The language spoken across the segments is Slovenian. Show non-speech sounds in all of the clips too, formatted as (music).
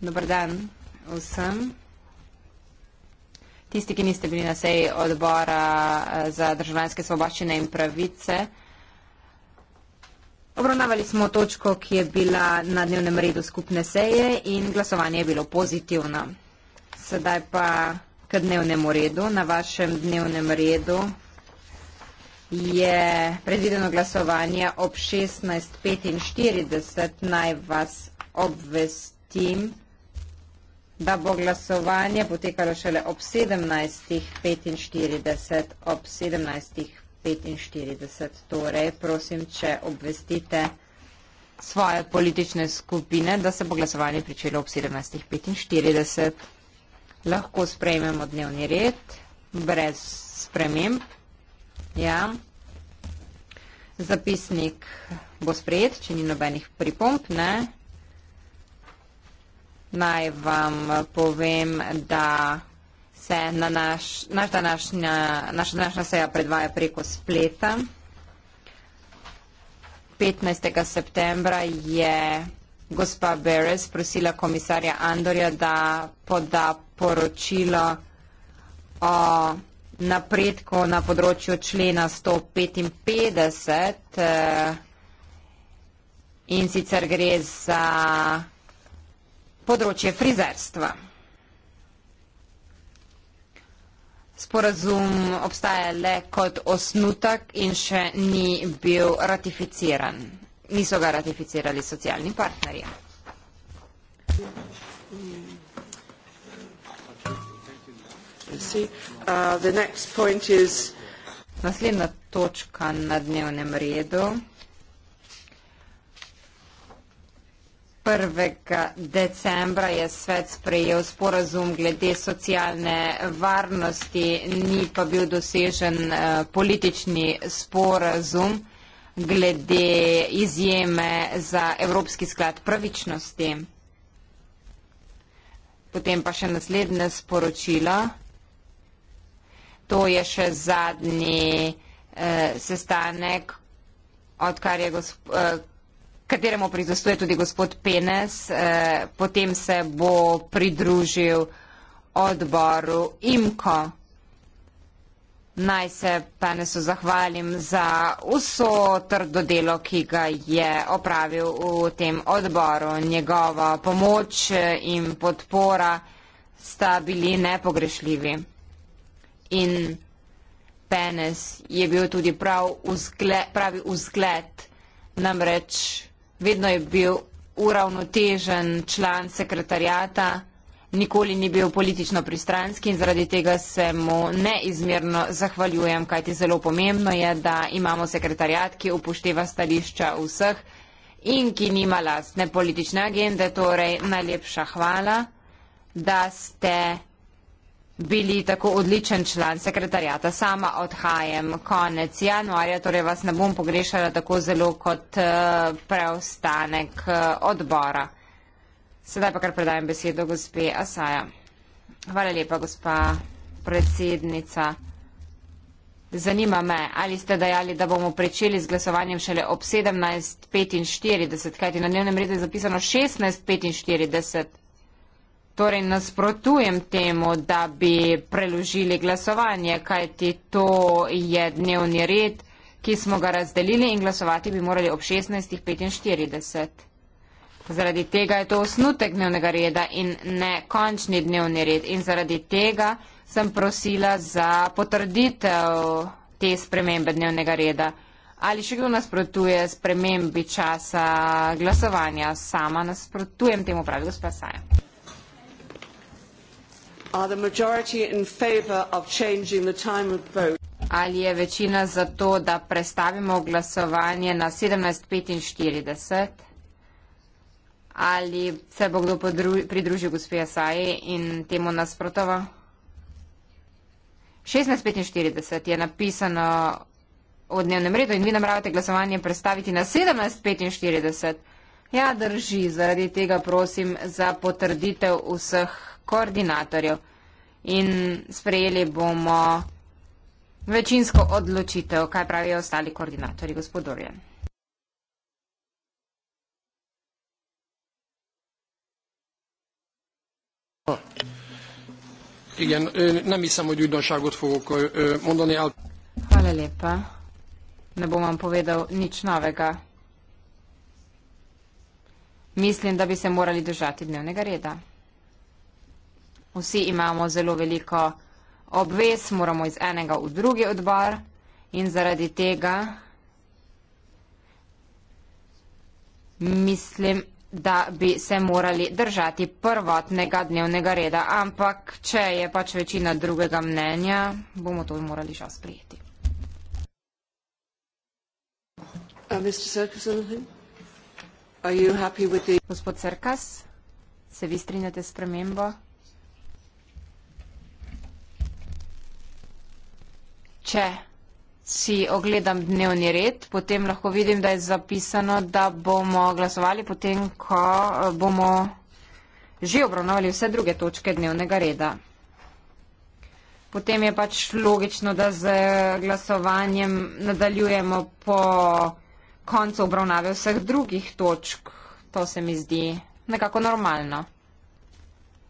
Dobar dan vsem. Tisti, ki niste bili na seji odbora eh, za državljanske svoboščine in pravice, obravnavali smo točko, ki je bila na dnevnem redu skupne seje in glasovanje je bilo pozitivno. Sedaj pa k dnevnemu redu. Na vašem dnevnem redu je predvideno glasovanje ob 16.45. Naj vas obvestim, da bo glasovanje potekalo šele ob 17.45. Ob 17.45. Torej, prosim, če obvestite svoje politične skupine, da se bo glasovanje pričelo ob 17.45. Lahko sprejmemo dnevni red brez sprememb. Ja. Zapisnik bo sprejet, če ni nobenih pripomp, ne? Naj vam povem, da se na naš, naš današnja, naša današnja seja predvaja preko spleta. 15. septembra je gospa Beres prosila komisarja Andorja, da poda poročilo o napredkov na področju člena 155 eh, in sicer gre za področje frizerstva. Sporazum obstaja le kot osnutak in še ni bil ratificiran. Niso ga ratificirali socialni partnerji. Mm-hmm. Uh, Naslednja točka na dnevnem redu 1. decembra je svet sprejel sporazum glede socialne varnosti, ni pa bil dosežen uh, politični sporazum glede izjeme za Evropski sklad pravičnosti. Potem pa še naslednje sporočilo to je še zadnji eh, sestanek, odkar je gospod. Eh, kateremu prizostuje tudi gospod Penes, eh, potem se bo pridružil odboru IMKO. Naj se Penesu zahvalim za vso trdo delo, ki ga je opravil v tem odboru. Njegova pomoč eh, in podpora sta bili nepogrešljivi in penes je bil tudi prav vzgled, pravi vzgled, namreč vedno je bil uravnotežen član sekretarjata, nikoli ni bil politično pristranski in zaradi tega se mu neizmerno zahvaljujem, kajti zelo pomembno je, da imamo sekretarjat, ki upošteva stališča vseh in ki nima lastne politične agende, torej najlepša hvala, da ste bili tako odličen član sekretarjata. Sama odhajam konec januarja, torej vas ne bom pogrešala tako zelo kot eh, preostanek eh, odbora. Sedaj pa kar predajem besedo gospe Asaja. Hvala lepa, gospa predsednica. Zanima me, ali ste dejali, da bomo pričeli z glasovanjem šele ob 17.45, kajti na dnevnem redu je zapisano 16.45 torej nasprotujem temu, da bi preložili glasovanje, kajti to je dnevni red, ki smo ga razdelili in glasovati bi morali ob 16.45. Zaradi tega je to osnutek dnevnega reda in ne končni dnevni red in zaradi tega sem prosila za potrditev te spremembe dnevnega reda. Ali še kdo nasprotuje spremembi časa glasovanja? Sama nasprotujem temu pravi gospod Sajem. Are the majority in favor of changing the time of vote? Ali je večina za to, da prestavimo glasovanje na 17.45? Ali se bo kdo pridružil gospod Saji in temu nasprotova? 16.45 je napisano v dnevnem redu in vi namravate glasovanje prestaviti na 17.45. Ja, drži, zaradi tega prosim za potrditev vseh koordinatorjev. In sprejeli bomo večinsko odločitev, kaj pravijo ostali koordinatorji, gospod Dorjan. Igen, nem hiszem, hogy újdonságot fogok mondani. Hála lépa. Ne bomam povedal nič novega. Mislim, da bi se morali držati dnevnega reda. Vsi imamo zelo veliko obvez, moramo iz enega v drugi odbor in zaradi tega mislim, da bi se morali držati prvotnega dnevnega reda, ampak če je pač večina drugega mnenja, bomo to morali žal sprijeti. Uh, Mr. Serkis, anything? Gospod Cerkas, se vi strinjate s premembo? Če si ogledam dnevni red, potem lahko vidim, da je zapisano, da bomo glasovali potem, ko eh, bomo že obravnavali vse druge točke dnevnega reda. Potem je pač logično, da z glasovanjem nadaljujemo po vsega, koncu obravnave vseh drugih točk. To se mi zdi nekako normalno.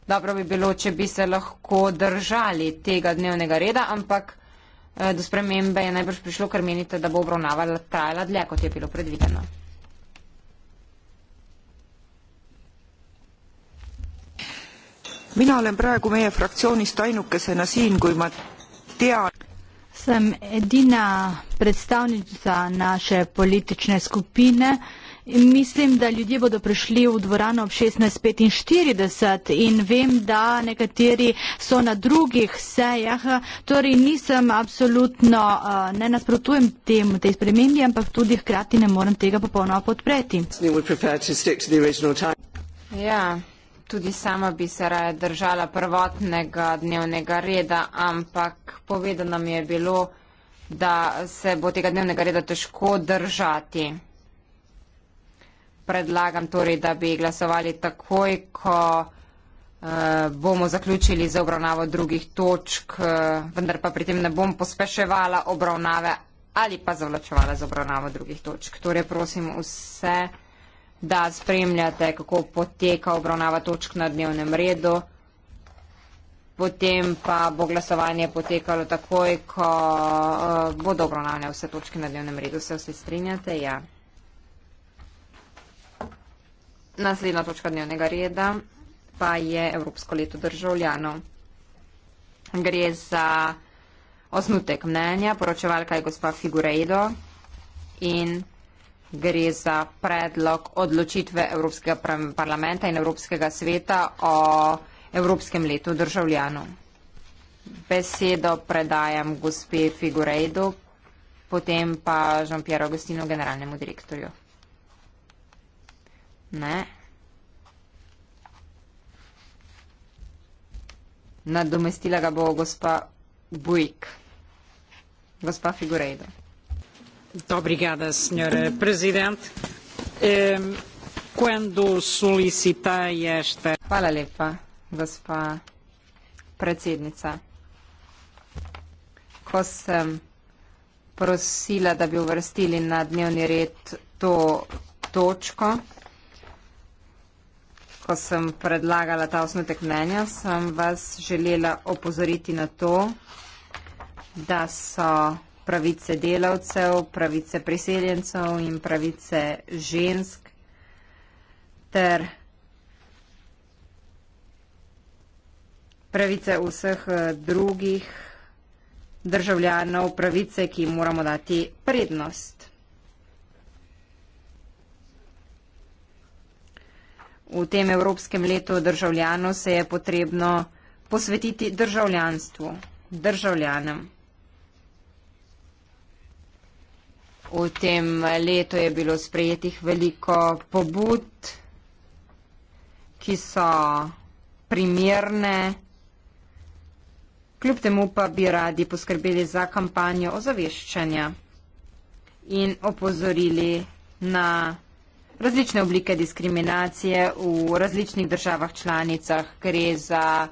Dobro bi bilo, če bi se lahko držali tega dnevnega reda, ampak eh, do spremembe je najbrž prišlo, ker menite, da bo obravnava trajala dlje, kot je bilo predvideno. Mina olen praegu meie fraktsioonist ainukesena siin, kui ma tean. Sem edina predstavnica naše politične skupine in mislim, da ljudje bodo prišli v dvorano ob 16.45 in vem, da nekateri so na drugih sejah, torej nisem absolutno, eh, ne nasprotujem tem, tej spremembi, ampak tudi hkrati ne morem tega popolnoma podpreti. Ja. Yeah. Tudi sama bi se raje držala prvotnega dnevnega reda, ampak povedano mi je bilo, da se bo tega dnevnega reda težko držati. Predlagam torej, da bi glasovali takoj, ko eh, bomo zaključili za obravnavo drugih točk, eh, vendar pa pri tem ne bom pospeševala obravnave ali pa zavlačevala za obravnavo drugih točk. Torej prosim vse da spremljate, kako poteka obravnava točk na dnevnem redu. Potem pa bo glasovanje potekalo takoj, ko uh, bodo obravnavljene vse točke na dnevnem redu. Se vsi strinjate? Ja. Naslednja točka dnevnega reda pa je Evropsko leto državljanov. Gre za osnutek mnenja, poročevalka je gospa Figurejdo in gre za predlog odločitve Evropskega parlamenta in Evropskega sveta o Evropskem letu državljanov. Besedo predajam gospe Figurejdu, potem pa Jean-Pierre Agostino, generalnemu direktorju. Ne. Nadomestila ga bo gospa Bujk. Gospa Figurejdu. Obrigada, Sra. Presidente. Um, quando solicitei esta. Hvala lepa, gospa predsednica. Ko sem prosila, da bi uvrstili na dnevni red to točko, ko sem predlagala ta osnutek mnenja, sem vas želela opozoriti na to, da so pravice delavcev, pravice priseljencev in pravice žensk ter pravice vseh eh, drugih državljanov, pravice, ki jim moramo dati prednost. V tem Evropskem letu državljanov se je potrebno posvetiti državljanstvu, državljanem. V tem letu je bilo sprejetih veliko pobud, ki so primerne. Kljub temu pa bi radi poskrbeli za kampanjo ozaveščanja in opozorili na različne oblike diskriminacije v različnih državah članicah. Gre za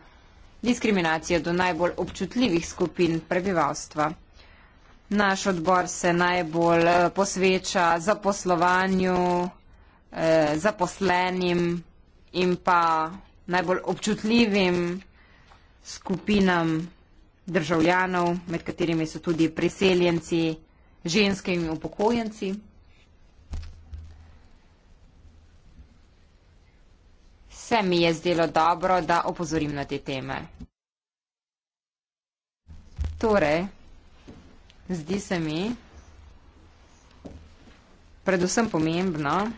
diskriminacijo do najbolj občutljivih skupin prebivalstva. Naš odbor se najbolj eh, posveča zaposlovanju, eh, zaposlenim in pa najbolj občutljivim skupinam državljanov, med katerimi so tudi priseljenci, ženske in upokojenci. Se mi je zdelo dobro, da opozorim na te teme. Torej zdi se mi predvsem pomembno,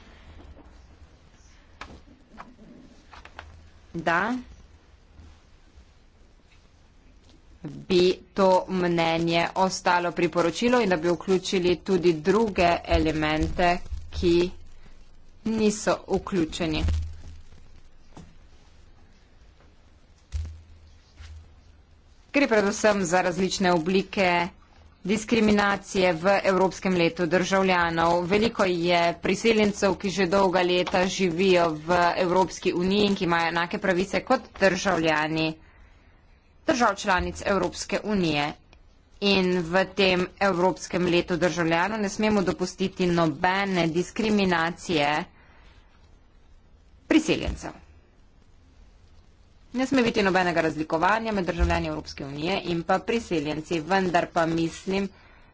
da bi to mnenje ostalo priporočilo in da bi vključili tudi druge elemente, ki niso vključeni. Gre predvsem za različne oblike diskriminacije v Evropskem letu državljanov. Veliko je priseljencev, ki že dolga leta živijo v Evropski uniji in ki imajo enake pravice kot državljani držav članic Evropske unije. In v tem Evropskem letu državljanov ne smemo dopustiti nobene diskriminacije priseljencev. Ne sme biti nobenega razlikovanja med državljani Evropske unije in pa priseljenci, vendar pa mislim,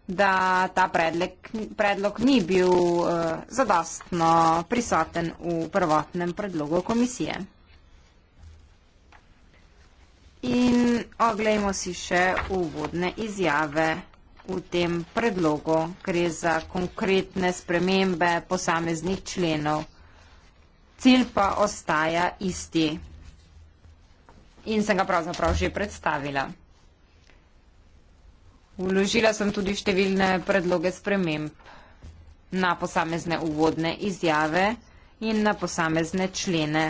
da ta predlog, predlog ni bil uh, zadostno prisoten v prvotnem predlogu komisije. In oglejmo si še uvodne izjave v tem predlogu, gre za konkretne spremembe posameznih členov. Cilj pa ostaja isti in sem ga pravzaprav že predstavila. Vložila sem tudi številne predloge sprememb na posamezne uvodne izjave in na posamezne člene.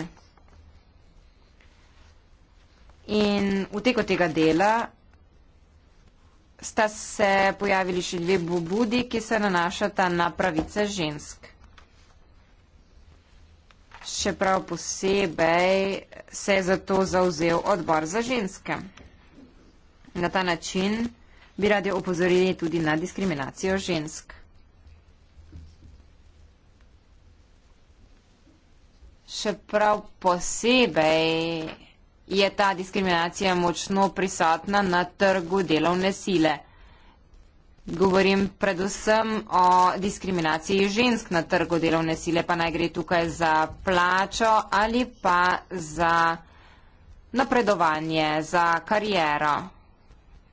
In v teko tega dela sta se pojavili še dve bobudi, ki se nanašata na pravice žensk še prav posebej se je za to zauzel odbor za ženske. Na ta način bi radi opozorili tudi na diskriminacijo žensk. Še prav posebej je ta diskriminacija močno prisotna na trgu delovne sile – Govorim predvsem o diskriminaciji žensk na trgu delovne sile, pa naj gre tukaj za plačo ali pa za napredovanje, za kariero,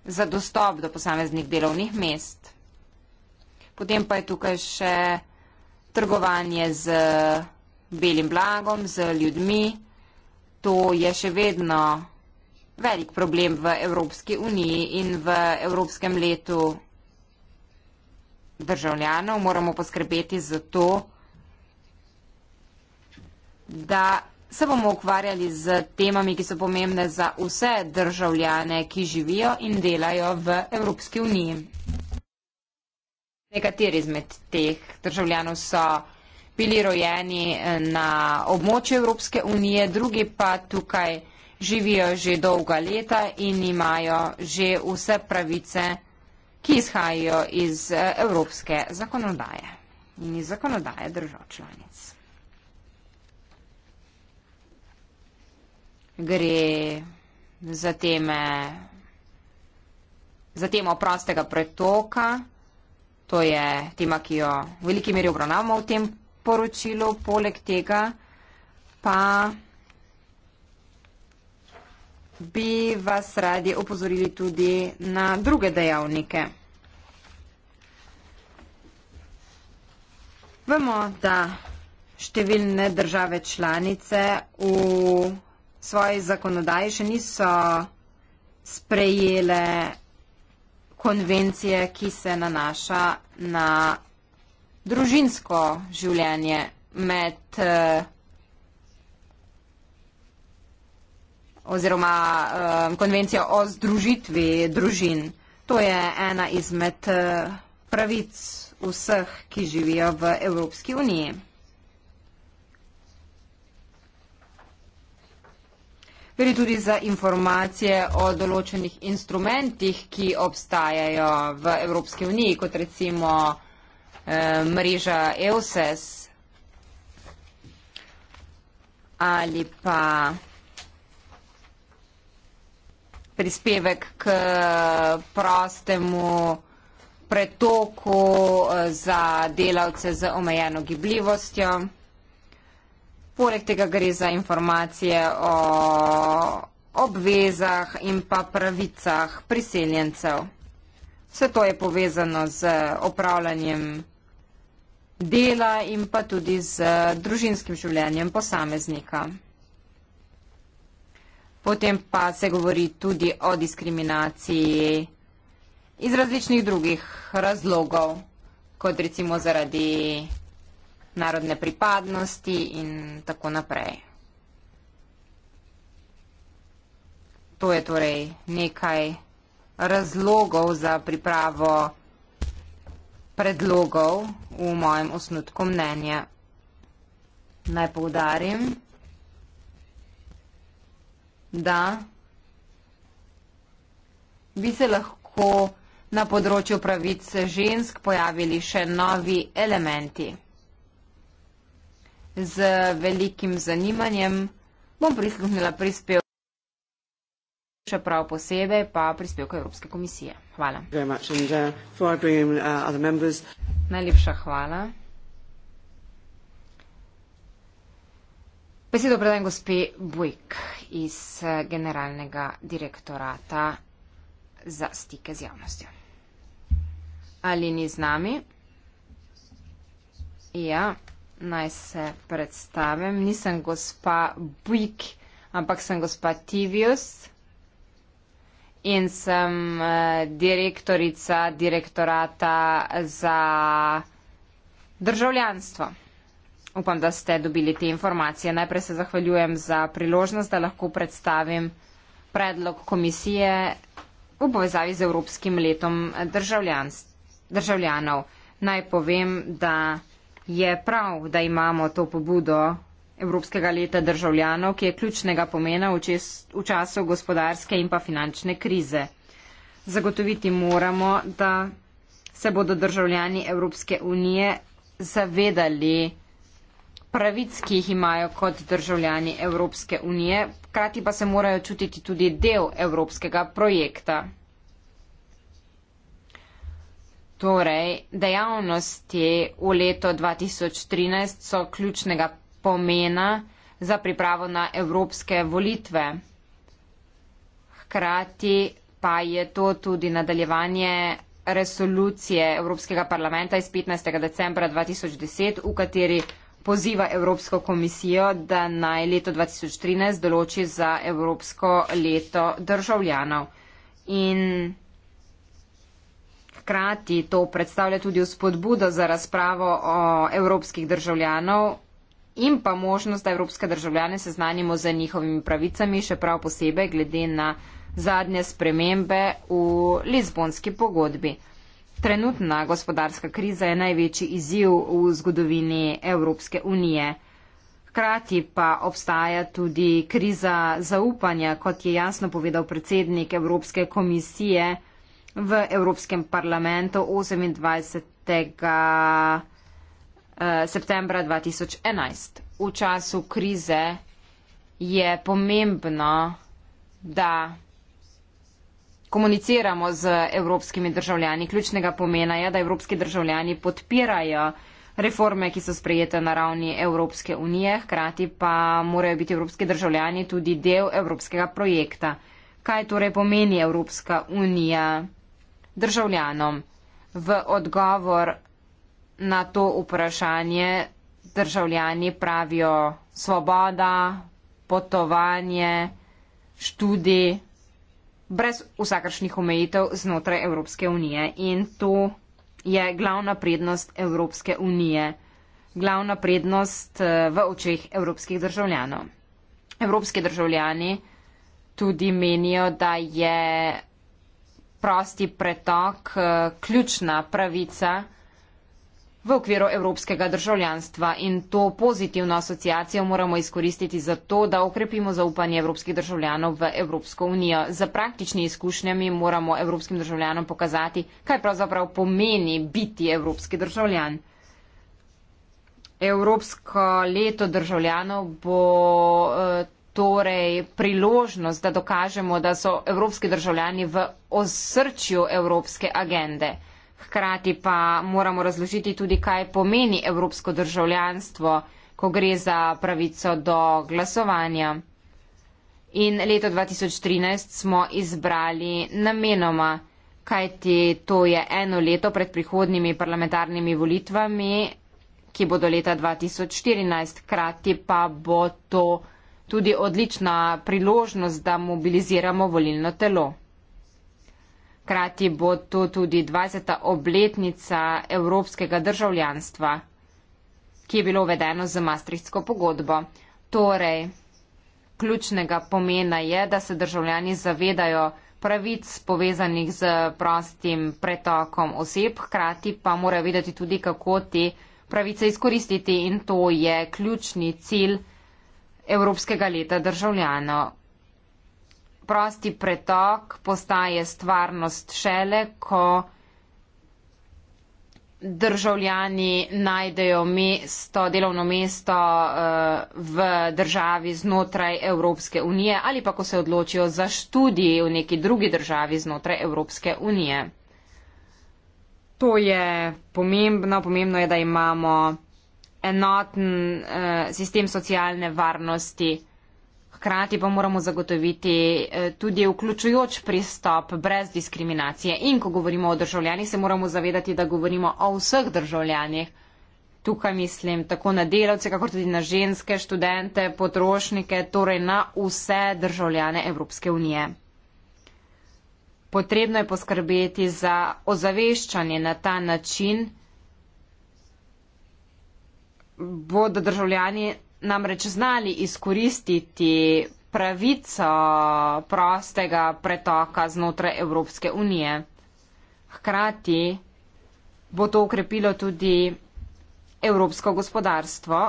za dostop do posameznih delovnih mest. Potem pa je tukaj še trgovanje z belim blagom, z ljudmi. To je še vedno velik problem v Evropski uniji in v Evropskem letu državljanov, moramo poskrbeti za to, da se bomo ukvarjali z temami, ki so pomembne za vse državljane, ki živijo in delajo v Evropski uniji. Nekateri izmed teh državljanov so bili rojeni eh, na območju Evropske unije, drugi pa tukaj živijo že dolga leta in imajo že vse pravice državljanov ki izhajajo iz eh, evropske zakonodaje in iz zakonodaje držav članic. Gre za teme za temo prostega pretoka, to je tema, ki jo v veliki meri obravnavamo v tem poročilu, poleg tega pa bi vas radi opozorili tudi na druge dejavnike. Vemo, da številne države članice v svoji zakonodaji še niso sprejele konvencije, ki se nanaša na družinsko življenje med državami eh, oziroma um, konvencijo o združitvi družin. To je ena izmed eh, pravic vseh, ki živijo v Evropski uniji. Gre tudi za informacije o določenih instrumentih, ki obstajajo v Evropski uniji, kot recimo eh, mreža EOSES ali pa prispevek k prostemu pretoku eh, za delavce z omejeno gibljivostjo. Poleg tega gre za informacije o obvezah in pa pravicah priseljencev. Vse to je povezano z opravljanjem dela in pa tudi z družinskim življenjem posameznika. Potem pa se govori tudi o diskriminaciji iz različnih drugih razlogov, kot recimo zaradi narodne pripadnosti in tako naprej. To je torej nekaj razlogov za pripravo predlogov v mojem osnutku mnenja. Naj poudarim da bi se lahko na področju pravic žensk pojavili še novi elementi. Z velikim zanimanjem bom prisluhnila prispev. Čeprav posebej pa prispevko Evropske komisije. Hvala. Uh, uh, Najlepša hvala. Besedo predajem gospe Bujk iz eh, generalnega direktorata za stike z javnostjo. Ali ni z nami? Ja, naj se predstavim. Nisem gospa Bujk, ampak sem gospa Tivius in sem eh, direktorica direktorata za državljanstvo. Upam, da ste dobili te informacije. Najprej se zahvaljujem za priložnost, da lahko predstavim predlog komisije v povezavi z Evropskim letom državljanov. Naj povem, da je prav, da imamo to pobudo Evropskega leta državljanov, ki je ključnega pomena v, čes, v času gospodarske in pa finančne krize. Zagotoviti moramo, da se bodo državljani Evropske unije zavedali, pravic, ki jih imajo kot državljani Evropske unije, krati pa se morajo čutiti tudi del evropskega projekta. Torej, dejavnosti v leto 2013 so ključnega pomena za pripravo na evropske volitve. Hkrati pa je to tudi nadaljevanje resolucije Evropskega parlamenta iz 15. decembra 2010, v kateri poziva Evropsko komisijo, da naj leto 2013 določi za Evropsko leto državljanov. In hkrati to predstavlja tudi vzpodbudo za razpravo o evropskih državljanov in pa možnost, da evropske državljane seznanimo za njihovimi pravicami, še prav posebej glede na zadnje spremembe v Lizbonski pogodbi. Trenutna gospodarska kriza je največji izziv v zgodovini Evropske unije. Hkrati pa obstaja tudi kriza zaupanja, kot je jasno povedal predsednik Evropske komisije v Evropskem parlamentu 28. Eh, septembra 2011. V času krize je pomembno, da komuniciramo z evropskimi državljani. Ključnega pomena je, da evropski državljani podpirajo reforme, ki so sprejete na ravni Evropske unije, hkrati pa morajo biti evropski državljani tudi del evropskega projekta. Kaj torej pomeni Evropska unija državljanom? V odgovor na to vprašanje državljani pravijo svoboda, potovanje, študij, brez vsakršnih omejitev znotraj Evropske unije. In to je glavna prednost Evropske unije, glavna prednost eh, v očeh evropskih državljanov. Evropski državljani tudi menijo, da je prosti pretok eh, ključna pravica, v okviru evropskega državljanstva in to pozitivno asociacijo moramo izkoristiti za to, da okrepimo zaupanje evropskih državljanov v Evropsko unijo. Za praktični izkušnjami moramo evropskim državljanom pokazati, kaj pravzaprav pomeni biti evropski državljan. Evropsko leto državljanov bo eh, torej priložnost, da dokažemo, da so evropski državljani v osrčju evropske agende. Hkrati pa moramo razložiti tudi, kaj pomeni evropsko državljanstvo, ko gre za pravico do glasovanja. In leto 2013 smo izbrali namenoma, kajti to je eno leto pred prihodnimi parlamentarnimi volitvami, ki bodo leta 2014. Hkrati pa bo to tudi odlična priložnost, da mobiliziramo volilno telo. Krati bo to tudi 20. obletnica evropskega državljanstva, ki je bilo uvedeno z Maastrichtsko pogodbo. Torej, ključnega pomena je, da se državljani zavedajo pravic povezanih z prostim pretokom oseb, hkrati pa morajo vedeti tudi, kako te pravice izkoristiti in to je ključni cilj Evropskega leta državljanov prosti pretok postaje stvarnost šele, ko državljani najdejo mesto, delovno mesto eh, v državi znotraj Evropske unije ali pa ko se odločijo za študij v neki drugi državi znotraj Evropske unije. To je pomembno, pomembno je, da imamo enoten eh, sistem socialne varnosti hkrati pa moramo zagotoviti eh, tudi vključujoč pristop brez diskriminacije. In ko govorimo o državljanih, se moramo zavedati, da govorimo o vseh državljanih. Tukaj mislim tako na delavce, kakor tudi na ženske, študente, potrošnike, torej na vse državljane Evropske unije. Potrebno je poskrbeti za ozaveščanje na ta način, bodo državljani namreč znali izkoristiti pravico prostega pretoka znotraj Evropske unije. Hkrati bo to ukrepilo tudi evropsko gospodarstvo.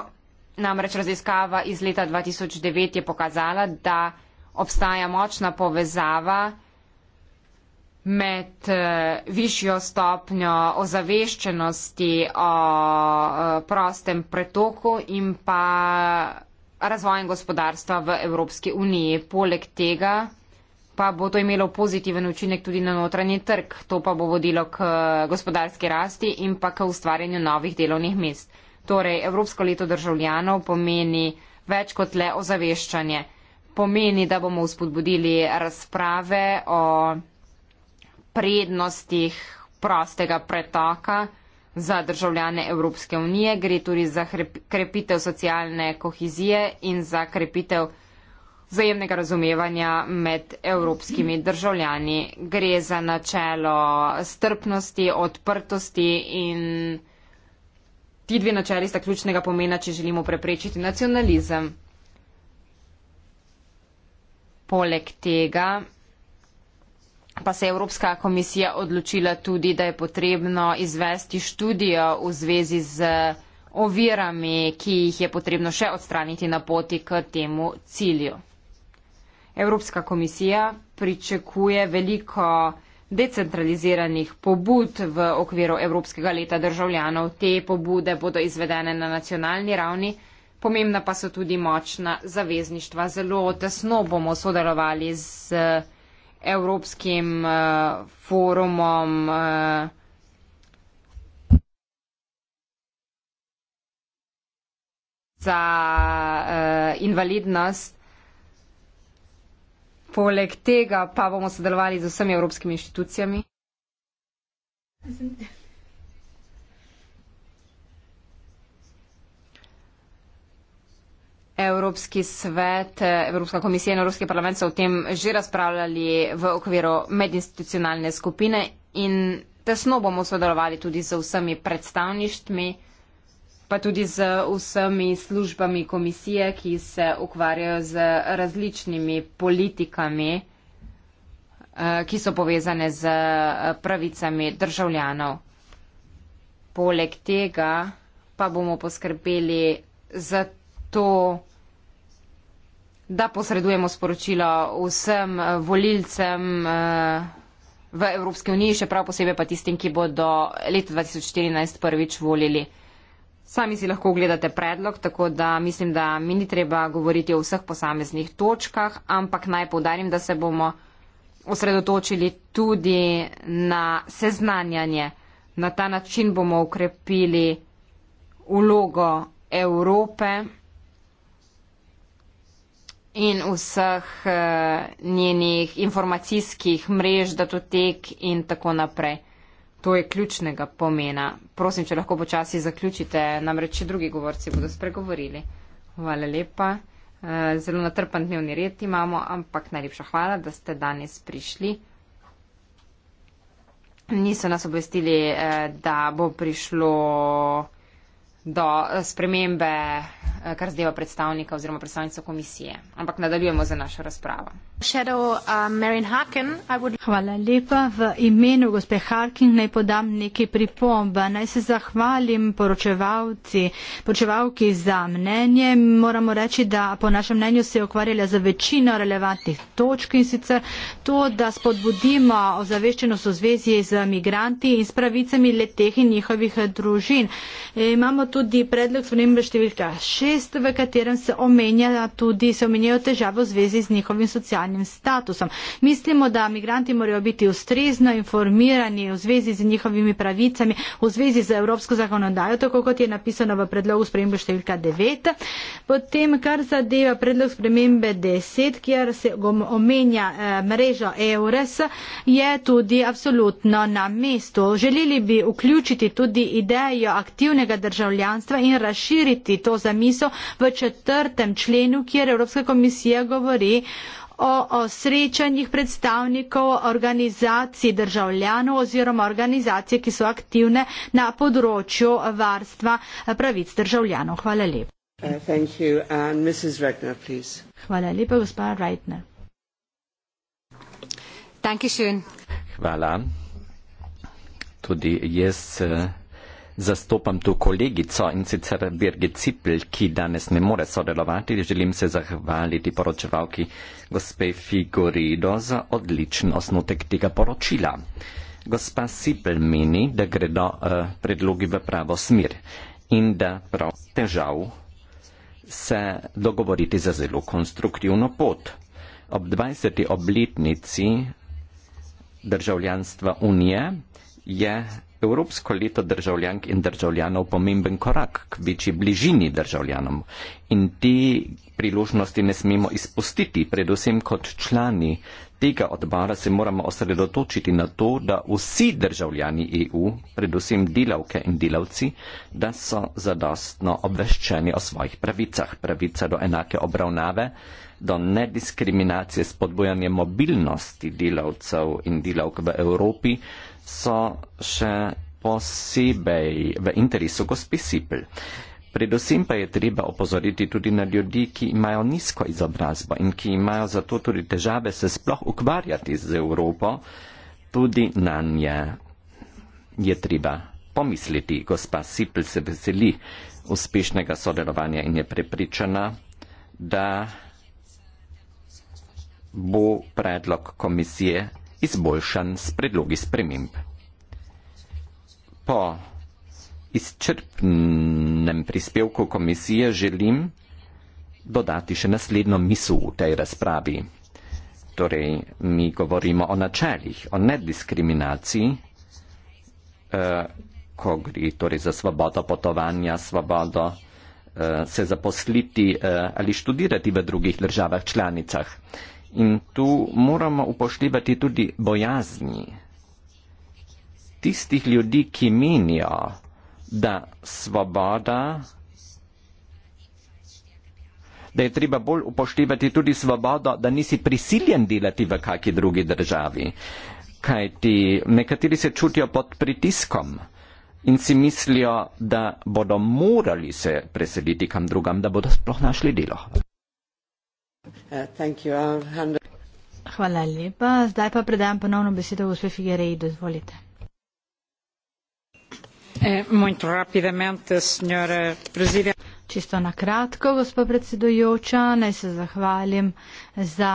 Namreč raziskava iz leta 2009 je pokazala, da obstaja močna povezava med eh, višjo stopnjo ozaveščenosti o eh, prostem pretoku in pa razvojem gospodarstva v Evropski uniji. Poleg tega pa bo to imelo pozitiven učinek tudi na notranji trg. To pa bo vodilo k eh, gospodarski rasti in pa k ustvarjanju novih delovnih mest. Torej, Evropsko leto državljanov pomeni več kot le ozaveščanje. Pomeni, da bomo vzpodbudili razprave o prednostih prostega pretoka za državljane Evropske unije, gre tudi za krepitev socialne kohizije in za krepitev vzajemnega razumevanja med evropskimi državljani. Gre za načelo strpnosti, odprtosti in ti dve načeli sta ključnega pomena, če želimo preprečiti nacionalizem. Poleg tega pa se je Evropska komisija odločila tudi, da je potrebno izvesti študijo v zvezi z ovirami, ki jih je potrebno še odstraniti na poti k temu cilju. Evropska komisija pričakuje veliko decentraliziranih pobud v okviru Evropskega leta državljanov. Te pobude bodo izvedene na nacionalni ravni, pomembna pa so tudi močna zavezništva. Zelo tesno bomo sodelovali z evropskim uh, forumom. Uh, za uh, invalidnost. Poleg tega pa bomo sodelovali z vsemi evropskimi inštitucijami. Mislim. Evropski svet, Evropska komisija in Evropski parlament so o tem že razpravljali v okviru medinstitucionalne skupine in tesno bomo sodelovali tudi z vsemi predstavništmi, pa tudi z vsemi službami komisije, ki se ukvarjajo z različnimi politikami, eh, ki so povezane z eh, pravicami državljanov. Poleg tega pa bomo poskrbeli za to, da posredujemo sporočila vsem volilcem eh, v Evropski uniji, še prav posebej pa tistim, ki bodo leta 2014 prvič volili. Sami si lahko ogledate predlog, tako da mislim, da mi ni treba govoriti o vseh posameznih točkah, ampak naj povdarim, da se bomo osredotočili tudi na seznanjanje. Na ta način bomo ukrepili ulogo Evrope in vseh uh, njenih informacijskih mrež, datotek in tako naprej. To je ključnega pomena. Prosim, če lahko počasi zaključite, namreč še drugi govorci bodo spregovorili. Hvala lepa. Eh, zelo natrpan dnevni red imamo, ampak najlepša hvala, da ste danes prišli. Niso nas obvestili, eh, da bo prišlo do eh, spremembe, eh, kar zdaj je predstavnika oziroma predstavnica komisije. Ampak nadaljujemo za našo razpravo. Shadow, uh, Harkin, would... Hvala lepa. V imenu gospe Harkin naj podam neki pripomb. Naj se zahvalim poročevalki za mnenje. Moramo reči, da po našem mnenju se je ukvarjala za večino relevantnih točk in sicer to, da spodbudimo ozaveščenost v zvezi z migranti in s pravicami leteh in njihovih družin. E, imamo tudi predlog spremembe številka šest, v katerem se omenja tudi, se omenjajo težave v zvezi z njihovim socialnim statusom. Mislimo, da migranti morajo biti ustrezno informirani v zvezi z njihovimi pravicami, v zvezi z evropsko zakonodajo, tako kot je napisano v predlogu spremembe številka devet. Potem, kar zadeva predlog spremembe deset, kjer se omenja eh, mrežo EURES, je tudi absolutno na mestu. Želeli bi vključiti tudi idejo aktivnega državljanstva državljanstva in razširiti to zamiso v četrtem členu, kjer Evropska komisija govori o, o srečanjih predstavnikov organizacij državljanov oziroma organizacij, ki so aktivne na področju varstva pravic državljanov. Hvala lepa. Uh, thank you. And Mrs. Regner, please. Hvala lepa, gospa Reitner. Hvala. Tudi jaz eh, zastopam tu kolegico in sicer Birgit Cipl, ki danes ne more sodelovati. Želim se zahvaliti poročevalki gospe Figurido za odličen osnutek tega poročila. Gospa Cipl meni, da gredo uh, predlogi v pravo smer in da prav težav se dogovoriti za zelo konstruktivno pot. Ob 20. obletnici državljanstva Unije je Evropsko leto državljank in državljanov pomemben korak k večji bližini državljanom in te priložnosti ne smemo izpustiti, predvsem kot člani tega odbora se moramo osredotočiti na to, da vsi državljani EU, predvsem delavke in delavci, da so zadostno obveščeni o svojih pravicah, pravica do enake obravnave, do nediskriminacije, spodbojanje mobilnosti delavcev in delavk v Evropi, so še posebej v interesu gospesipl. Predvsem pa je treba opozoriti tudi na ljudi, ki imajo nizko izobrazbo in ki imajo zato tudi težave se sploh ukvarjati z Evropo, tudi na nje je treba pomisliti. Gospa Sipl se veseli uspešnega sodelovanja in je prepričana, da bo predlog komisije izboljšan s predlogi sprememb. Po izčrpnem prispevku komisije želim dodati še naslednjo misel v tej razpravi. Torej, mi govorimo o načeljih, o nediskriminaciji, eh, ko gre torej za svobodo potovanja, svobodo eh, se zaposliti eh, ali študirati v drugih državah članicah. In tu moramo upoštevati tudi bojazni tistih ljudi, ki menijo, da svoboda, da je treba bolj upoštevati tudi svobodo, da nisi prisiljen delati v kakšni drugi državi. Kajti nekateri se čutijo pod pritiskom in si mislijo, da bodo morali se preseliti kam drugam, da bodo sploh našli delo. Hvala. Uh, Hvala lepa. Zdaj pa predajam ponovno besedo gospe Figerej, dozvolite. Eh, muito rapidamente, senhora Presidente. Čisto na kratko, gospod predsedujoča, naj se zahvalim za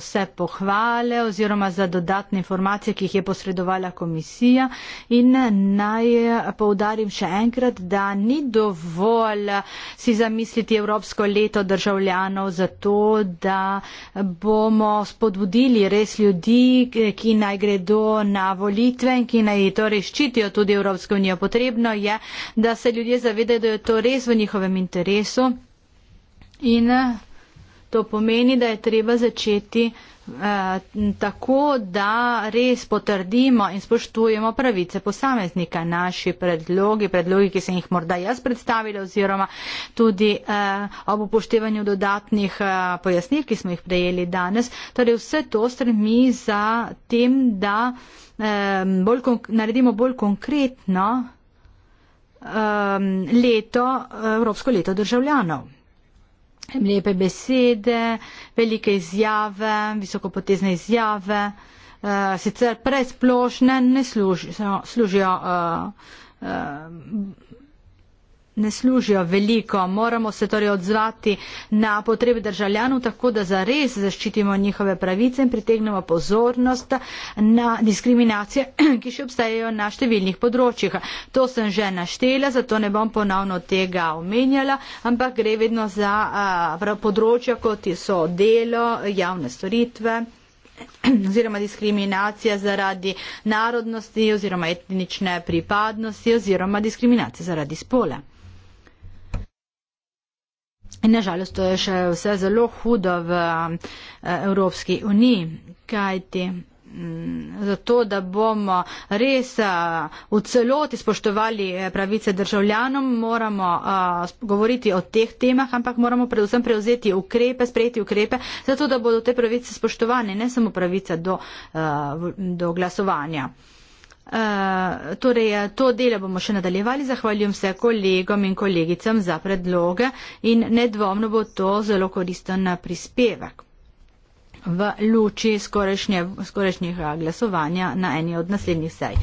vse pohvale oziroma za dodatne informacije, ki jih je posredovala komisija in naj poudarim še enkrat, da ni dovolj si zamisliti Evropsko leto državljanov za to, da bomo spodbudili res ljudi, ki naj gredo na volitve in ki naj torej ščitijo tudi Evropsko unijo. Potrebno je, da se ljudje zavedajo, da je to res v njihovem interesu. In eh, to pomeni, da je treba začeti eh, tako, da res potrdimo in spoštujemo pravice posameznika, naši predlogi, predlogi, ki sem jih morda jaz predstavila oziroma tudi eh, ob upoštevanju dodatnih eh, pojasnil, ki smo jih prejeli danes. Torej vse to strmi za tem, da eh, bolj naredimo bolj konkretno um, leto, evropsko leto državljanov. Lepe besede, velike izjave, visokopotezne izjave, uh, sicer presplošne ne služijo. Uh, uh, ne služijo veliko. Moramo se torej odzvati na potrebe državljanov tako, da zares zaščitimo njihove pravice in pritegnemo pozornost na diskriminacije, (clears throat) ki še obstajajo na številnih področjih. To sem že naštela, zato ne bom ponovno tega omenjala, ampak gre vedno za a, področja, kot so delo, javne storitve (clears throat) oziroma diskriminacija zaradi narodnosti oziroma etnične pripadnosti oziroma diskriminacija zaradi spola. In nažalost, to je še vse zelo hudo v eh, Evropski uniji, kajti. Mm, zato, da bomo res eh, v celoti spoštovali eh, pravice državljanom, moramo govoriti o teh temah, ampak moramo predvsem prevzeti ukrepe, sprejeti ukrepe, zato, da bodo te pravice spoštovane, ne samo pravica do, do glasovanja torej, to delo bomo še nadaljevali. Zahvaljujem se kolegom in kolegicam za predloge in nedvomno bo to zelo koristen prispevek v luči skorešnje, skorešnjih glasovanja na eni od naslednjih sej.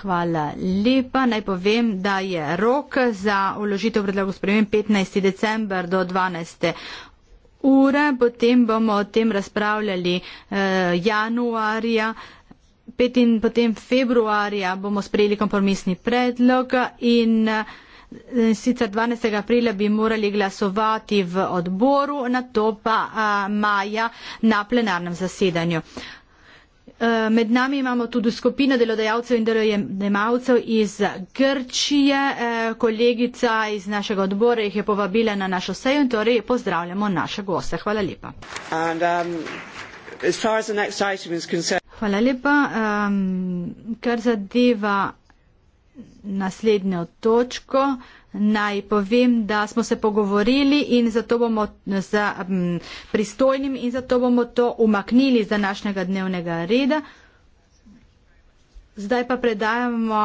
Hvala lepa. Naj povem, da je rok za uložitev predlogov spremem 15. december do 12. ure. Potem bomo o tem razpravljali eh, januarja. Eh, 5 in potem februarja bomo sprejeli kompromisni predlog in eh, sicer 12. aprila bi morali glasovati v odboru, na to pa eh, maja na plenarnem zasedanju. Eh, med nami imamo tudi skupino delodajalcev in delojemalcev iz Grčije. Kolegica iz našega odbora jih je povabila na našo sejo in torej pozdravljamo naše goste. Hvala lepa. And, um, as far as the next item is Hvala lepa. Um, kar zadeva naslednjo točko, naj povem, da smo se pogovorili in zato bomo za um, pristojnim in zato bomo to umaknili iz današnjega dnevnega reda. Zdaj pa predajamo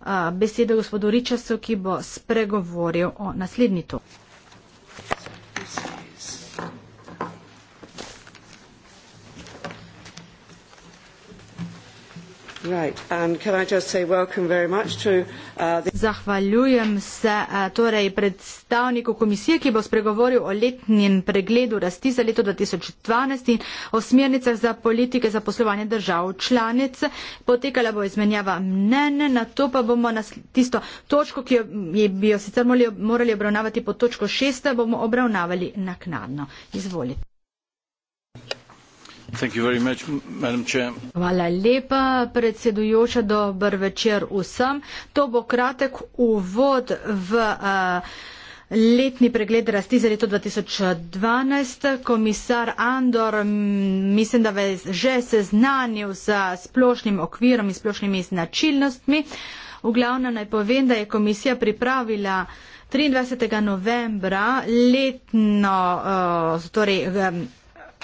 uh, besedo gospodu Ričasu, ki bo spregovoril o naslednji točki. Uh, Zahvaljujem se uh, torej predstavniku komisije, ki bo spregovoril o letnjem pregledu rasti za leto 2012 in o smernicah za politike za poslovanje držav članic. Potekala bo izmenjava mnenja, na to pa bomo na tisto točko, ki jo bi jo sicer morali obravnavati pod točko 6, bomo obravnavali naknadno. Izvolite. Hvala lepa, predsedujoča, dober večer vsem. To bo kratek uvod v. Uh, Letni pregled rasti za leto 2012. Komisar Andor, mislim, da je že seznanil z splošnim okvirom in splošnimi značilnostmi. V glavnem naj povem, da je komisija pripravila 23. novembra letno, eh, torej eh,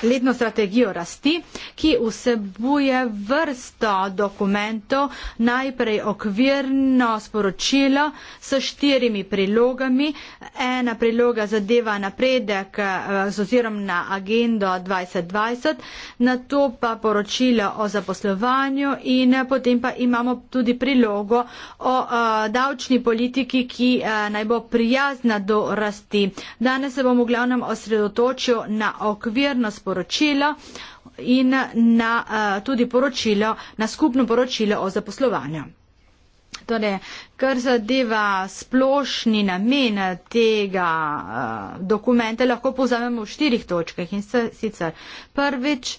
letno strategijo rasti, ki vsebuje vrsto dokumentov, najprej okvirno sporočilo s štirimi prilogami. Ena priloga zadeva napredek eh, z ozirom na agendo 2020, na to pa poročilo o zaposlovanju in eh, potem pa imamo tudi prilogo o eh, davčni politiki, ki naj bo prijazna do rasti. Danes se bom v glavnem osredotočil na okvirno sporočilo sporočilo in na, eh, tudi poročilo, na skupno poročilo o zaposlovanju. Torej, kar zadeva splošni namen tega uh, dokumenta, lahko povzamemo v štirih točkah in sicer prvič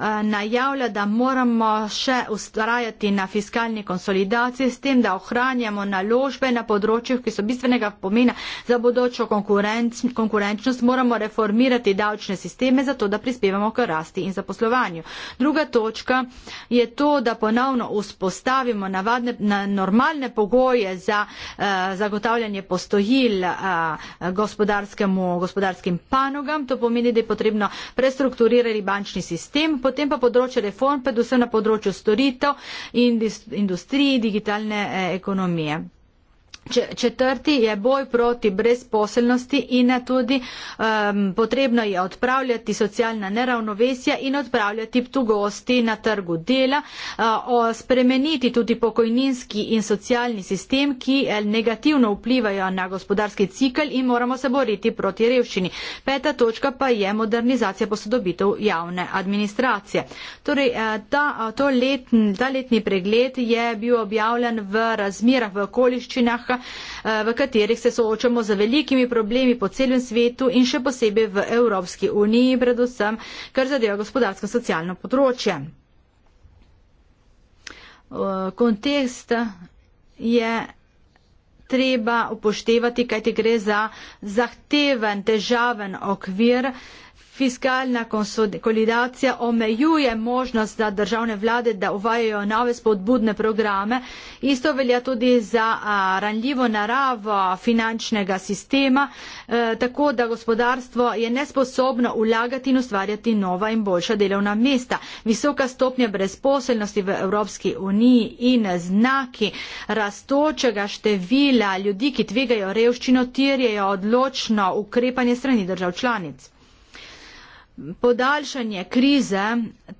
Eh, najavlja, da moramo še ustrajati na fiskalni konsolidaciji, s tem, da ohranjamo naložbe na področjih, ki so bistvenega pomena za bodočo konkurenc, konkurenčnost, moramo reformirati davčne sisteme, zato da prispevamo k rasti in zaposlovanju. Druga točka je to, da ponovno vzpostavimo navadne, na normalne pogoje za eh, zagotavljanje postojil eh, gospodarskim panogam. To pomeni, da je potrebno prestrukturirati bančni sistem potem pa področje reform, predvsem na področju storitev in industriji digitalne eh, ekonomije. Četrti je boj proti brezposelnosti in tudi um, potrebno je odpravljati socialna neravnovesja in odpravljati tugosti na trgu dela, uh, spremeniti tudi pokojninski in socialni sistem, ki eh, negativno vplivajo na gospodarski cikl in moramo se boriti proti revščini. Peta točka pa je modernizacija posodobitev javne administracije. Torej, eh, ta, eh, let, ta letni pregled je bil objavljen v razmirah, v okoliščinah, Eh, v katerih se soočamo z velikimi problemi po celem svetu in še posebej v Evropski uniji, predvsem kar zadeva gospodarsko-socialno področje. Eh, kontekst je treba upoštevati, kajti gre za zahteven, težaven okvir fiskalna konsolidacija omejuje možnost za državne vlade, da uvajajo nove spodbudne programe. Isto velja tudi za ranljivo naravo finančnega sistema, e, tako da gospodarstvo je nesposobno ulagati in ustvarjati nova in boljša delovna mesta. Visoka stopnja brezposelnosti v Evropski uniji in znaki rastočega števila ljudi, ki tvegajo revščino, tirjejo odločno ukrepanje strani držav članic podaljšanje krize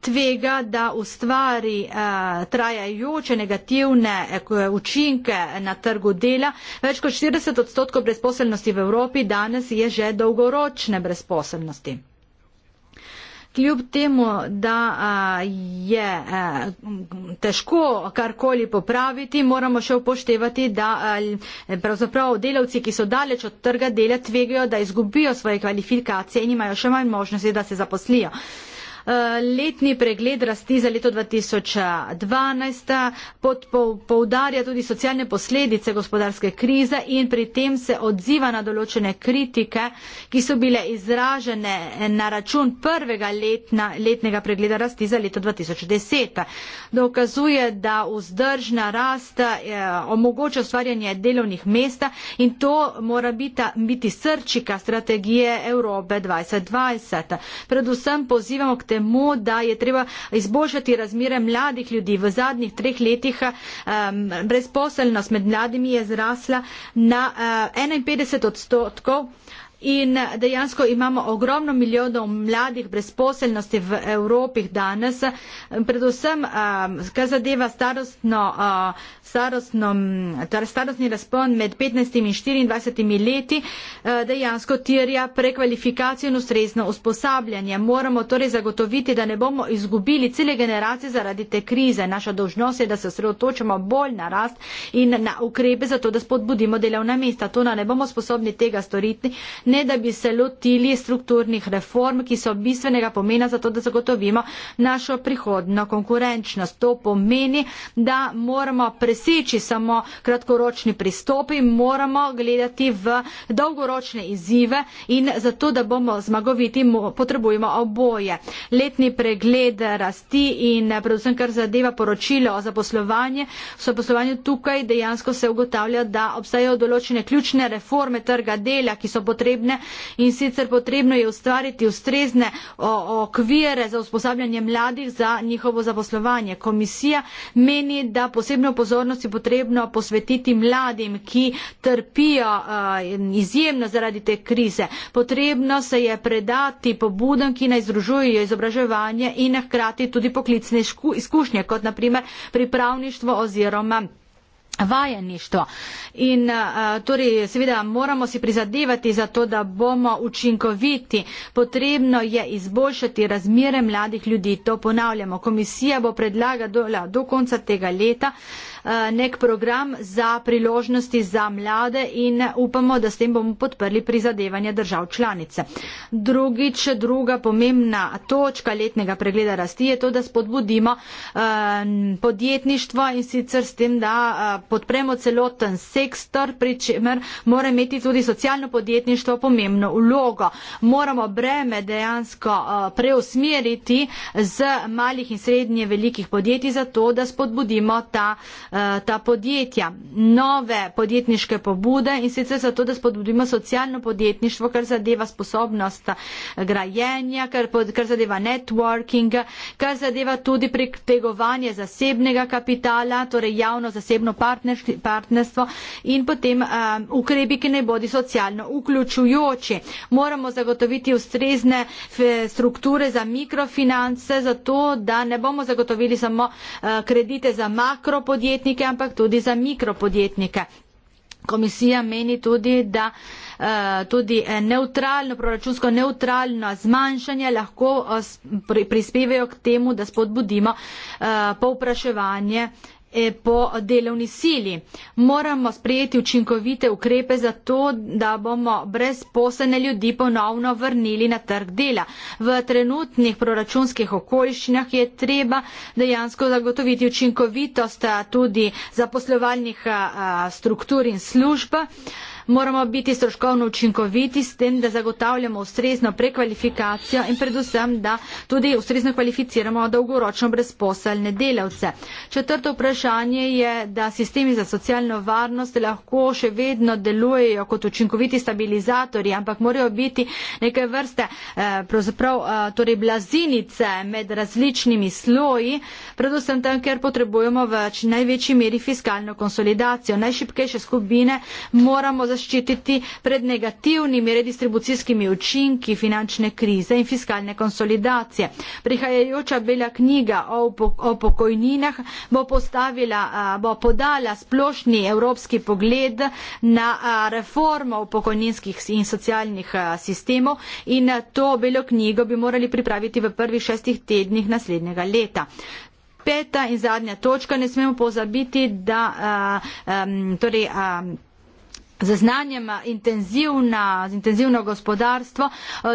tvega, da ustvari eh, trajajoče negativne eh, učinke na trgu dela. Več kot 40 odstotkov brezposelnosti v Evropi danes je že dolgoročne brezposelnosti kljub temu, da je težko karkoli popraviti, moramo še upoštevati, da pravzaprav delavci, ki so daleč od trga dela, tvegajo, da izgubijo svoje kvalifikacije in imajo še manj možnosti, da se zaposlijo. Eh, letni pregled rasti za leto 2012 pod, poudarja tudi socialne posledice gospodarske krize in pri tem se odziva na določene kritike, ki so bile izražene na račun prvega letna, letnega pregleda rasti za leto 2010. Dokazuje, da vzdržna rast eh, omogoča ustvarjanje delovnih mest in to mora biti, biti srčika strategije Evrope 2020. Predvsem pozivamo k temu, vemo, da je treba izboljšati razmere mladih ljudi. V zadnjih treh letih um, brezposelnost med mladimi je zrasla na uh, 51 odstotkov. In dejansko imamo ogromno milijonov mladih brezposelnosti v Evropi danes, predvsem, um, kar zadeva starostno uh, starostnom, torej starostni razpon med 15 in 24 leti eh, dejansko tirja prekvalifikacijo in ustrezno usposabljanje. Moramo torej zagotoviti, da ne bomo izgubili cele generacije zaradi te krize. Naša dožnost je, da se osredotočamo bolj na rast in na ukrepe za to, da spodbudimo delovna mesta. To ne bomo sposobni tega storiti, ne da bi se lotili strukturnih reform, ki so bistvenega pomena za to, da zagotovimo našo prihodno konkurenčnost. To pomeni, da moramo presenčiti preseči samo kratkoročni pristopi, moramo gledati v dolgoročne izzive in zato, da bomo zmagoviti, potrebujemo oboje. Letni pregled rasti in predvsem kar zadeva poročilo o zaposlovanju, so poslovanju tukaj dejansko se ugotavlja, da obstajajo določene ključne reforme trga dela, ki so potrebne in sicer potrebno je ustvariti ustrezne okvire za usposabljanje mladih za njihovo zaposlovanje. Komisija meni, da posebno pozornost pozornost je potrebno posvetiti mladim, ki trpijo uh, izjemno zaradi te krize. Potrebno se je predati pobudom, ki naj združujejo izobraževanje in hkrati tudi poklicne šku, izkušnje, kot naprimer pripravništvo oziroma. Vajeništvo. In uh, torej, seveda, moramo si prizadevati za to, da bomo učinkoviti. Potrebno je izboljšati razmere mladih ljudi. To ponavljamo. Komisija bo predlagala do, do konca tega leta uh, Eh, nek program za priložnosti za mlade in upamo, da s tem bomo podprli prizadevanje držav članice. Drugič, druga pomembna točka letnega pregleda rasti je to, da spodbudimo eh, podjetništvo in sicer s tem, da eh, podpremo celoten sektor, pri čemer mora imeti tudi socialno podjetništvo pomembno vlogo. Moramo breme dejansko preusmeriti z malih in srednje velikih podjetij za to, da spodbudimo ta uh, Eh, ta podjetja, nove podjetniške pobude in sicer zato, da spodbudimo socialno podjetništvo, kar zadeva sposobnost grajenja, kar, kar zadeva networking, kar zadeva tudi pritegovanje zasebnega kapitala, torej javno-zasebno partnerstvo in potem um, eh, ukrebi, ki ne bodi socialno vključujoči. Moramo zagotoviti ustrezne strukture za mikrofinance, zato da ne bomo zagotovili samo uh, kredite za makropodjetje, podjetnike, ampak tudi za mikropodjetnike. Komisija meni tudi, da eh, tudi eh, neutralno, proračunsko neutralno zmanjšanje lahko eh, prispevajo k temu, da spodbudimo povpraševanje E po delovni sili. Moramo sprejeti učinkovite ukrepe za to, da bomo brezposene ljudi ponovno vrnili na trg dela. V trenutnih proračunskih okoliščinah je treba dejansko zagotoviti učinkovitost tudi zaposlovalnih struktur in služb moramo biti stroškovno učinkoviti s tem, da zagotavljamo ustrezno prekvalifikacijo in predvsem, da tudi ustrezno kvalificiramo dolgoročno brezposelne delavce. Četrto vprašanje je, da sistemi za socialno varnost lahko še vedno delujejo kot učinkoviti stabilizatorji, ampak morajo biti neke vrste eh, eh, torej blazinice med različnimi sloji, predvsem tam, ker potrebujemo v največji meri fiskalno konsolidacijo. Najšipkejše skupine moramo zaščititi zaščititi pred negativnimi redistribucijskimi učinki finančne krize in fiskalne konsolidacije. Prihajajoča bela knjiga o pokojninah bo, bo podala splošni evropski pogled na reformo pokojninskih in socialnih sistemov in to belo knjigo bi morali pripraviti v prvih šestih tednih naslednjega leta. Peta in zadnja točka, ne smemo pozabiti, da uh, um, torej, um, Z znanjem intenzivna, intenzivno gospodarstvo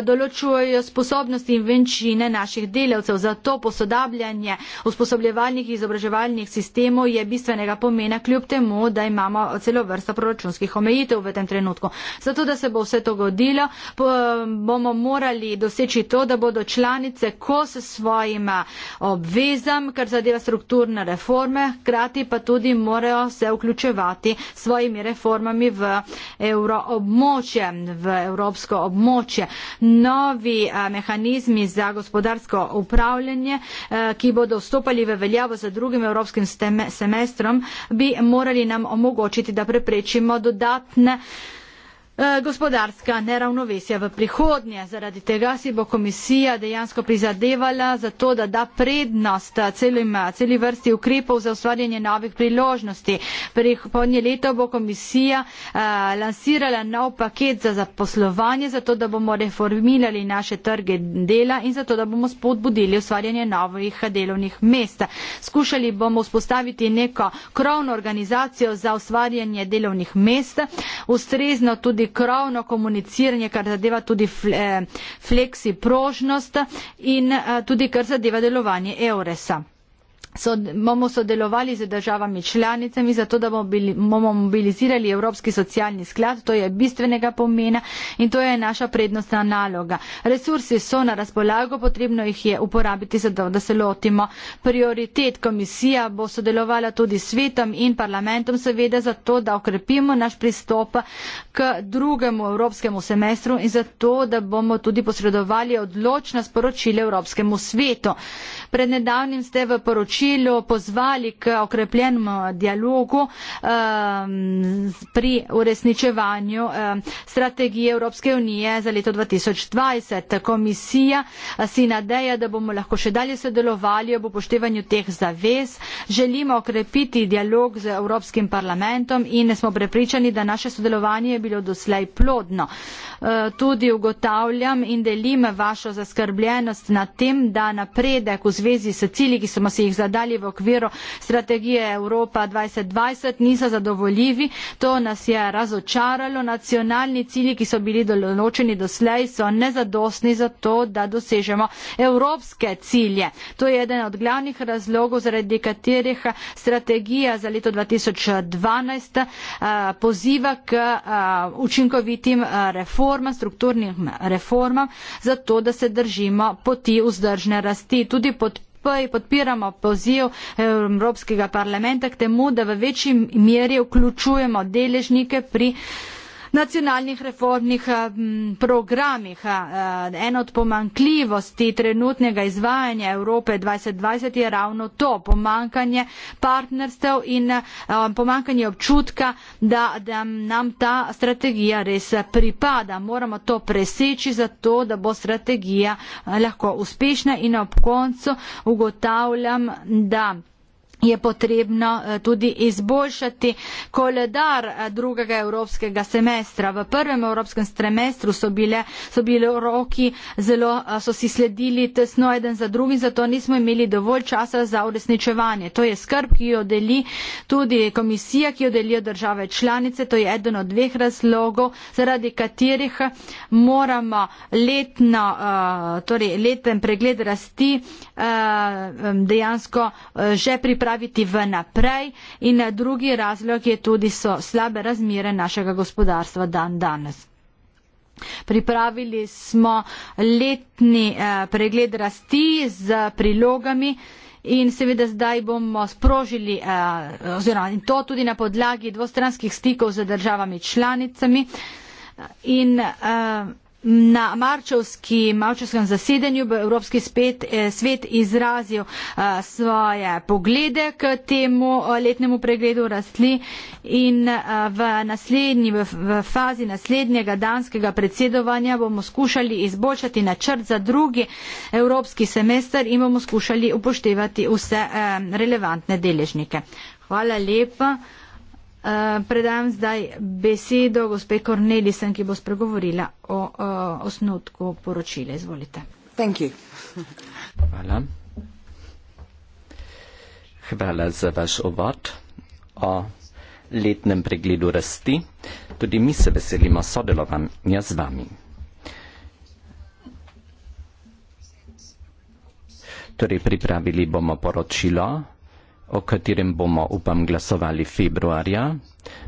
določujejo sposobnosti in venčine naših delavcev. Zato posodabljanje usposobljevalnih in izobraževalnih sistemov je bistvenega pomena, kljub temu, da imamo celo vrsta proračunskih omejitev v tem trenutku. Zato, da se bo vse to godilo, bomo morali doseči to, da bodo članice kos svojim obvezam, kar zadeva strukturne reforme, hkrati pa tudi morajo se vključevati svojimi reformami v euroobmočje, v evropsko območje. Novi eh, mehanizmi za gospodarsko upravljanje, eh, ki bodo vstopali v veljavo za drugim evropskim semestrom, bi morali nam omogočiti, da preprečimo dodatne Eh, gospodarska neravnovesja v prihodnje. Zaradi tega si bo komisija dejansko prizadevala za to, da da prednost celim, celi vrsti ukrepov za ustvarjanje novih priložnosti. Prihodnje leto bo komisija a, eh, lansirala nov paket za zaposlovanje, zato da bomo reformirali naše trge dela in zato da bomo spodbudili ustvarjanje novih delovnih mest. Skušali bomo vzpostaviti neko krovno organizacijo za ustvarjanje delovnih mest, ustrezno tudi tudi krovno komuniciranje, kar zadeva tudi fleksi eh, prožnost in eh, tudi kar zadeva delovanje Euresa bomo sodelovali z državami članicami, zato da bomo mobilizirali Evropski socialni sklad, to je bistvenega pomena in to je naša prednostna naloga. Resursi so na razpolago, potrebno jih je uporabiti, zato da se lotimo. Prioritet komisija bo sodelovala tudi s svetom in parlamentom, seveda, zato da okrepimo naš pristop k drugemu evropskemu semestru in zato, da bomo tudi posredovali odločna sporočila Evropskemu svetu. Pred nedavnim ste v poročilu poročilu pozvali k okrepljenemu dialogu ehm, pri uresničevanju ehm, strategije Evropske unije za leto 2020. Komisija eh, si nadeja, da bomo lahko še dalje sodelovali ob upoštevanju teh zavez. Želimo okrepiti dialog z Evropskim parlamentom in smo prepričani, da naše sodelovanje je bilo doslej plodno. Eh, tudi ugotavljam in delim vašo zaskrbljenost nad tem, da napredek v zvezi s cilji, ki smo si jih zadali, nadalje v okviru strategije Evropa 2020 niso zadovoljivi. To nas je razočaralo. Nacionalni cilji, ki so bili določeni doslej, so nezadostni za to, da dosežemo evropske cilje. To je eden od glavnih razlogov, zaradi katerih strategija za leto 2012 eh, poziva k eh, učinkovitim eh, reformam, strukturnim reformam, zato da se držimo poti vzdržne rasti. Tudi podpira SPI podpiramo poziv eh, Evropskega parlamenta k temu, da v večji meri vključujemo deležnike pri nacionalnih reformnih eh, programih. Eh, Ena od pomankljivosti trenutnega izvajanja Evrope 2020 je ravno to pomankanje partnerstev in eh, pomankanje občutka, da, da nam ta strategija res pripada. Moramo to preseči zato, da bo strategija lahko uspešna in ob koncu ugotavljam, da je potrebno eh, tudi izboljšati koledar eh, drugega evropskega semestra. V prvem evropskem semestru so, bile, so bili roki zelo, eh, so si sledili tesno eden za drugim, zato nismo imeli dovolj časa za uresničevanje. To je skrb, ki jo deli tudi komisija, ki jo delijo države članice. To je eden od dveh razlogov, zaradi katerih moramo letno, torej leten pregled rasti dejansko že pripraviti postaviti v naprej in eh, drugi razlog je tudi so slabe razmere našega gospodarstva dan danes. Pripravili smo letni eh, pregled rasti z prilogami. In seveda zdaj bomo sprožili, eh, oziroma in to tudi na podlagi dvostranskih stikov z državami članicami. In, eh, na marčevski, marčevskem zasedanju bo Evropski spet, eh, svet izrazil eh, svoje poglede k temu eh, letnemu pregledu rastli in v naslednji, v fazi naslednjega danskega predsedovanja bomo skušali izboljšati načrt za drugi evropski semester in bomo skušali upoštevati vse relevantne deležnike. Hvala lepa. Uh, predam zdaj besedo gospe Kornelisen, ki bo spregovorila o uh, osnutku poročile. Izvolite. Hvala. Hvala za vaš uvod o letnem pregledu rasti. Tudi mi se veselimo sodelovanja z vami. Torej, pripravili bomo poročilo o katerem bomo, upam, glasovali februarja,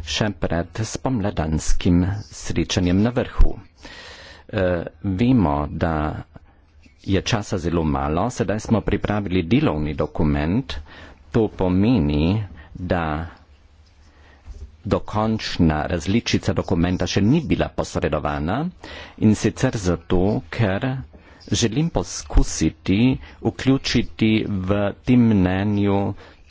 še pred spomladanskim srečanjem na vrhu. E, vemo, da je časa zelo malo, sedaj smo pripravili delovni dokument, to pomeni, da dokončna različica dokumenta še ni bila posredovana in sicer zato, ker želim poskusiti vključiti v tem mnenju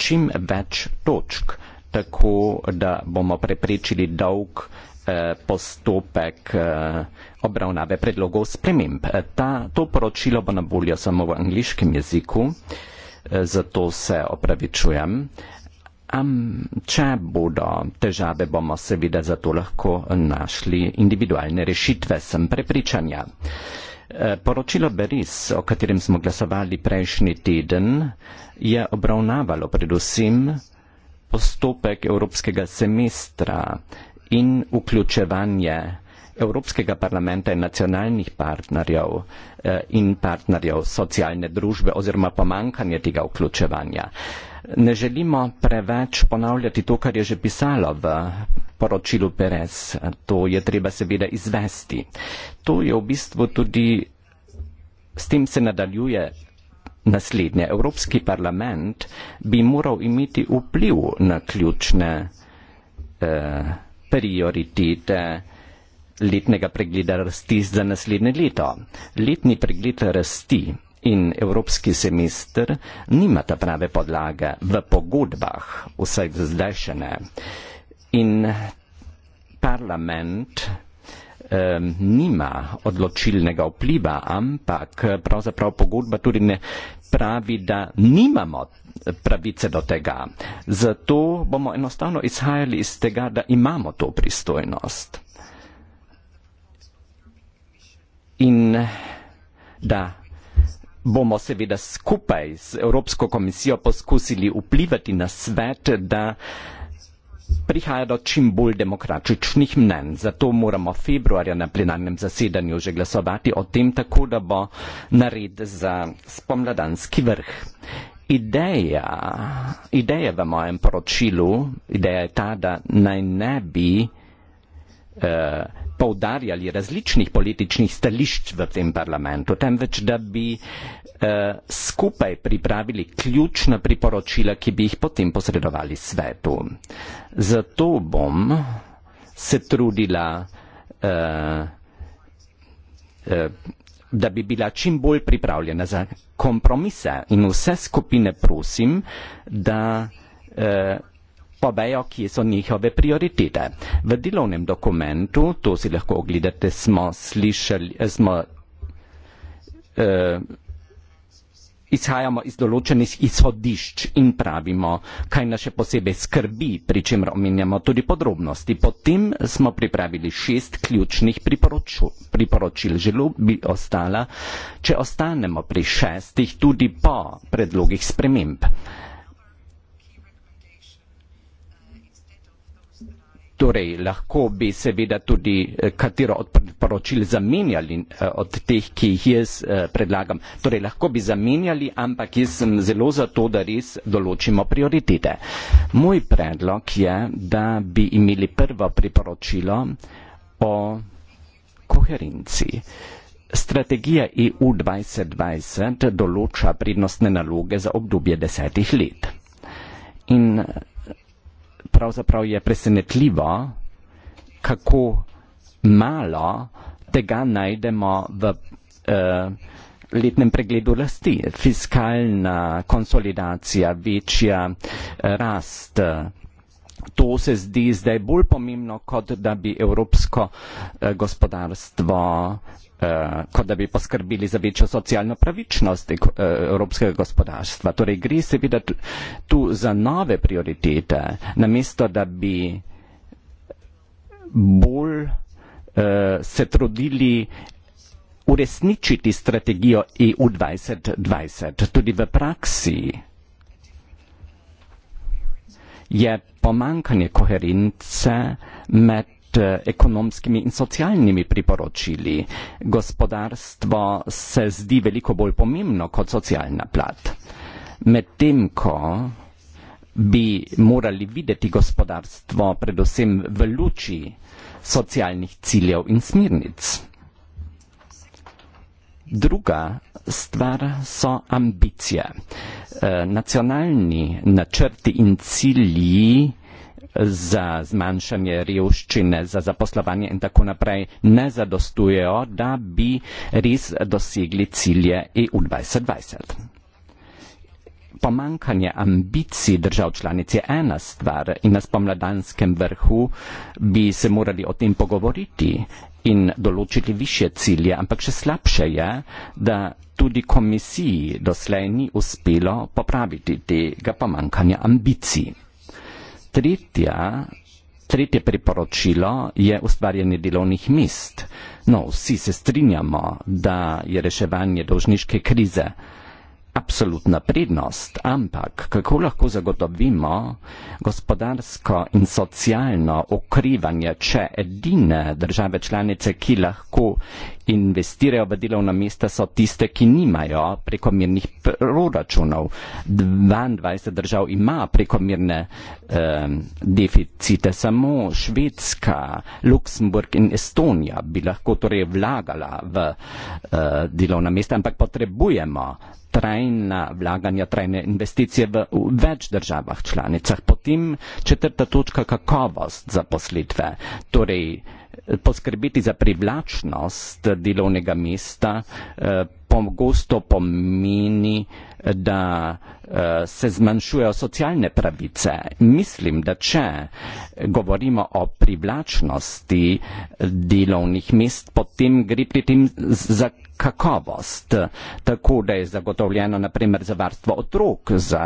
čim več točk, tako da bomo preprečili dolg eh, postopek eh, obravnave predlogov sprememb. Eh, ta, to poročilo bo na voljo samo v angliškem jeziku, zato se opravičujem. Am, če bodo težave, bomo seveda zato lahko našli individualne rešitve, sem prepričanja. Ja. Eh, poročilo Beris, o katerem smo glasovali prejšnji teden, je obravnavalo predvsem postopek evropskega semestra in vključevanje Evropskega parlamenta in nacionalnih partnerjev eh, in partnerjev socialne družbe oziroma pomankanje tega vključevanja. Ne želimo preveč ponavljati to, kar je že pisalo v poročilu Perez. To je treba seveda izvesti. To je v bistvu tudi, s tem se nadaljuje naslednje. Evropski parlament bi moral imeti vpliv na ključne eh, prioritete letnega pregleda rasti za naslednje leto. Letni pregled rasti in evropski semester nimata prave podlage v pogodbah, vsaj v zdajšnje. In parlament nima odločilnega vpliva, ampak pravzaprav pogodba tudi ne pravi, da nimamo pravice do tega. Zato bomo enostavno izhajali iz tega, da imamo to pristojnost. In da bomo seveda skupaj z Evropsko komisijo poskusili vplivati na svet, da prihaja do čim bolj demokratičnih mnen. Zato moramo februarja na plenarnem zasedanju že glasovati o tem, tako da bo nared za spomladanski vrh. Ideja, ideja v mojem poročilu, ideja je ta, da naj ne bi eh, poudarjali različnih političnih stališč v tem parlamentu, temveč da bi eh, skupaj pripravili ključna priporočila, ki bi jih potem posredovali svetu. Zato bom se trudila, eh, eh, da bi bila čim bolj pripravljena za kompromise in vse skupine prosim, da eh, povejo, kje so njihove prioritete. V delovnem dokumentu, to si lahko ogledate, smo slišali, eh, smo. Uh, izhajamo iz določenih izhodišč in pravimo, kaj nas še posebej skrbi, pri čemer omenjamo tudi podrobnosti. Potem smo pripravili šest ključnih priporočil. Želo bi ostala, če ostanemo pri šestih tudi po predlogih sprememb. Uh, Torej, lahko bi seveda tudi eh, katero od poročil zamenjali eh, od teh, ki jih jaz eh, predlagam. Torej, lahko bi zamenjali, ampak jaz sem zelo za to, da res določimo prioritete. Moj predlog je, da bi imeli prvo priporočilo o koherenci. Strategija EU 2020 določa prednostne naloge za obdobje desetih let. In pravzaprav je presenetljivo, kako malo tega najdemo v uh, letnem pregledu rasti. Fiskalna konsolidacija, večja eh, rast. To se zdi zdaj bolj pomembno, kot da bi evropsko eh, gospodarstvo Eh, kot da bi poskrbili za večjo socialno pravičnost eh, evropskega gospodarstva. Torej gre seveda tu za nove prioritete, namesto da bi bolj uh, se trudili uresničiti strategijo EU 2020. Tudi v praksi je pomankanje koherence med ekonomskimi in socialnimi priporočili. Gospodarstvo se zdi veliko bolj pomembno kot socialna plat. Medtem ko bi morali videti gospodarstvo predvsem v luči socialnih ciljev in smirnic. Druga stvar so ambicije. E, nacionalni načrti in cilji za zmanjšanje revščine, za zaposlovanje in tako naprej ne zadostujejo, da bi res dosegli cilje EU 2020. Pomankanje ambicij držav članic je ena stvar in na spomladanskem vrhu bi se morali o tem pogovoriti in določiti više cilje, ampak še slabše je, da tudi komisiji doslej ni uspelo popraviti tega pomankanja ambicij tretja, tretje priporočilo je ustvarjanje delovnih mest. No, vsi se strinjamo, da je reševanje dolžniške krize absolutna prednost, ampak kako lahko zagotovimo gospodarsko in socialno okrivanje, če edine države članice, ki lahko investirajo v delovna mesta, so tiste, ki nimajo prekomernih proračunov. 22 držav ima prekomerne eh, deficite, samo Švedska, Luksemburg in Estonija bi lahko torej vlagala v eh, delovna mesta, ampak potrebujemo trajnost in na vlaganja trajne investicije v več državah članicah. Potem četrta točka kakovost zaposlitve, torej poskrbeti za privlačnost delovnega mesta eh, pogosto pomeni, da eh, se zmanjšujejo socialne pravice. Mislim, da če govorimo o privlačnosti delovnih mest, potem gre pri tem za kakovost, tako da je zagotovljeno naprimer za varstvo otrok, za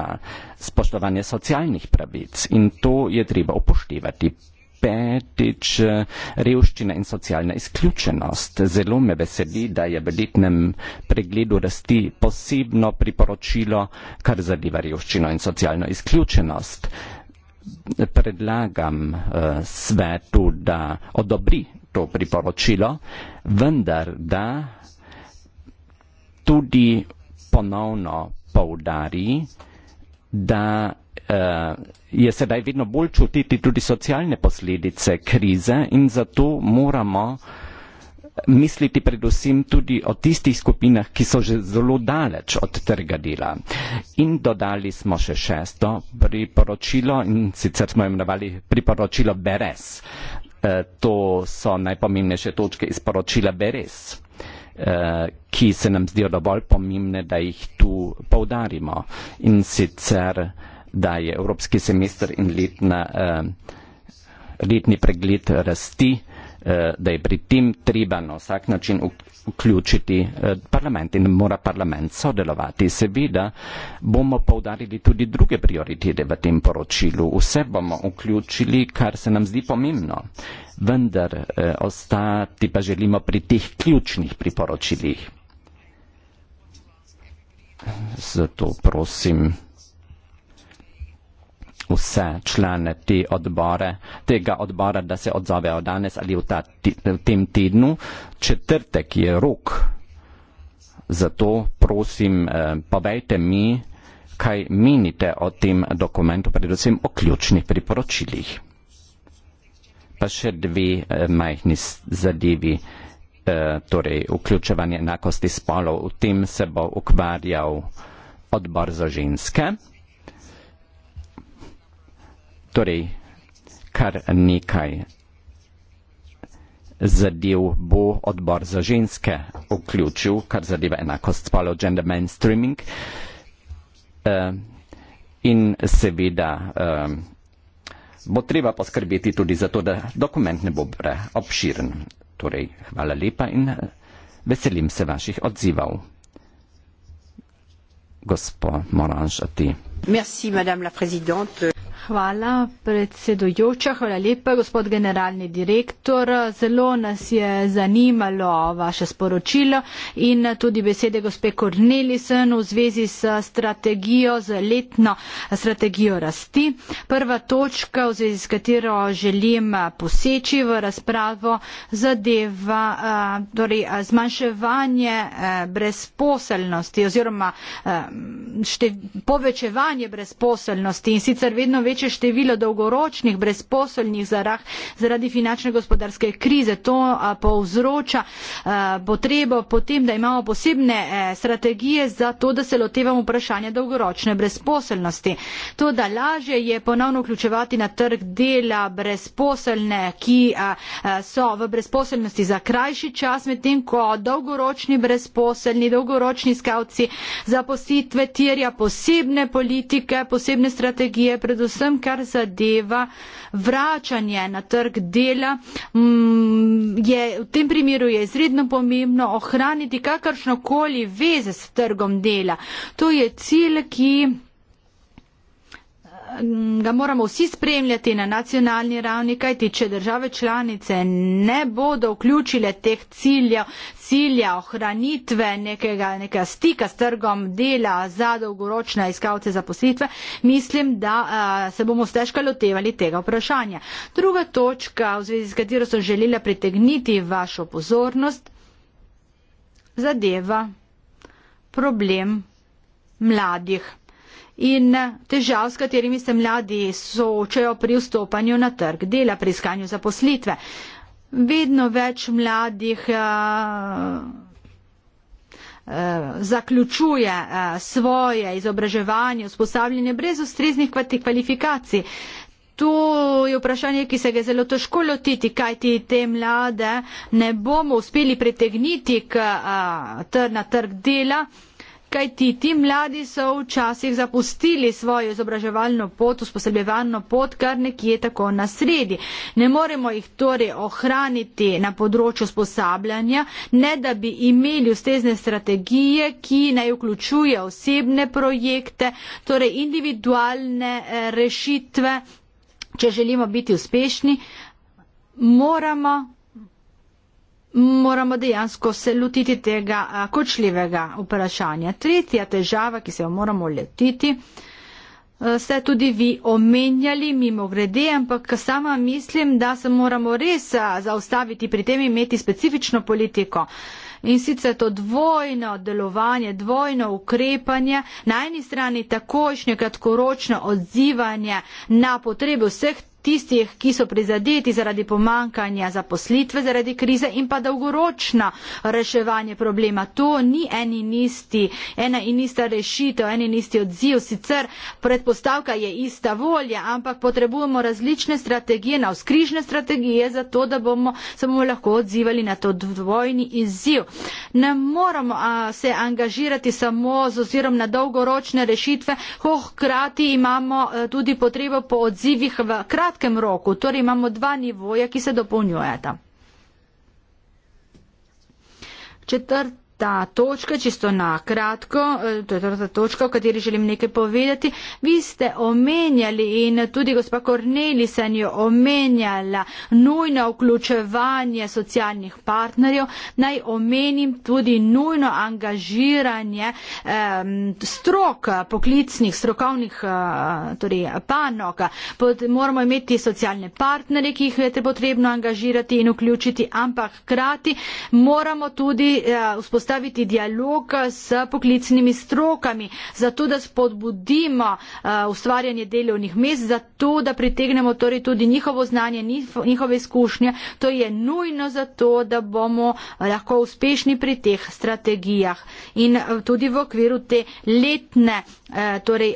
spoštovanje socialnih pravic in to je treba upoštevati petič, eh, revščina in socialna izključenost. Zelo me veseli, da je v letnem pregledu rasti posebno priporočilo, kar zadeva revščino in socialno izključenost. Predlagam uh, svetu, da odobri to priporočilo, vendar da tudi ponovno poudari, da Eh, je sedaj vedno bolj čutiti tudi socialne posledice krize in zato moramo misliti predvsem tudi o tistih skupinah, ki so že zelo daleč od trga dela. In dodali smo še šesto priporočilo in sicer smo imenovali priporočilo Beres. Eh, to so najpomembnejše točke iz poročila Beres, eh, ki se nam zdijo dovolj pomembne, da jih tu poudarimo. In sicer da je evropski semester in letna, eh, letni pregled rasti, eh, da je pri tem treba na vsak način vključiti eh, parlament in mora parlament sodelovati. Seveda bomo povdarili tudi druge prioritete v tem poročilu. Vse bomo vključili, kar se nam zdi pomembno. Vendar eh, ostati pa želimo pri teh ključnih priporočilih. Zato prosim vse člane te odbore, tega odbora, da se odzovejo danes ali v, ta, v tem tednu. Četrtek je rok. Zato prosim, eh, povejte mi, kaj menite o tem dokumentu, predvsem o ključnih priporočilih. Pa še dve eh, majhni zadevi, eh, torej vključevanje enakosti spolov. V tem se bo ukvarjal odbor za ženske torej kar nekaj zadev bo odbor za ženske vključil, kar zadeva enakost spolov gender mainstreaming eh, in seveda eh, bo treba poskrbeti tudi za to, da dokument ne bo preobširen. Torej, hvala lepa in eh, veselim se vaših odzivov. Gospod Moranž, a ti. Merci, madame la présidente. Hvala, predsedujoča. Hvala lepa, gospod generalni direktor. Zelo nas je zanimalo vaše sporočilo in tudi besede gospe Kornelisen v zvezi s strategijo, z letno strategijo rasti. Prva točka, v zvezi s katero želim poseči v razpravo, zadeva eh, torej, eh, zmanjševanje eh, brezposelnosti oziroma povečevanje brezposelnosti in sicer vedno več večje število dolgoročnih brezposelnih zaradi finančne gospodarske krize. To povzroča potrebo potem, da imamo posebne e, strategije za to, da se lotevamo vprašanja dolgoročne brezposelnosti. To, da lažje je ponovno vključevati na trg dela brezposelne, ki so v brezposelnosti za krajši čas, medtem ko dolgoročni brezposelni, dolgoročni skavci zaposlitve tirja posebne politike, posebne strategije, predvsem predvsem kar zadeva vračanje na trg dela, mm, je, v tem primeru je izredno pomembno ohraniti kakršnokoli veze s trgom dela. To je cilj, ki. Um, ga moramo vsi spremljati na nacionalni ravni, kajti če države članice ne bodo vključile teh ciljev, cilja ohranitve nekega, nekega stika s trgom dela za dolgoročne iskalce zaposlitve, mislim, da a, se bomo stežka lotevali tega vprašanja. Druga točka, v zvezi s katero sem želela pritegniti vašo pozornost, zadeva problem mladih in težav, s katerimi se mladi soočajo pri vstopanju na trg dela, pri iskanju zaposlitve. Vedno več mladih eh, eh, zaključuje eh, svoje izobraževanje, usposabljanje brez ustreznih kvalifikacij. To je vprašanje, ki se ga zelo težko lotiti, kaj ti te mlade ne bomo uspeli pritegniti k, a, tr, na trg dela. Kaj ti, ti mladi so včasih zapustili svojo izobraževalno pot, usposobljevalno pot, kar nekje tako na sredi. Ne moremo jih torej ohraniti na področju usposabljanja, ne da bi imeli ustezne strategije, ki naj vključuje osebne projekte, torej individualne eh, rešitve, če želimo biti uspešni. Moramo moramo dejansko se lotiti tega kočljivega vprašanja. Tretja težava, ki se jo moramo lotiti, ste tudi vi omenjali mimo grede, ampak sama mislim, da se moramo res zaustaviti pri tem imeti specifično politiko. In sicer to dvojno delovanje, dvojno ukrepanje, na eni strani takošnje kratkoročno odzivanje na potrebe vseh tistih, ki so prizadeti zaradi pomankanja zaposlitve zaradi krize in pa dolgoročno reševanje problema. To ni eni nisti, ena in ista rešitev, eni in isti odziv. Sicer predpostavka je ista volja, ampak potrebujemo različne strategije, navskrižne strategije, zato da bomo se bomo lahko odzivali na to dvojni izziv. Ne moramo a, se angažirati samo z ozirom na dolgoročne rešitve, hohkrati imamo a, e, tudi potrebo po odzivih v kratkem kratkem roku. Torej imamo dva nivoja, ki se dopolnjujeta. Četrt, ta točka, čisto na kratko, eh, to je torej ta točka, o kateri želim nekaj povedati. Vi ste omenjali in tudi gospa Kornelisen je omenjala nujno vključevanje socialnih partnerjev. Naj omenim tudi nujno angažiranje eh, strok, poklicnih, strokovnih eh, torej, panoga. Pot, moramo imeti socialne partnerje, ki jih je potrebno angažirati in vključiti, ampak krati moramo tudi eh, vzpostaviti vzpostaviti dialog s poklicnimi strokami, zato da spodbudimo eh, ustvarjanje delovnih mest, zato da pritegnemo torej tudi njihovo znanje, njihove izkušnje. To je nujno zato, da bomo lahko uspešni pri teh strategijah in eh, tudi v okviru te letne eh, torej,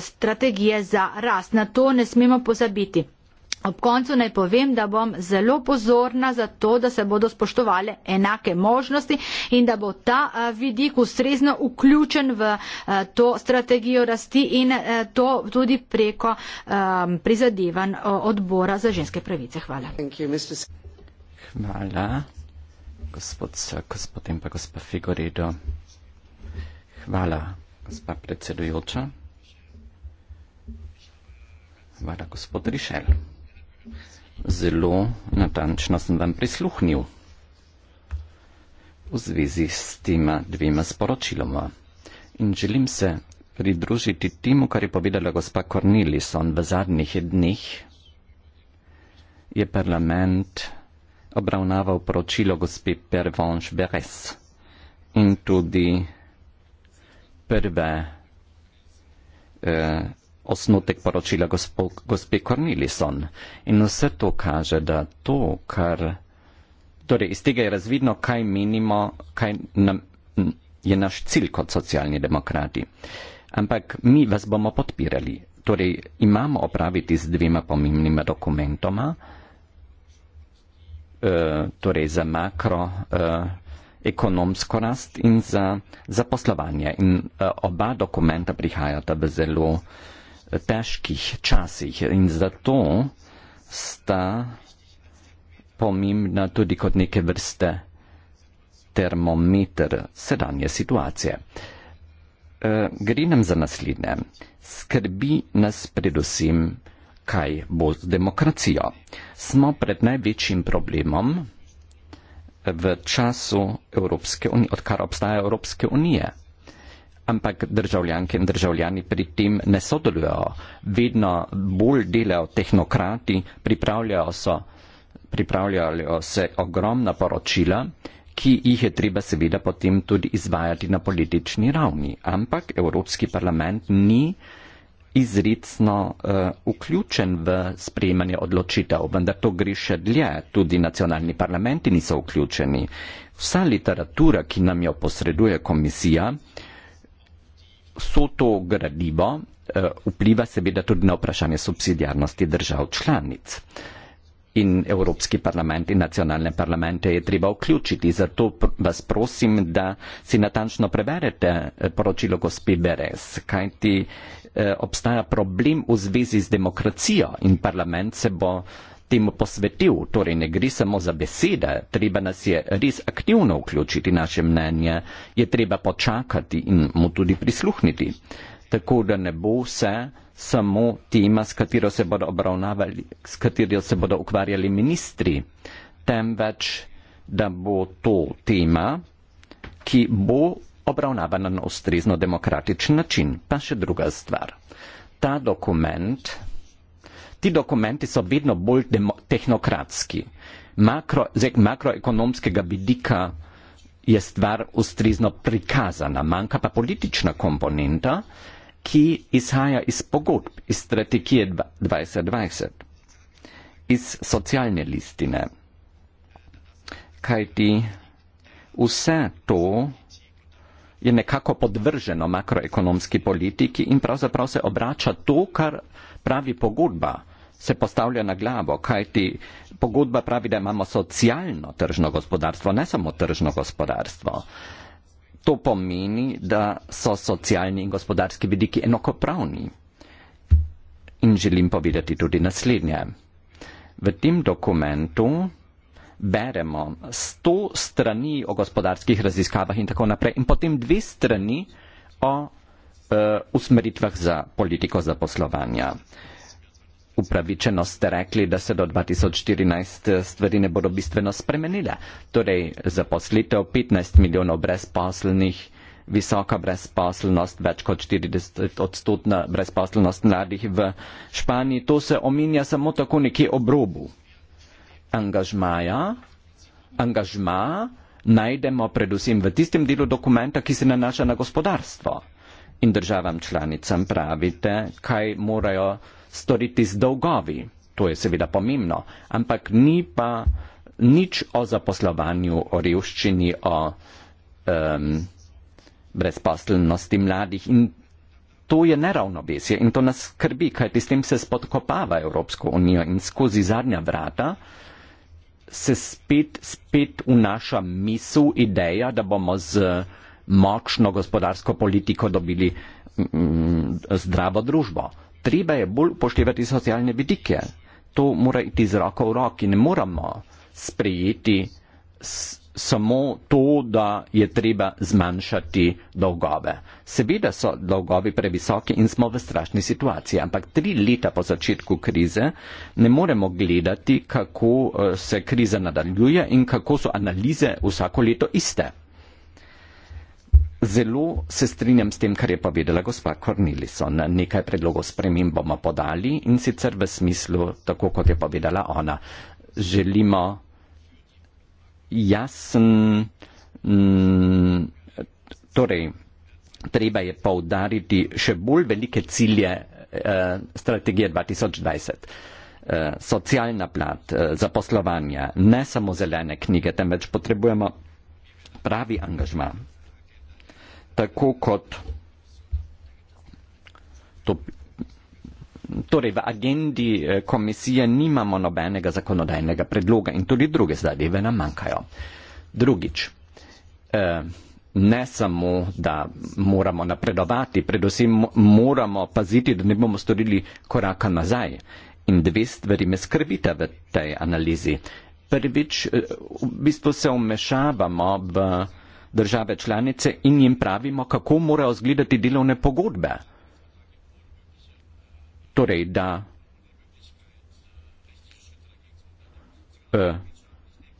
strategije za rast. Na to ne smemo pozabiti. Ob koncu naj povem, da bom zelo pozorna za to, da se bodo spoštovali enake možnosti in da bo ta vidik ustrezno vključen v to strategijo rasti in to tudi preko prizadevan odbora za ženske pravice. Hvala. Hvala, gospod Sarkos, potem pa gospod Figoredo. Hvala, gospa predsedujoča. Hvala, gospod Rišel zelo natančno sem vam prisluhnil v zvezi s tema dvema sporočiloma. In želim se pridružiti temu, kar je povedala gospa Cornelison v zadnjih dneh. Je parlament obravnaval poročilo gospe Pervonš Beres in tudi prve eh, osnotek poročila gospo, gospe Cornelison. In vse to kaže, da to, kar. Torej, iz tega je razvidno, kaj menimo, kaj nam, je naš cilj kot socialni demokrati. Ampak mi vas bomo podpirali. Torej, imamo opraviti z dvema pomembnima dokumentoma, eh, torej za makroekonomsko eh, rast in za zaposlovanje. In eh, oba dokumenta prihajata v zelo. Eh, težkih časih in zato sta pomembna tudi kot neke vrste termometer sedanje situacije. E, gre nam za naslednje. Skrbi nas predvsem, kaj bo z demokracijo. Smo pred največjim problemom v času Evropske unije, odkar obstaja Evropske unije ampak državljanke in državljani pri tem ne sodelujo. Vedno bolj delajo tehnokrati, pripravljajo, so, pripravljajo se ogromna poročila, ki jih je treba seveda potem tudi izvajati na politični ravni. Ampak Evropski parlament ni izredno uh, eh, vključen v sprejemanje odločitev, vendar to gre še dlje, tudi nacionalni parlamenti niso vključeni. Vsa literatura, ki nam jo posreduje komisija, uh, vso to gradivo eh, vpliva seveda tudi na vprašanje subsidijarnosti držav članic. In Evropski parlament in nacionalne parlamente je treba vključiti. Zato vas prosim, da si natančno preberete eh, poročilo gospe Beres, kajti eh, obstaja problem v zvezi z demokracijo in parlament se bo eh, temu posvetil, torej ne gre samo za besede, treba nas je res aktivno vključiti naše mnenje, je treba počakati in mu tudi prisluhniti, tako da ne bo vse samo tema, s katero se bodo obravnavali, s katero se bodo ukvarjali ministri, temveč, da bo to tema, ki bo obravnavana na ustrezno demokratičen način. Pa še druga stvar. Ta dokument, Ti dokumenti so vedno bolj tehnokratski. Makro, z makroekonomskega vidika je stvar ustrezno prikazana, manjka pa politična komponenta, ki izhaja iz pogodb, iz strategije 2020, iz socialne listine. Kaj ti vse to je nekako podvrženo makroekonomski politiki in pravzaprav se obrača to, kar pravi pogodba se postavlja na glavo, kajti pogodba pravi, da imamo socialno tržno gospodarstvo, ne samo tržno gospodarstvo. To pomeni, da so socialni in gospodarski vidiki enakopravni. In želim povedati tudi naslednje. V tem dokumentu beremo 100 strani o gospodarskih raziskavah in tako naprej in potem dve strani o Eh, usmeritvah za politiko zaposlovanja. Upravičeno ste rekli, da se do 2014 stvari ne bodo bistveno spremenile. Torej, zaposlitev 15 milijonov brezposlnih, visoka brezposlnost, več kot 40 odstotna brezposlnost mladih v Španiji, to se ominja samo tako neki obrobu. Angažmaja, angažma najdemo predvsem v tistem delu dokumenta, ki se nanaša na gospodarstvo in državam članicam pravite, kaj morajo storiti z dolgovi. To je seveda pomembno, ampak ni pa nič o zaposlovanju, o revščini, o um, brezposelnosti mladih. In to je neravnovesje in to nas skrbi, kajti s tem se spodkopava Evropsko unijo in skozi zadnja vrata se spet, spet vnaša misel, ideja, da bomo z uh, močno gospodarsko politiko dobili mm, zdravo družbo. Treba je bolj poštevati socialne vidike. To mora iti z roko v roki. Ne moramo sprejeti samo to, da je treba zmanjšati dolgove. Seveda so dolgovi previsoki in smo v strašni situaciji, ampak tri leta po začetku krize ne moremo gledati, kako eh, se kriza nadaljuje in kako so analize vsako leto iste. Zelo se strinjam s tem, kar je povedala gospa Cornelison. Nekaj predlogov spremim bomo podali in sicer v smislu, tako kot je povedala ona, želimo jasen. Mm, torej, treba je povdariti še bolj velike cilje eh, strategije 2020. Eh, socialna plat, eh, zaposlovanje, ne samo zelene knjige, temveč potrebujemo pravi angažma tako kot to, torej v agendi eh, komisije nimamo nobenega zakonodajnega predloga in tudi druge zadeve nam manjkajo. Drugič, eh, ne samo, da moramo napredovati, predvsem moramo paziti, da ne bomo storili koraka nazaj. In dve stvari me skrbita v tej analizi. Prvič, eh, v bistvu se omešavamo v države članice in jim pravimo, kako morajo zgledati delovne pogodbe. Torej, da eh,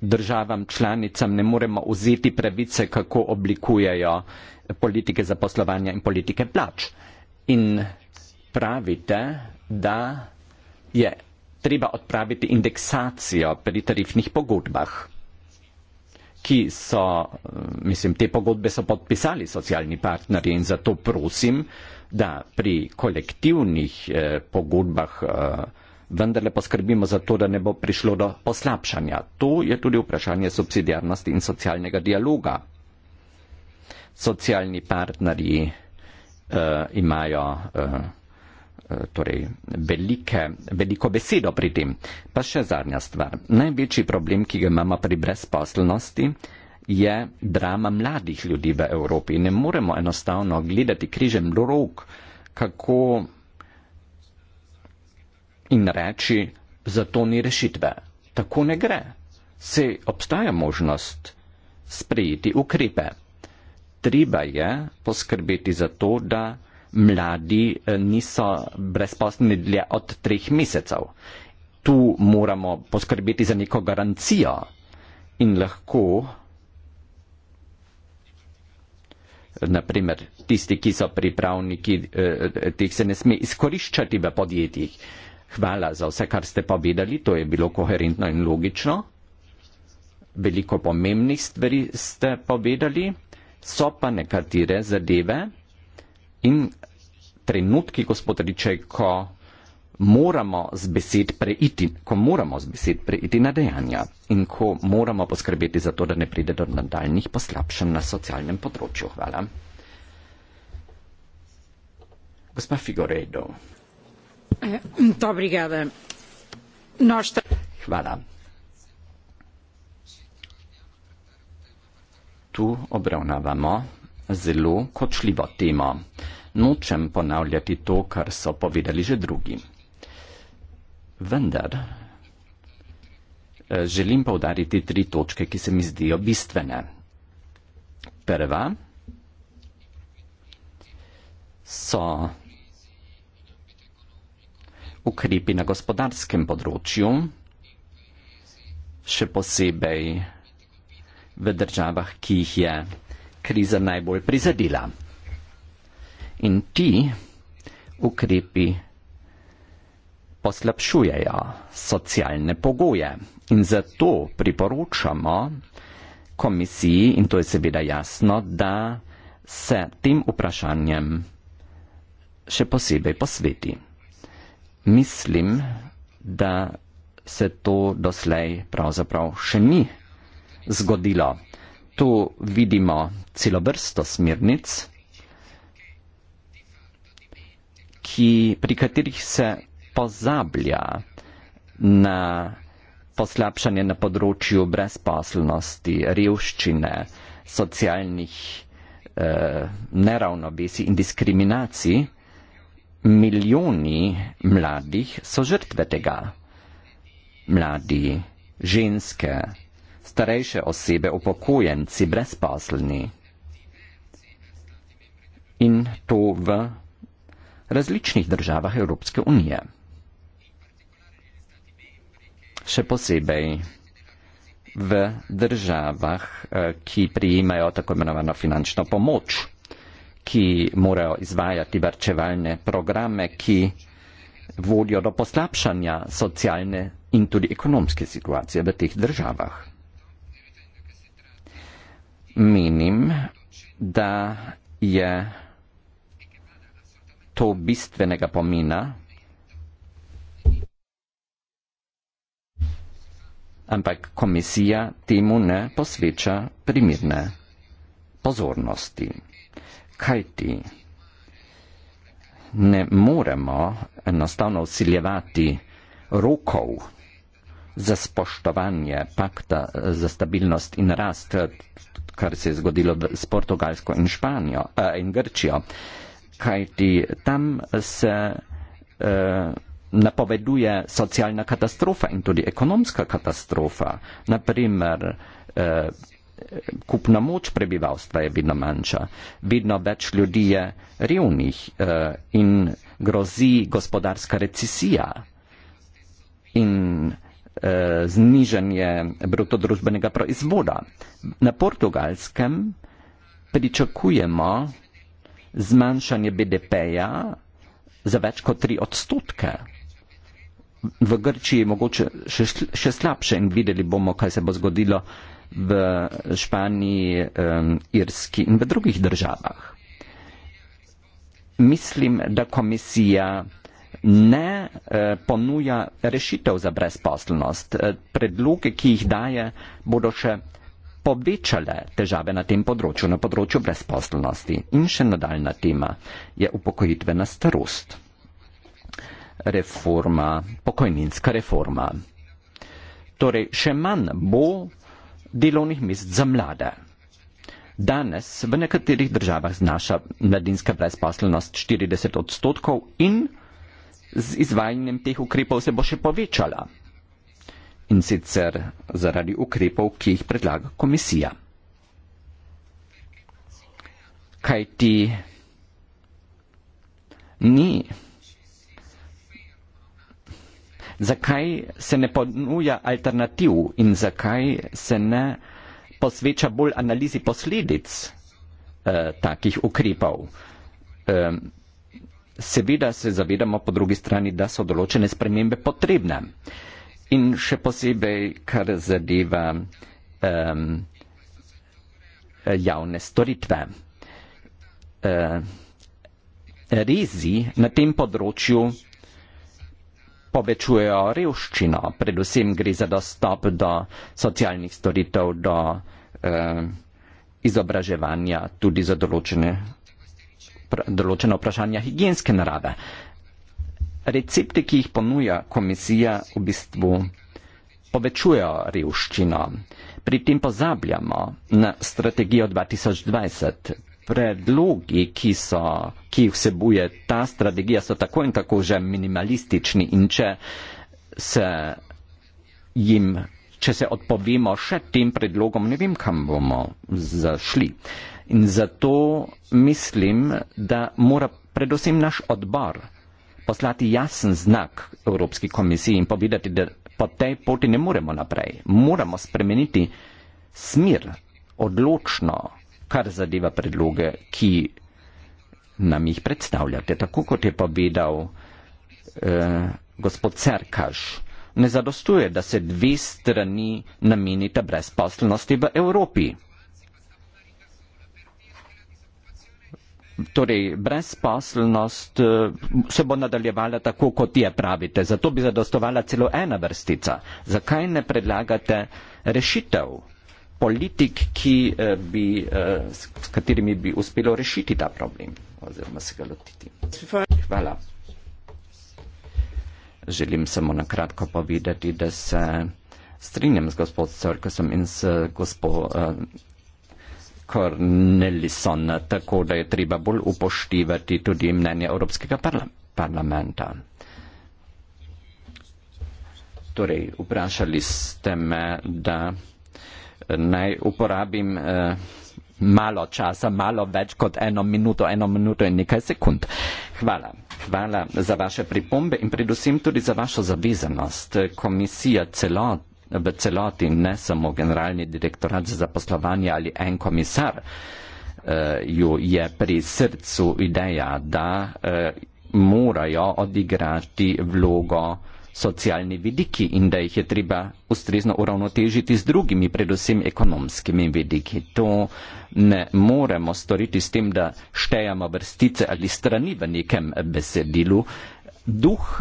državam članicam ne moremo vzeti pravice, kako oblikujejo politike zaposlovanja in politike plač. In pravite, da je treba odpraviti indeksacijo pri tarifnih pogodbah ki so, mislim, te pogodbe so podpisali socialni partnerji in zato prosim, da pri kolektivnih eh, pogodbah eh, vendarle poskrbimo za to, da ne bo prišlo do poslabšanja. To je tudi vprašanje subsidiarnosti in socialnega dialoga. Socialni partnerji eh, imajo eh, torej velike, veliko besedo pri tem. Pa še zadnja stvar. Največji problem, ki ga imamo pri brezposelnosti, je drama mladih ljudi v Evropi. Ne moremo enostavno gledati križem rok, kako in reči, za to ni rešitve. Tako ne gre. Se obstaja možnost sprejeti ukrepe. Treba je poskrbeti za to, da mladi eh, niso brezposlni dlje od treh mesecev. Tu moramo poskrbeti za neko garancijo in lahko naprimer tisti, ki so pripravniki, eh, teh se ne sme izkoriščati v podjetjih. Hvala za vse, kar ste povedali, to je bilo koherentno in logično. Veliko pomembnih stvari ste povedali, so pa nekatere zadeve, in trenutki, gospod Riče, ko moramo z besed preiti, ko moramo z besed preiti na dejanja in ko moramo poskrbeti za to, da ne pride do nadaljnih poslabšanj na socialnem področju. Hvala. Gospa Figoredo. Dobrigada. Nošta. Hvala. Tu obravnavamo zelo kočljiva tema. Nočem ponavljati to, kar so povedali že drugi. Vendar eh, želim povdariti tri točke, ki se mi zdijo bistvene. Prva so ukrepi na gospodarskem področju, še posebej v državah, ki jih je kriza najbolj prizadela. In ti ukrepi poslabšujejo socialne pogoje in zato priporočamo komisiji, in to je seveda jasno, da se tem vprašanjem še posebej posveti. Mislim, da se to doslej pravzaprav še ni zgodilo tu vidimo celo vrsto smernic, ki, pri katerih se pozablja na poslabšanje na področju brezposelnosti, revščine, socialnih eh, neravnovesij in diskriminacij. Milijoni mladih so žrtve tega. Mladi, ženske, starejše osebe, upokojenci, brezposelni. In to v različnih državah Evropske unije. Še posebej v državah, eh, ki prijimajo tako imenovano finančno pomoč, ki morajo izvajati varčevalne programe, ki vodijo do poslabšanja socialne in tudi ekonomske situacije v teh državah menim, da je to bistvenega pomena, ampak komisija temu ne posveča primirne pozornosti. Kaj ti? Ne moremo enostavno usiljevati rokov za spoštovanje pakta za stabilnost in rast, kar se je zgodilo s Portugalsko in, Španijo, eh, in Grčijo. Kaj ti tam se eh, napoveduje socialna katastrofa in tudi ekonomska katastrofa. Naprimer, eh, kupna moč prebivalstva je vedno manjša, vedno več ljudi je revnih eh, in grozi gospodarska recesija. In Eh, znižanje brutodružbenega proizvoda. Na portugalskem pričakujemo zmanjšanje BDP-ja za več kot tri odstotke. V Grčiji je mogoče še, še slabše in videli bomo, kaj se bo zgodilo v Španiji, um, Irski in v drugih državah. Mislim, da komisija ne eh, ponuja rešitev za brezposelnost. Eh, predloge, ki jih daje, bodo še povečale težave na tem področju, na področju brezposelnosti. In še nadaljna tema je upokojitvena starost. Reforma, pokojninska reforma. Torej, še manj bo delovnih mest za mlade. Danes v nekaterih državah znaša mladinska brezposelnost 40 odstotkov in z izvajanjem teh ukrepov se bo še povečala. In sicer zaradi ukrepov, ki jih predlaga komisija. Kaj ti ni? Zakaj se ne ponuja alternativ in zakaj se ne posveča bolj analizi posledic eh, takih ukrepov? Eh, seveda se zavedamo po drugi strani, da so določene spremembe potrebne. In še posebej, kar zadeva um, javne storitve. Uh, rezi na tem področju povečujejo revščino, predvsem gre za dostop do socialnih storitev, do uh, izobraževanja, tudi za določene določene vprašanja higijenske narave. Recepti, ki jih ponuja komisija, v bistvu povečujejo revščino. Pri tem pozabljamo na strategijo 2020. Predlogi, ki, so, ki jih vsebuje ta strategija, so tako in tako že minimalistični in če se jim, če se odpovemo še tem predlogom, ne vem, kam bomo zašli. Uh, In zato mislim, da mora predvsem naš odbor poslati jasen znak Evropski komisiji in povedati, da po tej poti ne moremo naprej. Moramo spremeniti smer odločno, kar zadeva predloge, ki nam jih predstavljate. Tako kot je povedal eh, gospod Cerkaš, ne zadostuje, da se dve strani namenita brezposelnosti v Evropi. torej brezposelnost eh, se bo nadaljevala tako, kot je pravite. Zato bi zadostovala celo ena vrstica. Zakaj ne predlagate rešitev? politik, ki eh, bi, eh, s katerimi bi uspelo rešiti ta problem oziroma se ga lotiti. Hvala. Želim samo na kratko povedati, da se strinjam z gospod Cerkosom in s gospod kar Nelson, tako da je treba bolj upoštevati tudi mnenje Evropskega parla parlamenta. Torej, vprašali ste me, da eh, naj uporabim eh, malo časa, malo več kot eno minuto, eno minuto in nekaj sekund. Hvala. Hvala za vaše pripombe in predvsem tudi za vašo zavezanost. Komisija celotna v celoti, ne samo generalni direktorat za poslovanje ali en komisar, eh, ju je pri srcu ideja, da eh, morajo odigrati vlogo socialni vidiki in da jih je treba ustrezno uravnotežiti z drugimi, predvsem ekonomskimi vidiki. To ne moremo storiti s tem, da štejamo vrstice ali strani v nekem besedilu. Duh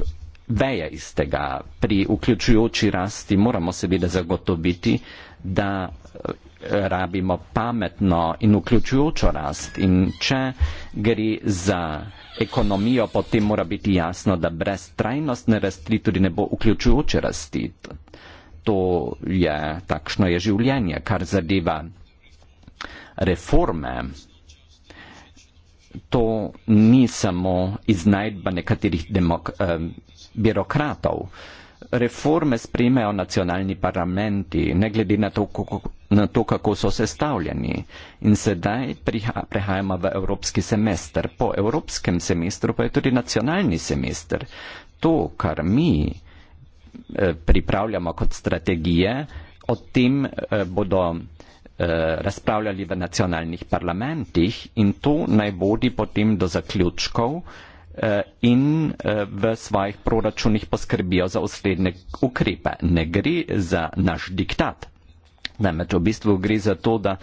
veja iz tega. Pri vključujoči rasti moramo seveda zagotoviti, da eh, rabimo pametno in vključujočo rast. In če gre za ekonomijo, potem mora biti jasno, da brez trajnostne rasti tudi ne bo vključujoče rasti. To je takšno je življenje, kar zadeva reforme. To ni samo iznajdba nekaterih demokracij. Eh, birokratov. Reforme sprejmejo nacionalni parlamenti, ne glede na to, kako, na to, kako so sestavljeni. In sedaj priha, prehajamo v evropski semester. Po evropskem semestru pa je tudi nacionalni semester. To, kar mi eh, pripravljamo kot strategije, o tem eh, bodo eh, razpravljali v nacionalnih parlamentih in to naj vodi potem do zaključkov, Eh, in eh, v svojih proračunih poskrbijo za osrednje ukrepe. Ne gre za naš diktat. Namreč v bistvu gre za to, da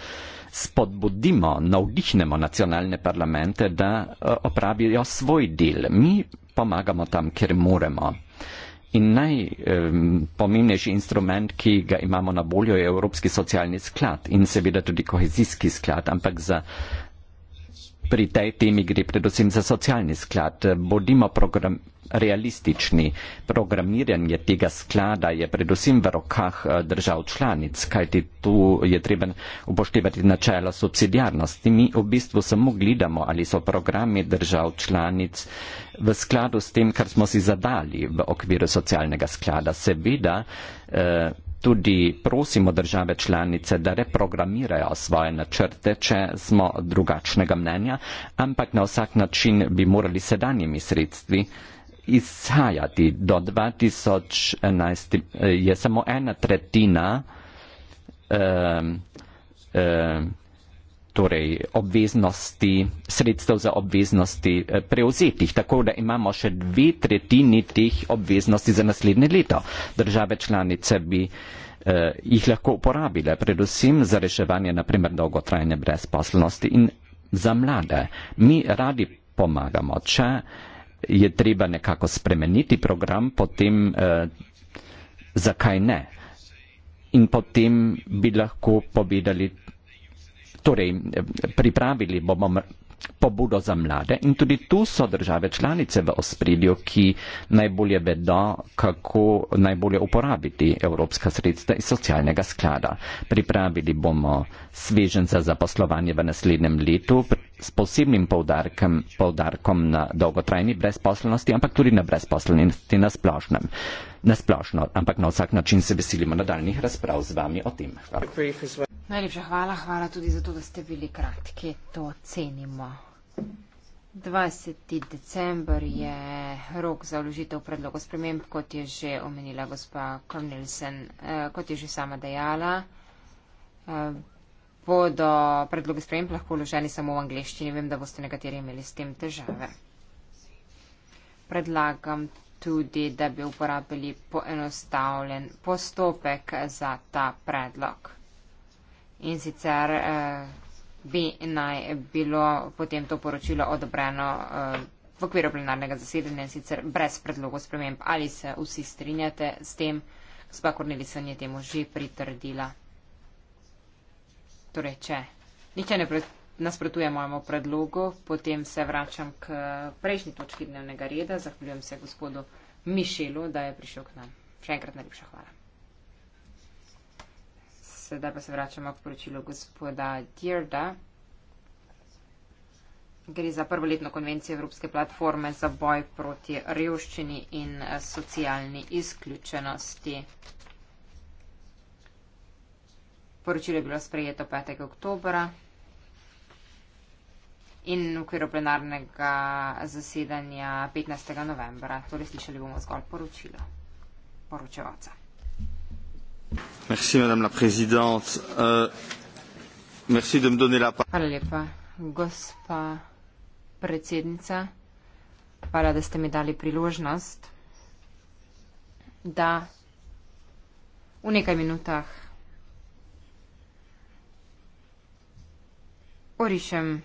spodbudimo, navdihnemo nacionalne parlamente, da eh, opravijo svoj del. Mi pomagamo tam, kjer moremo. In najpomembnejši eh, instrument, ki ga imamo na voljo, je Evropski socialni sklad in seveda tudi kohezijski sklad, ampak za eh, pri tej temi gre predvsem za socialni sklad. Bodimo program, realistični. Programiranje tega sklada je predvsem v rokah eh, držav članic, kajti tu je treba upoštevati načelo subsidiarnosti. Mi v bistvu samo gledamo, ali so programi držav članic v skladu s tem, kar smo si zadali v okviru socialnega sklada. Seveda, eh, tudi prosimo države članice, da reprogramirajo svoje načrte, če smo drugačnega mnenja, ampak na vsak način bi morali sedanjimi sredstvi izhajati. Do 2011 eh, je samo ena tretjina. Um, um, torej obveznosti, sredstev za obveznosti eh, prevzetih, tako da imamo še dve tretjini teh obveznosti za naslednje leto. Države članice bi eh, jih lahko uporabile, predvsem za reševanje, naprimer, dolgotrajne brezposlnosti in za mlade. Mi radi pomagamo. Če je treba nekako spremeniti program, potem eh, zakaj ne? In potem bi lahko povedali torej pripravili bomo pobudo za mlade in tudi tu so države članice v ospredju, ki najbolje vedo, kako najbolje uporabiti evropska sredstva iz socialnega sklada. Pripravili bomo svežen za zaposlovanje v naslednjem letu s posebnim poudarkom, poudarkom na dolgotrajni brezposelnosti, ampak tudi na brezposelnosti na splošnem. Na splošno, ampak na vsak način se veselimo nadaljnih razprav z vami o tem. Hvala. Najlepša hvala, hvala tudi za to, da ste bili kratki, to cenimo. 20. december je rok za vložitev predlogov sprememb, kot je že omenila gospa Kornelsen, eh, kot je že sama dejala. Eh, bodo predloge sprememb lahko vloženi samo v angleščini, vem, da boste nekateri imeli s tem težave. Predlagam tudi, da bi uporabili poenostavljen postopek za ta predlog in sicer eh, bi naj bilo potem to poročilo odobreno eh, v okviru plenarnega zasedanja in sicer brez predlogov sprememb. Ali se vsi strinjate s tem, gospa Kornelisen je temu že pritrdila. Torej, če niče ne nasprotuje mojemu predlogu, potem se vračam k prejšnji točki dnevnega reda. Zahvaljujem se gospodu Mišelu, da je prišel k nam. Še enkrat najlepša hvala sedaj pa se vračamo k poročilu gospoda Dirda. Gre za prvoletno konvencijo Evropske platforme za boj proti revščini in eh, socialni izključenosti. Poročilo je bilo sprejeto 5. oktober in v okviru plenarnega zasedanja 15. novembra. Torej slišali bomo zgolj poročilo poročevalca. Euh, Hvala lepa, gospa predsednica. Hvala, da ste mi dali priložnost, da v nekaj minutah orišem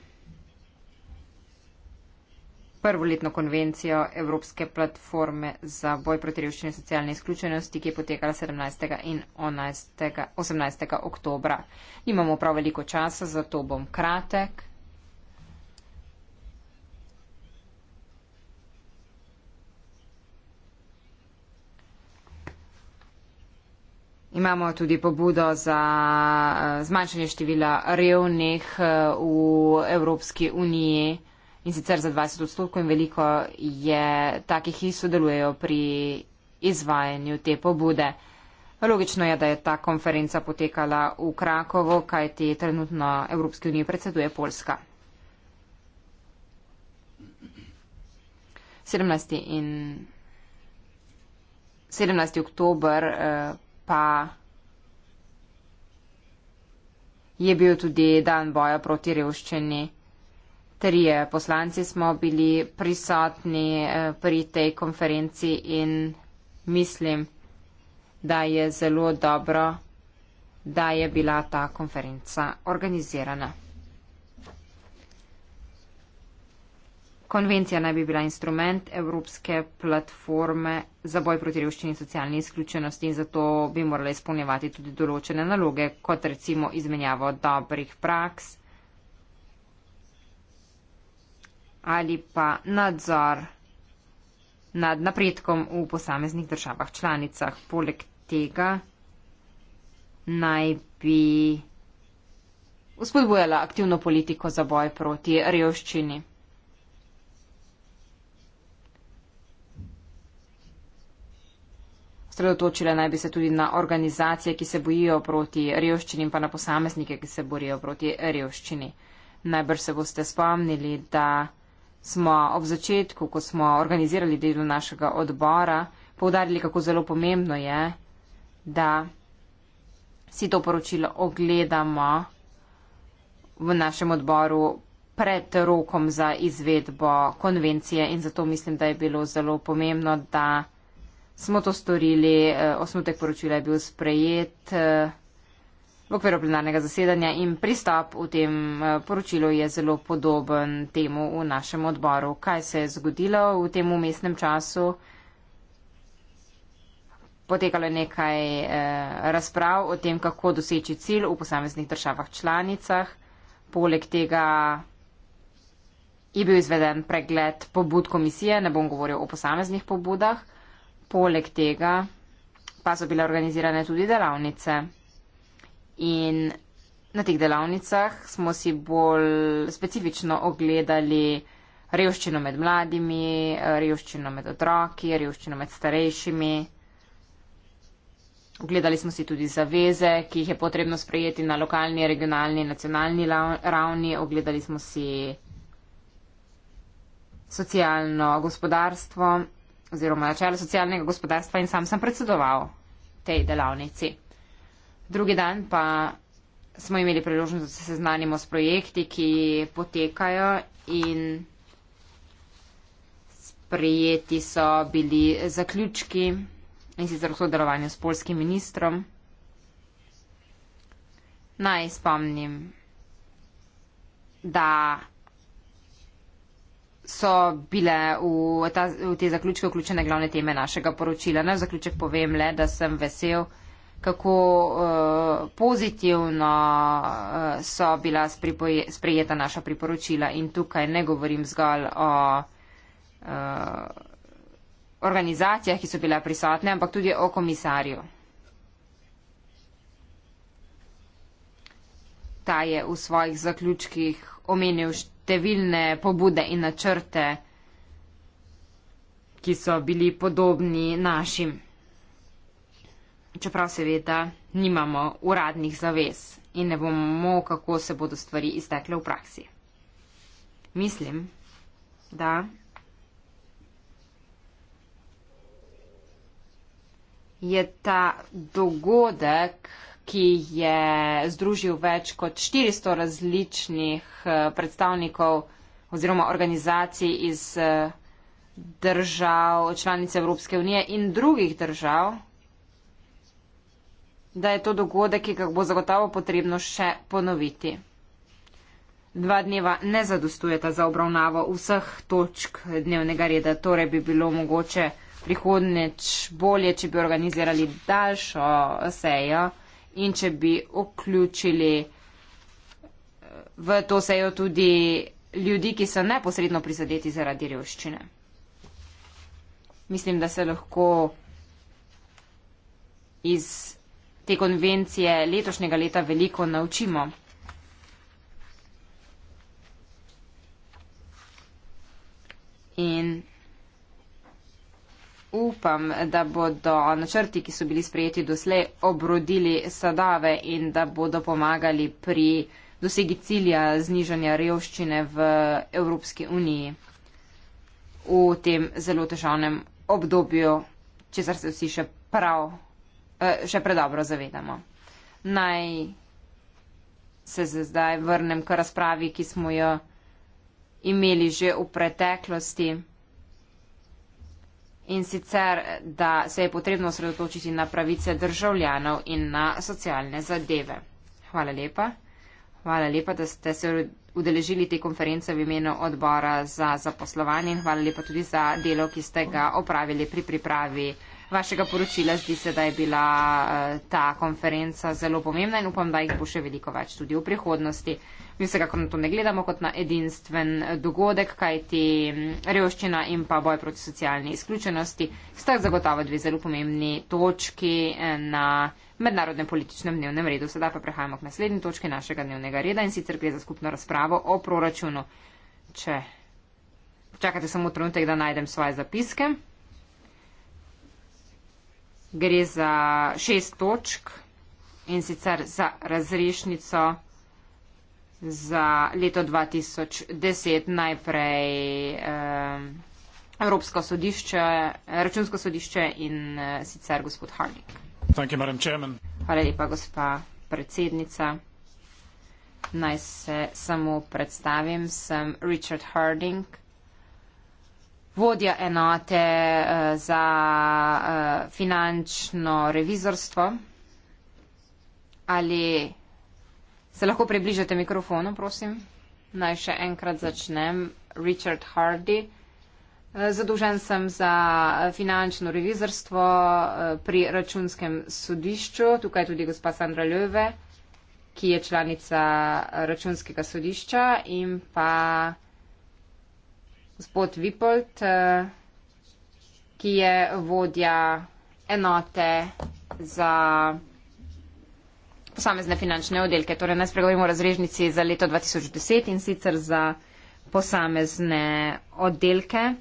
prvo letno konvencijo Evropske platforme za boj proti revščini in socialne izključenosti, ki je potekala 17. in 18. 18. oktobra. Imamo prav veliko časa, zato bom kratek. Imamo tudi pobudo za eh, zmanjšanje števila revnih eh, v Evropski uniji in sicer za 20 odstotkov in veliko je takih, ki sodelujejo pri izvajanju te pobude. Logično je, da je ta konferenca potekala v Krakovo, kajti trenutno Evropski uniji predseduje Poljska. 17. In 17. oktober eh, pa je bil tudi dan boja proti revščini trije poslanci smo bili prisotni eh, pri tej konferenci in mislim, da je zelo dobro, da je bila ta konferenca organizirana. Konvencija naj bi bila instrument Evropske platforme za boj proti revščini in socialni izključenosti in zato bi morala izpolnjevati tudi določene naloge, kot recimo izmenjavo dobrih praks ali pa nadzor nad napredkom v posameznih državah članicah. Poleg tega naj bi uspodbujala aktivno politiko za boj proti revščini. Sredotočile naj bi se tudi na organizacije, ki se bojijo proti revščini in pa na posameznike, ki se borijo proti revščini. Najbrž se boste spomnili, da smo ob začetku, ko smo organizirali delo našega odbora, povdarili, kako zelo pomembno je, da si to poročilo ogledamo v našem odboru pred rokom za izvedbo konvencije in zato mislim, da je bilo zelo pomembno, da smo to storili. Eh, osnutek poročila je bil sprejet. Eh, v okviru plenarnega zasedanja in pristop v tem eh, poročilu je zelo podoben temu v našem odboru. Kaj se je zgodilo v tem umestnem času? Potekalo je nekaj eh, razprav o tem, kako doseči cilj v posameznih državah članicah. Poleg tega je bil izveden pregled pobud komisije, ne bom govoril o posameznih pobudah. Poleg tega pa so bile organizirane tudi delavnice. In na teh delavnicah smo si bolj specifično ogledali revščino med mladimi, revščino med otroki, revščino med starejšimi. Ogledali smo si tudi zaveze, ki jih je potrebno sprejeti na lokalni, regionalni, nacionalni ravni. Ogledali smo si socialno gospodarstvo oziroma načelo socialnega gospodarstva in sam sem predsedoval tej delavnici. Drugi dan pa smo imeli priložnost, da se seznanimo s projekti, ki potekajo in sprejeti so bili zaključki in sicer v sodelovanju s polskim ministrom. Naj spomnim, da so bile v, ta, v te zaključke vključene glavne teme našega poročila. Na zaključek povem le, da sem vesel, kako uh, pozitivno uh, so bila spripoje, sprejeta naša priporočila. In tukaj ne govorim zgolj o uh, organizacijah, ki so bila prisotne, ampak tudi o komisarju. Ta je v svojih zaključkih omenil številne pobude in načrte, ki so bili podobni našim čeprav seveda nimamo uradnih zavez in ne bomo, kako se bodo stvari iztekle v praksi. Mislim, da. Je ta dogodek, ki je združil več kot 400 različnih eh, predstavnikov oziroma organizacij iz eh, držav članice Evropske unije in drugih držav, da je to dogodek, ki ga bo zagotovo potrebno še ponoviti. Dva dneva ne zadostujeta za obravnavo vseh točk dnevnega reda, torej bi bilo mogoče prihodneč bolje, če bi organizirali daljšo sejo in če bi vključili eh, v to sejo tudi ljudi, ki so neposredno prizadeti zaradi revščine. Mislim, da se lahko iz te konvencije letošnjega leta veliko naučimo. In upam, da bodo načrti, ki so bili sprejeti doslej, obrodili sadave in da bodo pomagali pri dosegi cilja znižanja revščine v Evropski uniji v tem zelo težavnem obdobju, česar se vsi še prav Eh, še predobro zavedamo. Naj se zdaj vrnem k razpravi, ki smo jo imeli že v preteklosti. In sicer, da se je potrebno osredotočiti na pravice državljanov in na socialne zadeve. Hvala lepa. Hvala lepa, da ste se udeležili te konference v imenu odbora za zaposlovanje in hvala lepa tudi za delo, ki ste ga opravili pri pripravi vašega poročila zdi se, da je bila eh, ta konferenca zelo pomembna in upam, da jih bo še veliko več tudi v prihodnosti. Mi vsekakor na to ne gledamo kot na edinstven dogodek, kajti mm, revščina in pa boj proti socialni izključenosti sta zagotovo dve zelo pomembni točki eh, na mednarodnem političnem dnevnem redu. Sedaj pa prehajamo k naslednji točki našega dnevnega reda in sicer gre za skupno razpravo o proračunu. Če čakate samo trenutek, da najdem svoje zapiske gre za šest točk in sicer za razrešnico za leto 2010 najprej eh, Evropsko sodišče, Računsko sodišče in eh, sicer gospod Harnik. Hvala lepa, gospa predsednica. Naj se samo predstavim, sem Richard Harding vodja enote eh, za eh, finančno revizorstvo. Ali se lahko približate mikrofonu, prosim? Naj še enkrat začnem. Richard Hardy. Eh, Zadužen sem za finančno revizorstvo pri računskem sodišču. Tukaj je tudi gospa Sandra Ljove, ki je članica računskega sodišča in pa gospod Vipolt, eh, ki je vodja enote za posamezne finančne oddelke. Torej, naj spregovorimo o razrežnici za leto 2010 in sicer za posamezne oddelke.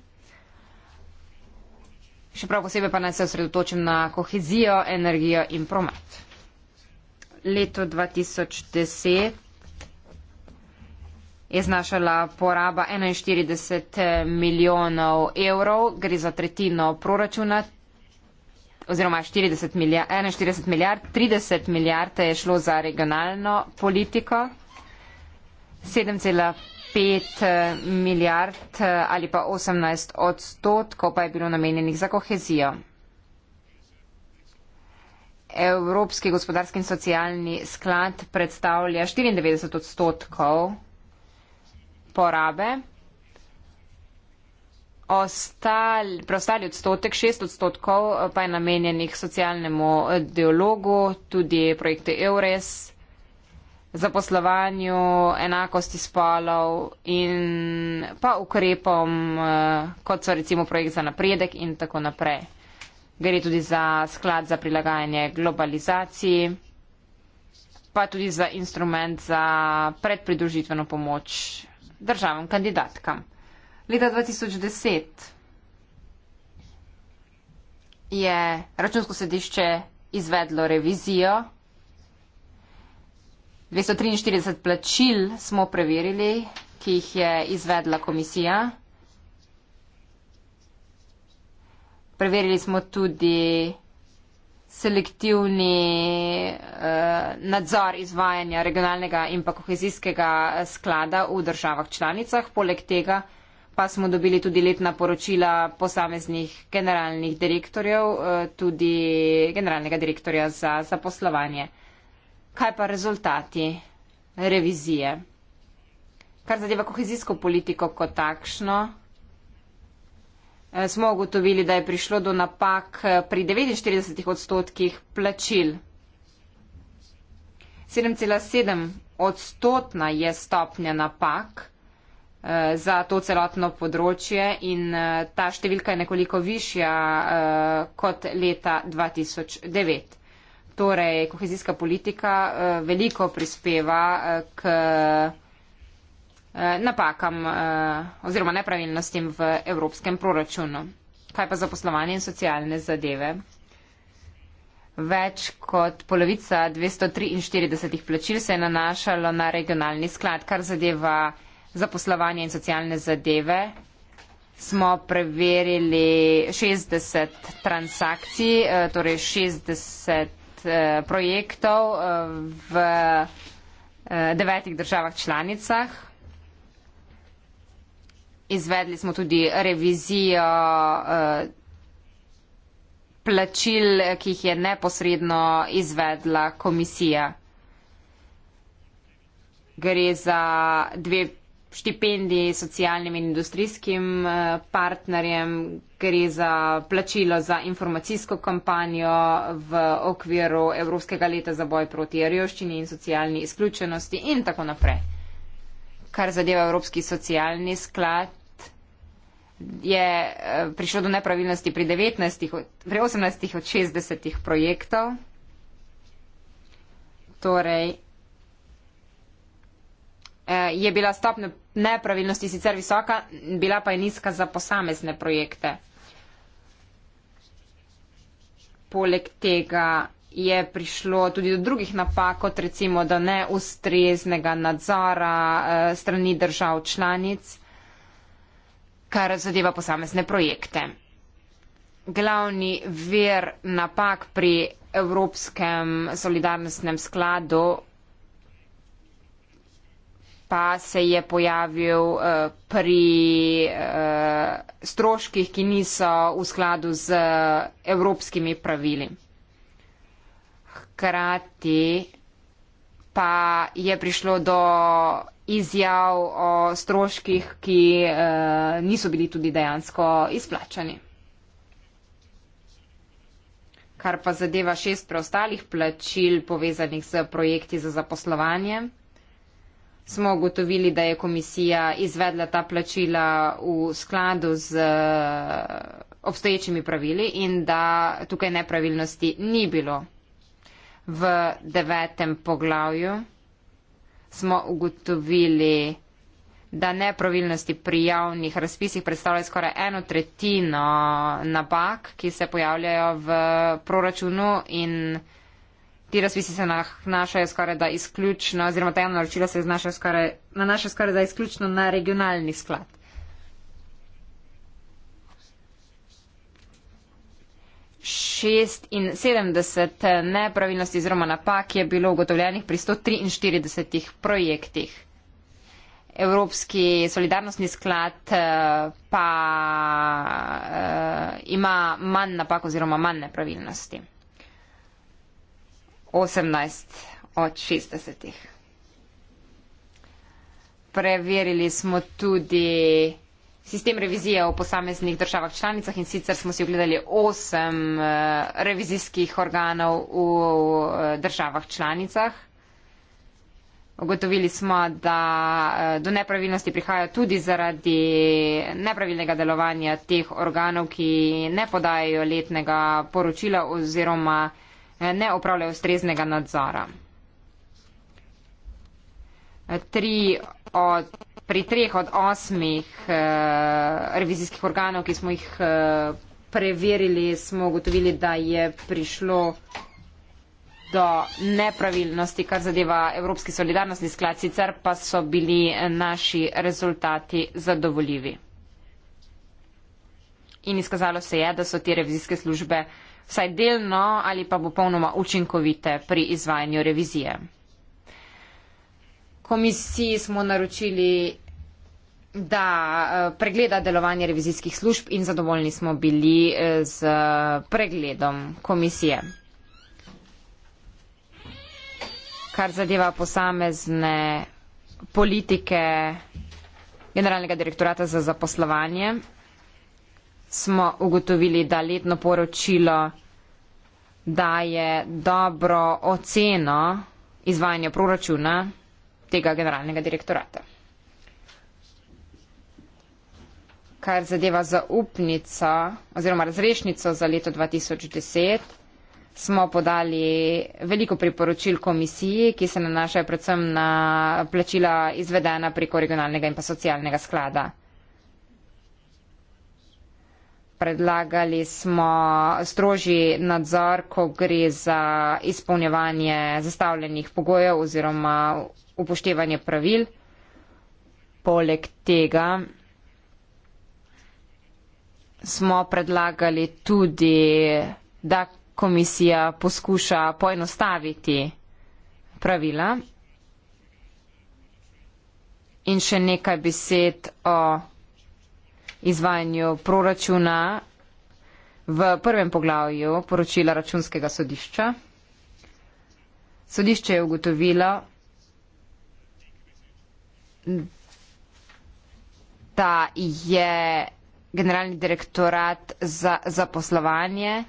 Še prav posebej pa naj se osredotočim na kohezijo, energijo in promet. Leto 2010 je znašala poraba 41 eh, milijonov evrov, gre za tretjino proračuna oziroma 40 milijard, 41 milijard, 30 milijard je šlo za regionalno politiko, 7,5 eh, milijard eh, ali pa 18 odstotkov pa je bilo namenjenih za kohezijo. Evropski gospodarski in socialni sklad predstavlja 94 odstotkov porabe. Ostal, preostali odstotek, šest odstotkov, eh, pa je namenjenih socialnemu eh, dialogu, tudi projekte EURES, zaposlovanju, enakosti spolov in pa ukrepom, eh, kot so recimo projekt za napredek in tako naprej. Gre tudi za sklad za prilagajanje globalizaciji, pa tudi za instrument za predpridružitveno pomoč državam kandidatkam. Leta 2010 je računsko sedišče izvedlo revizijo. 243 plačil smo preverili, ki jih je izvedla komisija. Preverili smo tudi selektivni eh, nadzor izvajanja regionalnega in pa kohezijskega eh, sklada v državah članicah. Poleg tega pa smo dobili tudi letna poročila posameznih generalnih direktorjev, eh, tudi generalnega direktorja za zaposlovanje. Kaj pa rezultati revizije? Kar zadeva kohezijsko politiko kot takšno, Eh, smo ugotovili, da je prišlo do napak eh, pri 49 odstotkih plačil. 7,7 odstotna je stopnja napak eh, za to celotno področje in ta številka je nekoliko višja kot leta 2009. Torej, kohezijska politika veliko prispeva k Eh, napakam eh, oziroma nepravilnostim v evropskem proračunu. Kaj pa za poslovanje in socialne zadeve? Več kot polovica 243 plačil se je nanašalo na regionalni sklad, kar zadeva zaposlovanje in socialne zadeve. Smo preverili 60 transakcij, eh, torej 60 projektov v devetih državah članicah. Izvedli smo tudi revizijo eh, plačil, ki jih je neposredno izvedla komisija. Gre za dve štipendiji socialnim in industrijskim eh, partnerjem, gre za plačilo za informacijsko kampanjo v okviru Evropskega leta za boj proti revščini in socialni izključenosti in tako naprej. Kar zadeva Evropski socialni sklad, je eh, prišlo do nepravilnosti pri, 19, pri 18 od 60 projektov. Torej, eh, je bila stopnja nepravilnosti sicer visoka, bila pa je nizka za posamezne projekte. Poleg tega je prišlo tudi do drugih napak, kot recimo do neustreznega nadzora eh, strani držav članic kar zadeva posamezne projekte. Glavni vir napak pri Evropskem solidarnostnem skladu pa se je pojavil uh, pri uh, stroških, ki niso v skladu z eh, evropskimi pravili. Hkrati pa je prišlo do izjav o stroških, ki eh, niso bili tudi dejansko izplačani. Kar pa zadeva šest preostalih plačil povezanih z projekti za zaposlovanje, smo ugotovili, da je komisija izvedla ta plačila v skladu z eh, obstoječimi pravili in da tukaj nepravilnosti ni bilo. V devetem poglavju smo ugotovili, da nepravilnosti pri javnih razpisih predstavljajo skoraj eno tretjino napak, ki se pojavljajo v proračunu in ti razpisi se nanašajo skoraj da izključno, oziroma ta javna naročila se nanašajo skoraj, skoraj da izključno na regionalni sklad. 76 nepravilnosti oziroma napak je bilo ugotovljenih pri 143 projektih. Evropski solidarnostni sklad eh, pa uh, ima manj napak oziroma manj nepravilnosti. 18 od 60. Preverili smo tudi sistem revizije v posameznih državah članicah in sicer smo si ogledali osem eh, revizijskih organov v eh, državah članicah. Ugotovili smo, da eh, do nepravilnosti prihaja tudi zaradi nepravilnega delovanja teh organov, ki ne podajajo letnega poročila oziroma ne opravljajo ustreznega nadzora tri od, pri treh od osmih uh, revizijskih organov, ki smo jih uh, preverili, smo ugotovili, da je prišlo do nepravilnosti, kar zadeva Evropski solidarnostni sklad, sicer pa so bili eh, naši rezultati zadovoljivi. In izkazalo se je, da so te revizijske službe vsaj delno ali pa popolnoma učinkovite pri izvajanju revizije komisiji smo naročili, da eh, pregleda delovanje revizijskih služb in zadovoljni smo bili eh, z pregledom komisije. Kar zadeva posamezne politike Generalnega direktorata za zaposlovanje, smo ugotovili, da letno poročilo daje dobro oceno izvajanja proračuna tega generalnega direktorata. Kar zadeva zaupnico oziroma razrešnico za leto 2010, smo podali veliko priporočil komisiji, ki se nanašajo predvsem na plačila izvedena preko regionalnega in pa socialnega sklada. Predlagali smo strožji nadzor, ko gre za izpolnjevanje zastavljenih pogojev oziroma upoštevanje pravil. Poleg tega smo predlagali tudi, da komisija poskuša poenostaviti pravila. In še nekaj besed o izvajanju proračuna v prvem poglavju poročila računskega sodišča. Sodišče je ugotovilo, da je generalni direktorat za zaposlovanje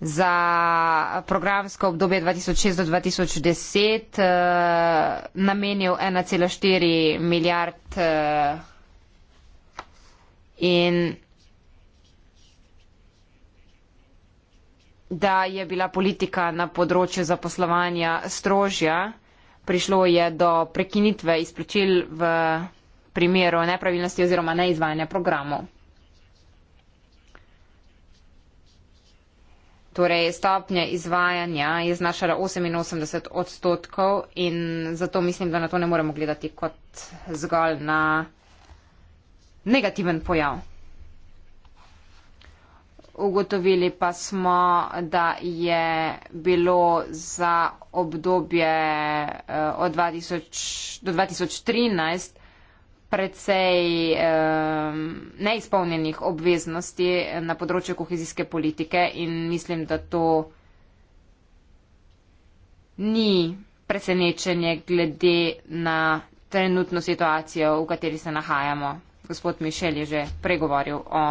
za programsko obdobje 2006 do 2010 eh, namenil 1,4 milijard eh, in da je bila politika na področju zaposlovanja strožja prišlo je do prekinitve izplačil v primeru nepravilnosti oziroma neizvajanja programov. Torej, stopnje izvajanja je znašala 88 odstotkov in zato mislim, da na to ne moremo gledati kot zgolj na negativen pojav. Ugotovili pa smo, da je bilo za obdobje eh, od 2000 do 2013 precej ehm, neizpolnjenih obveznosti na področju kohezijske politike in mislim, da to ni presenečenje glede na trenutno situacijo, v kateri se nahajamo. Gospod Mišel je že pregovoril o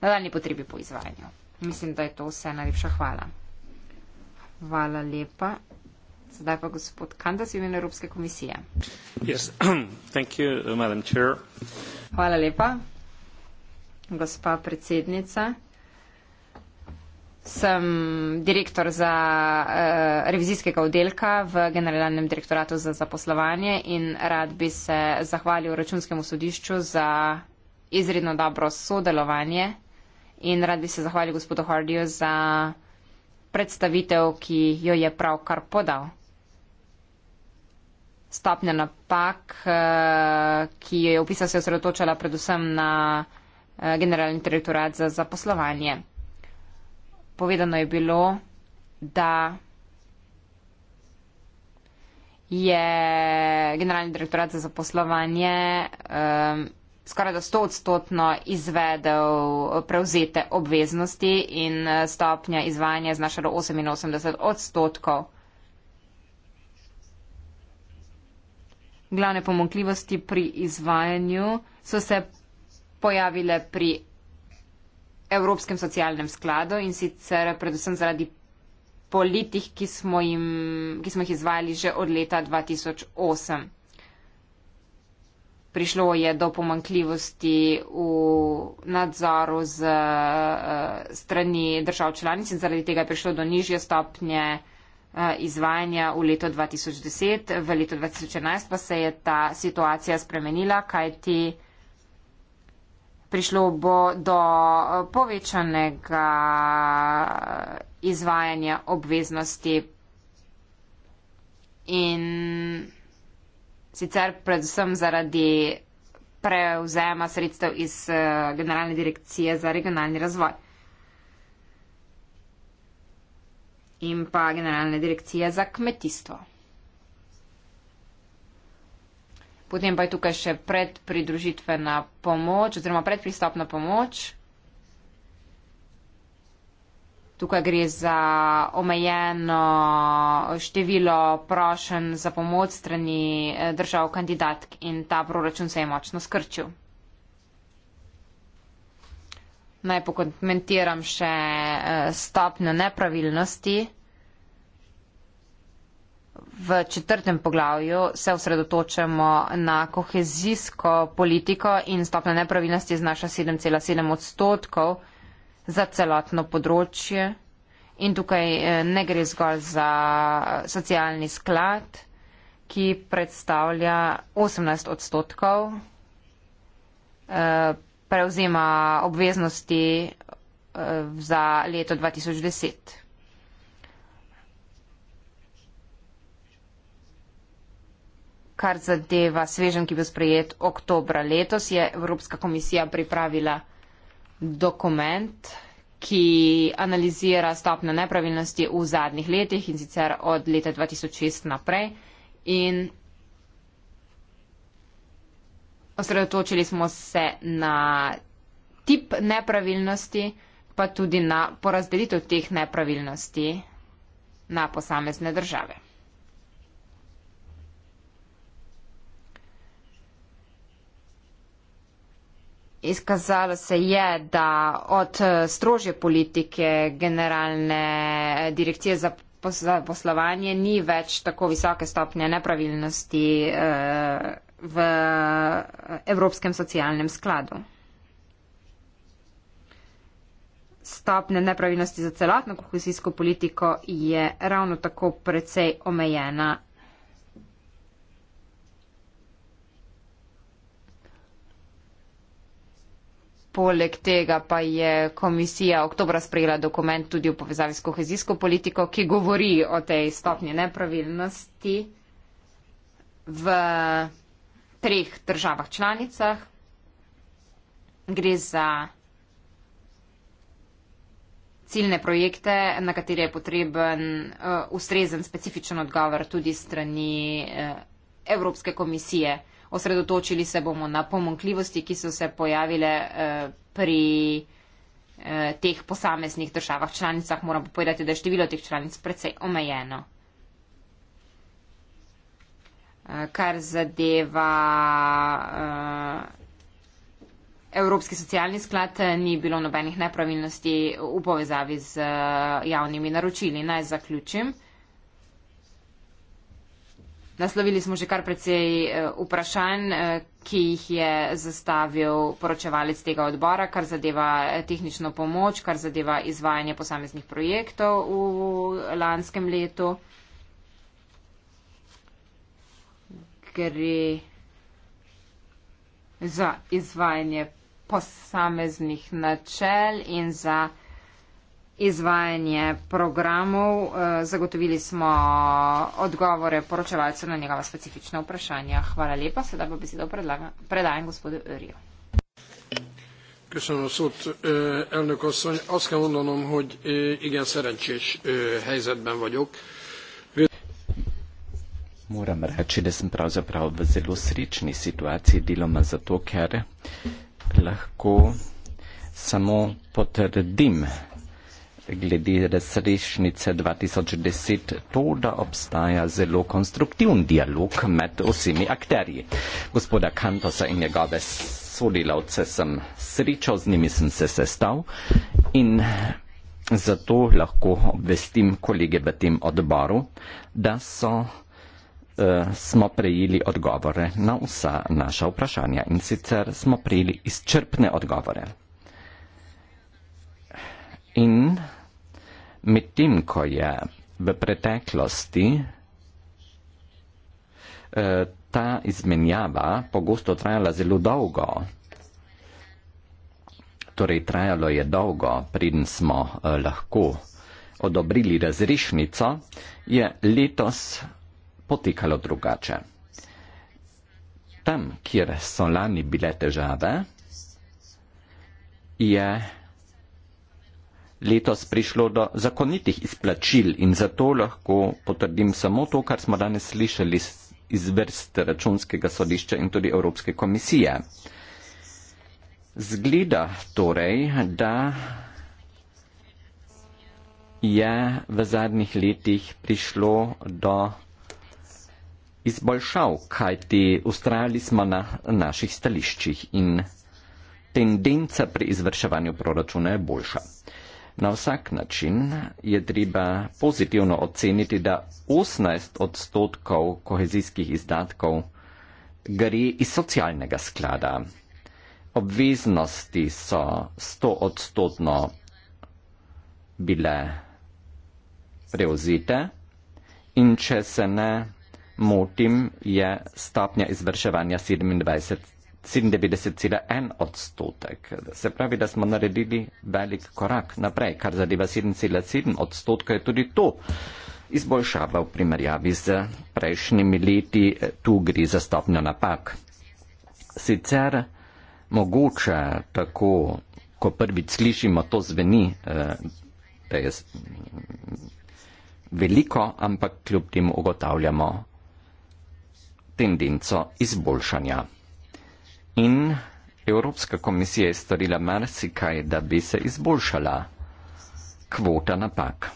nadaljni potrebi po izvajanju. Mislim, da je to vse. Najlepša hvala. Hvala lepa. Zdaj pa gospod Kandas, imen Evropske komisije. Yes. (clears throat) You, uh, hvala lepa, gospa predsednica. Sem direktor za uh, revizijskega oddelka v Generalnem direktoratu za zaposlovanje in rad bi se zahvalil računskemu sodišču za izredno dobro sodelovanje in rad bi se zahvalil gospodu Hardiju za predstavitev, ki jo je pravkar podal. Stopnja napak, eh, ki jo je opisal, se je osredotočala predvsem na eh, Generalni direktorat za zaposlovanje. Povedano je bilo, da je Generalni direktorat za zaposlovanje um, skoraj da stotstotno izvedel prevzete obveznosti in eh, stopnja izvajanja znašala 88 odstotkov. Glavne pomankljivosti pri izvajanju so se pojavile pri Evropskem socialnem skladu in sicer predvsem zaradi politik, ki smo, jim, ki smo jih izvajali že od leta 2008 prišlo je do pomankljivosti v nadzoru z eh, strani držav članic in zaradi tega je prišlo do nižje stopnje eh, izvajanja v leto 2010. V leto 2011 pa se je ta situacija spremenila, kajti prišlo bo do eh, povečanega izvajanja obveznosti in sicer predvsem zaradi prevzema sredstev iz eh, Generalne direkcije za regionalni razvoj in pa Generalne direkcije za kmetijstvo. Potem pa je tukaj še predpridružitvena pomoč oziroma predpristopna pomoč. Tukaj gre za omejeno število prošen za pomoč strani eh, držav kandidatk in ta proračun se je močno skrčil. Naj pokomentiram še eh, stopnjo nepravilnosti. V četrtem poglavju se osredotočamo na kohezijsko politiko in stopnja nepravilnosti znaša 7,7 odstotkov za celotno področje in tukaj eh, ne gre zgolj za eh, socialni sklad, ki predstavlja 18 odstotkov eh, prevzema obveznosti za leto 2010. Kar zadeva svežen, ki bo sprejet oktobra letos, je Evropska komisija pripravila dokument, ki analizira stopne nepravilnosti v zadnjih letih in sicer od leta 2006 naprej. In osredotočili smo se na tip nepravilnosti, pa tudi na porazdelitev teh nepravilnosti na posamezne države. Izkazalo se je, da od eh, strožje politike generalne eh, direkcije za poslovanje ni več tako visoke stopnje nepravilnosti eh, v Evropskem socialnem skladu. Stopnje nepravilnosti za celotno kohezijsko politiko je ravno tako precej omejena Poleg tega pa je komisija oktobra sprejela dokument tudi v povezavi s kohezijsko politiko, ki govori o tej stopnji nepravilnosti v treh državah članicah. Gre za ciljne projekte, na katere je potreben uh, ustrezen specifičen odgovor tudi strani uh, Evropske komisije. Osredotočili se bomo na pomankljivosti, ki so se pojavile eh, pri eh, teh posameznih državah članicah. Moram povedati, da je število teh članic precej omejeno. Eh, kar zadeva Evropski socialni sklad, ni bilo nobenih nepravilnosti v povezavi z javnimi naročili. Naj zaključim. Naslovili smo že kar precej eh, vprašanj, eh, ki jih je zastavil poročevalec tega odbora, kar zadeva eh, tehnično pomoč, kar zadeva izvajanje posameznih projektov v lanskem letu. Gre za izvajanje posameznih načel in za izvajanje programov. Eh, zagotovili smo odgovore poročevalcev na njegova specifična vprašanja. Hvala lepa. Sedaj pa besedo predajem gospodu Örju. Köszönöm a szót, eh, elnök asszony. Azt kell mondanom, hogy eh, igen szerencsés helyzetben vagyok. Moram reči, da sem pravzaprav v zelo srečni situaciji deloma zato, ker lahko samo potrdim glede resrešnice 2010 to, da obstaja zelo konstruktivni dialog med vsemi akterji. Gospoda Kantosa in njegove sodelavce sem srečal, z njimi sem se sestal in zato lahko obvestim kolege v tem odboru, da so, eh, smo prejeli odgovore na vsa naša vprašanja in sicer smo prejeli izčrpne odgovore. In medtem ko je v preteklosti eh, ta izmenjava pogosto trajala zelo dolgo. Torej, trajalo je dolgo, preden smo eh, lahko odobrili razrešnico, je letos potekalo drugače. Tam, kjer so lani bile težave, je letos prišlo do zakonitih izplačil in zato lahko potrdim samo to, kar smo danes slišali iz vrst računskega sodišča in tudi Evropske komisije. Zgleda torej, da je v zadnjih letih prišlo do izboljšav, kajti ustrajali smo na naših stališčih in tendenca pri izvrševanju proračuna je boljša. Na vsak način je treba pozitivno oceniti, da 18 odstotkov kohezijskih izdatkov gre iz socialnega sklada. Obveznosti so 100 odstotno bile prevzete in če se ne motim, je stopnja izvrševanja 27 odstotkov. 97,1 odstotek. Se pravi, da smo naredili velik korak naprej, kar zadeva 7,7 odstotka je tudi to izboljšava v primerjavi z prejšnjimi leti, tu gre za stopnjo napak. Sicer mogoče tako, ko prvič slišimo, to zveni, eh, da je veliko, ampak kljub tem ugotavljamo tendenco izboljšanja in Evropska komisija je storila marsikaj, da bi se izboljšala kvota napak,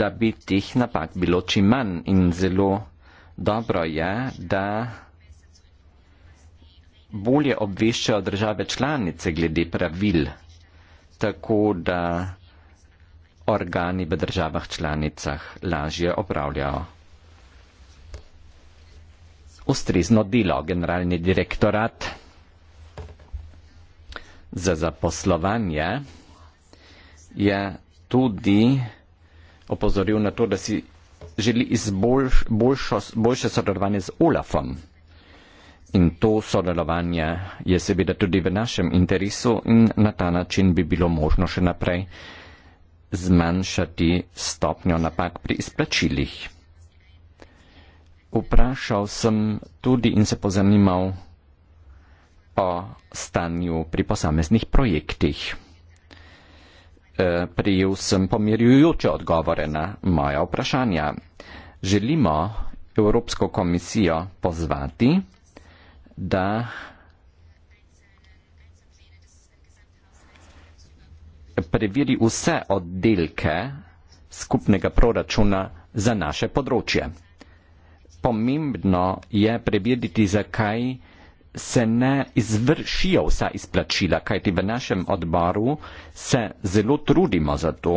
da bi tih napak bilo čim manj in zelo dobro je, da bolje obveščajo države članice glede pravil, tako da organi v državah članicah lažje opravljajo ustrezno delo. Generalni direktorat za zaposlovanje je tudi opozoril na to, da si želi izboljš, boljšo, boljše sodelovanje z Olafom. In to sodelovanje je seveda tudi v našem interesu in na ta način bi bilo možno še naprej zmanjšati stopnjo napak pri izplačilih. Vprašal sem tudi in se pozanimal o stanju pri posameznih projektih. E, prijel sem pomirjujoče odgovore na moja vprašanja. Želimo Evropsko komisijo pozvati, da preveri vse oddelke skupnega proračuna za naše področje pomembno je prebirati, zakaj se ne izvršijo vsa izplačila, kajti v našem odboru se zelo trudimo za to,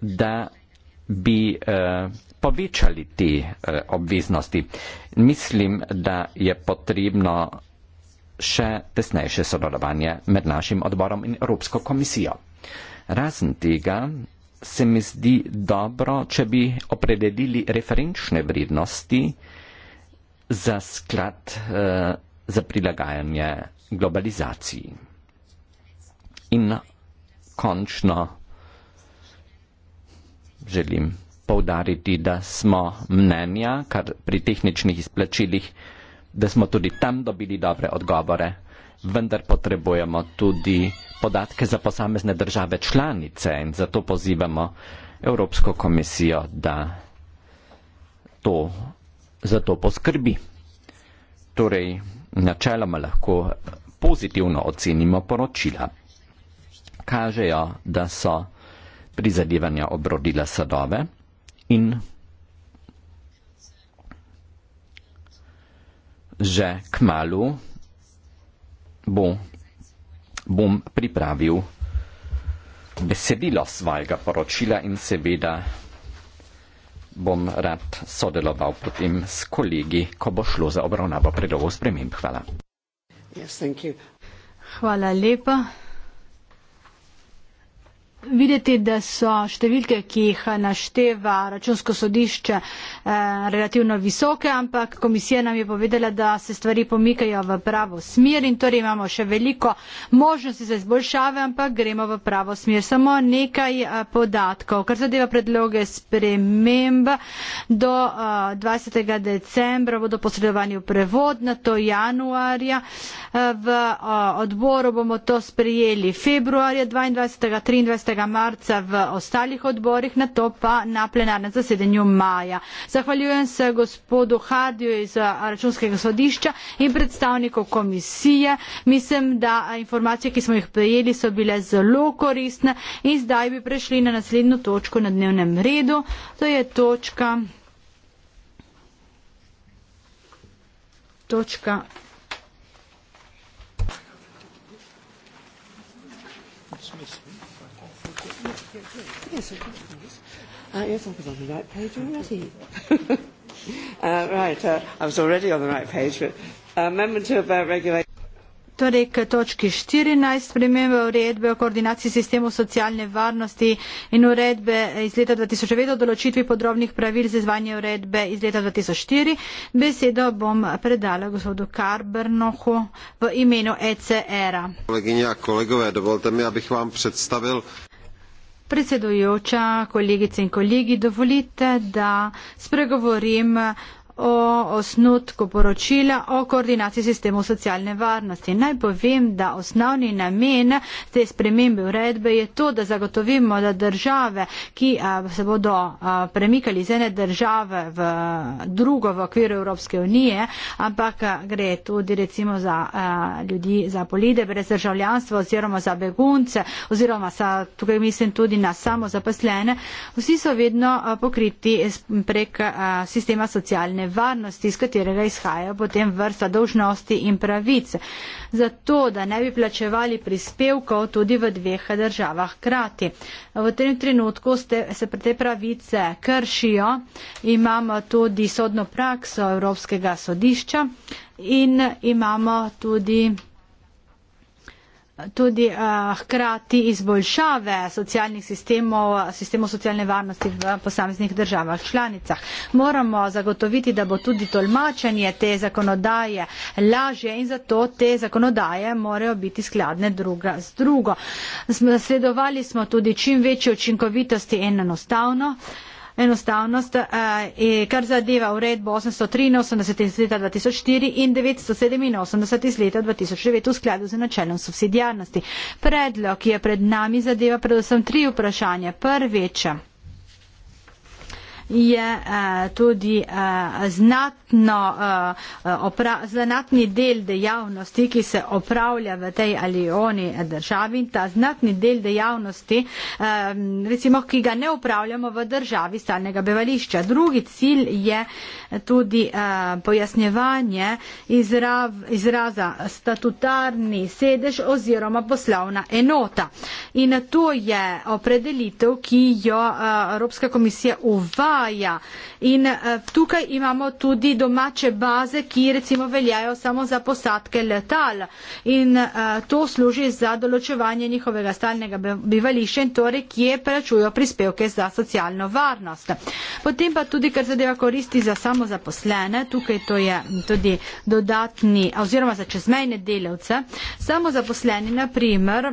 da bi eh, povečali te eh, obveznosti. Mislim, da je potrebno še tesnejše sodelovanje med našim odborom in Evropsko komisijo. Razen tega se mi zdi dobro, če bi opredelili referenčne vrednosti za sklad uh, za prilagajanje globalizaciji. In končno želim povdariti, da smo mnenja, kar pri tehničnih izplačilih, da smo tudi tam dobili dobre odgovore, vendar potrebujemo tudi podatke za posamezne države članice in zato pozivamo Evropsko komisijo, da to, za to poskrbi. Torej, načeloma lahko pozitivno ocenimo poročila. Kažejo, da so prizadevanja obrodila sadove in že kmalu bo bom pripravil besedilo svojega poročila in seveda bom rad sodeloval potem s kolegi, ko bo šlo za obravnavo predlogov sprememb. Hvala. Yes, Hvala lepa videti, da so številke, ki jih našteva računsko sodišče, eh, relativno visoke, ampak komisija nam je povedala, da se stvari pomikajo v pravo smer in torej imamo še veliko možnosti za izboljšave, ampak gremo v pravo smer. Samo nekaj eh, podatkov, kar zadeva predloge sprememb do 20. Eh, decembra, bodo posredovani v prevod na to januarja. V odboru bomo to sprejeli februarja 22. 23 marca v ostalih odborih, na to pa na plenarnem zasedanju maja. Zahvaljujem se gospodu Hardiju iz eh, računskega sodišča in predstavniku komisije. Mislim, da informacije, ki smo jih prejeli, so bile zelo koristne in zdaj bi prešli na naslednjo točko na dnevnem redu. To je točka. točka Смысл yes, of course. Uh, yes, I was on the right page already. (laughs) uh, right, uh, I was already on the right page, but uh, amendment to about regulation. Torej, k točki 14, spremembe uredbe o koordinaciji sistemov socialne varnosti in uredbe iz leta 2009 o določitvi podrobnih pravil za izvanje uredbe iz leta 2004. Besedo bom predala gospodu Karbernohu v imenu ECR-a. E Kolegyňa, kolegove, dovolte mi, abych vam predstavil predsedujoča, kolegice in kolegi, dovolite, da spregovorim o osnutku poročila o koordinaciji sistemov socialne varnosti. Naj povem, da osnovni namen te spremembe uredbe je to, da zagotovimo, da države, ki a, se bodo a, premikali iz ene države v drugo v okviru Evropske unije, ampak a, gre tudi recimo za a, ljudi, za polide brez državljanstva oziroma za begunce oziroma sa, tukaj mislim tudi na samozaposlene, vsi so vedno a, pokriti prek a, sistema socialne nevarnosti, iz katerega izhajajo potem vrsta dolžnosti in pravice. Zato, da ne bi plačevali prispevkov tudi v dveh državah krati. V tem trenutku ste, se pre te pravice kršijo, imamo tudi sodno prakso Evropskega sodišča in imamo tudi tudi uh, hkrati izboljšave socialnih sistemov, sistemov socialne varnosti v posameznih državah članicah. Moramo zagotoviti, da bo tudi tolmačenje te zakonodaje lažje in zato te zakonodaje morajo biti skladne druga z drugo. Sledovali smo tudi čim večjo učinkovitosti in enostavno. Uh, enostavnost, eh, eh, kar zadeva uredbo 883 iz leta 2004 in 987 iz leta 2009 v skladu z načelom subsidijarnosti. Predlog, ki je pred nami, zadeva predvsem tri vprašanja. Prvič, je eh, tudi eh, znatno, eh, opra, znatni del dejavnosti, ki se opravlja v tej ali oni državi. Ta znatni del dejavnosti, recimo, ki ga ne upravljamo v državi stalnega bevališča. Drugi cilj je tudi pojasnjevanje izrav, izraza statutarni sedež oziroma poslovna enota. In to je opredelitev, ki jo Evropska komisija uvaja obstaja. In eh, tukaj imamo tudi domače baze, ki recimo veljajo samo za posadke letal. In eh, to služi za določevanje njihovega stalnega bivališča in torej, kje plačujo prispevke za socialno varnost. Potem pa tudi, kar zadeva koristi za samozaposlene, tukaj to je tudi dodatni oziroma za čezmejne delavce. Samozaposleni, na primer,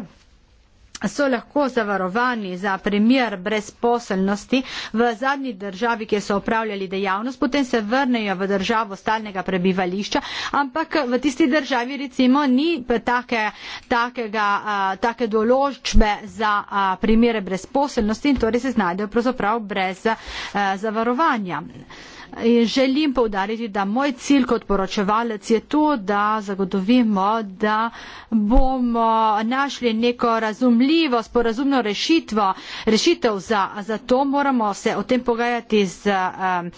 so lahko zavarovani za primer brezposelnosti v zadnji državi, kjer so opravljali dejavnost, potem se vrnejo v državo stalnega prebivališča, ampak v tisti državi recimo ni take, takega, a, take določbe za a, primere brezposelnosti in torej se znajdejo pravzaprav brez a, zavarovanja. A, In želim povdariti, da moj cilj kot poročevalec je to, da zagotovimo, da bomo našli neko razumljivo, sporazumno rešitvo, rešitev za, za to moramo se o tem pogajati z. Um,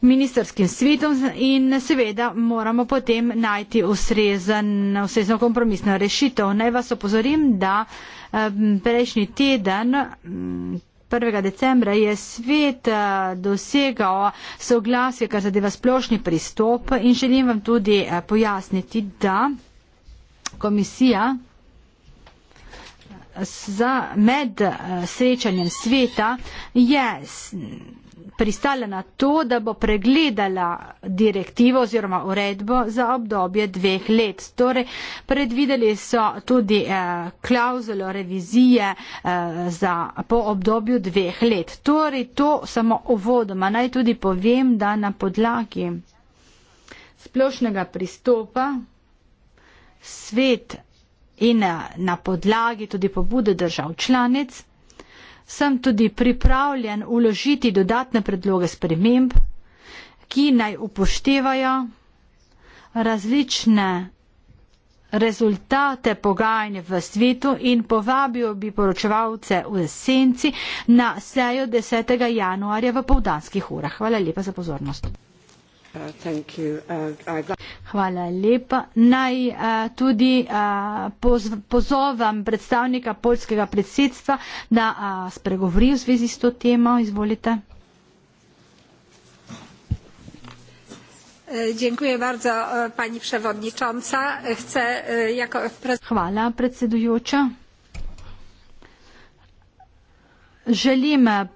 ministerskim svetom in seveda moramo potem najti ustrezno kompromisno rešitev. Naj vas opozorim, da um, prejšnji teden um, 1. decembra je svet eh, dosegal soglasje, kar zadeva splošni pristop in želim vam tudi eh, pojasniti, da komisija eh, za med srečanjem sveta je pristala na to, da bo pregledala direktivo oziroma uredbo za obdobje dveh let. Torej, predvideli so tudi eh, klauzulo revizije eh, za, po obdobju dveh let. Torej, to samo uvodoma. Naj tudi povem, da na podlagi splošnega pristopa svet in eh, na podlagi tudi pobude držav članic, sem tudi pripravljen uložiti dodatne predloge sprememb, ki naj upoštevajo različne rezultate pogajanj v svetu in povabil bi poročevalce v esenci na sejo 10. januarja v povdanskih urah. Hvala lepa za pozornost. Uh, Hvala lepa. Naj uh, tudi uh, pozovem predstavnika polskega predsedstva, da spregovori v zvezi s to temo. Izvolite. E, e, e, Hvala predsedujoča. Želim eh,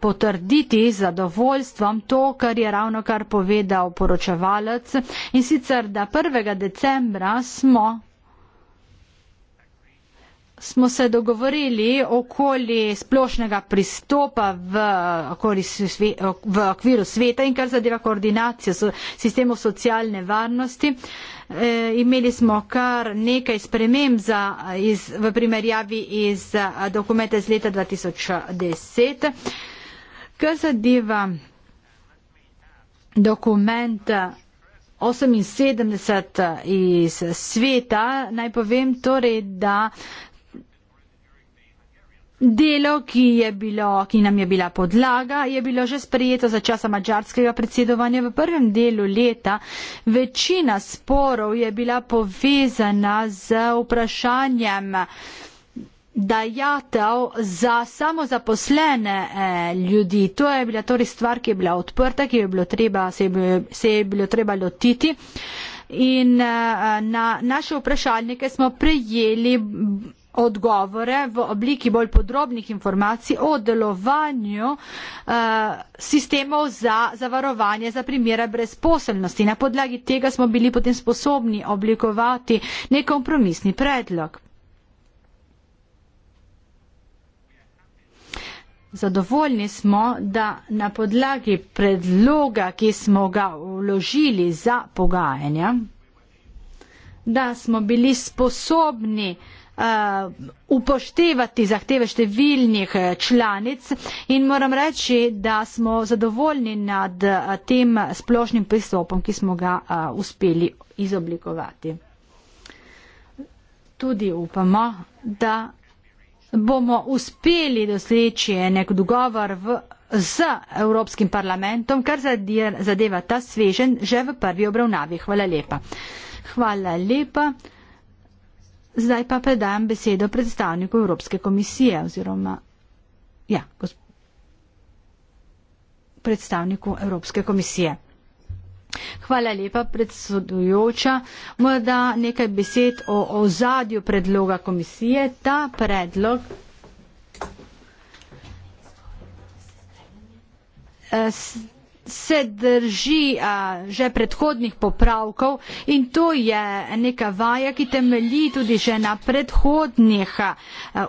potrditi zadovoljstvom to, kar je ravno kar povedal poročevalec in sicer, da 1. decembra smo smo se dogovorili okoli splošnega pristopa v, okoli sve, v okviru sveta in kar zadeva koordinacijo sistemov socialne varnosti. Uh, Eh, imeli smo kar nekaj sprememb za, iz, v primerjavi iz eh, dokumenta iz leta 2010. Kar zadeva dokument 78 eh, iz sveta, naj povem torej, da Delo, ki, bilo, ki nam je bila podlaga, je bilo že sprejeto za časa mačarskega predsedovanja v prvem delu leta. Večina sporov je bila povezana z vprašanjem dajatev za samozaposlene eh, ljudi. To je bila torej stvar, ki je bila odprta, ki je bilo treba, se, je bilo, se je bilo treba lotiti. In eh, na naše vprašalnike smo prejeli odgovore v obliki bolj podrobnih informacij o delovanju uh, sistemov za zavarovanje za primere brezposelnosti. Na podlagi tega smo bili potem sposobni oblikovati nekompromisni predlog. Zadovoljni smo, da na podlagi predloga, ki smo ga vložili za pogajanja, da smo bili sposobni uh, Uh, upoštevati zahteve številnih eh, članic in moram reči, da smo zadovoljni nad eh, tem splošnim pristopom, ki smo ga eh, uspeli izoblikovati. Tudi upamo, da bomo uspeli doseči nek dogovor v, z Evropskim parlamentom, kar zadeva ta svežen že v prvi obravnavi. Hvala lepa. Hvala lepa. Zdaj pa predajam besedo predstavniku Evropske komisije oziroma ja, predstavniku Evropske komisije. Hvala lepa, predsedujoča. Morda nekaj besed o ozadju predloga komisije. Ta predlog eh, se drži a, že predhodnih popravkov in to je neka vaja, ki temelji tudi že na predhodnih a,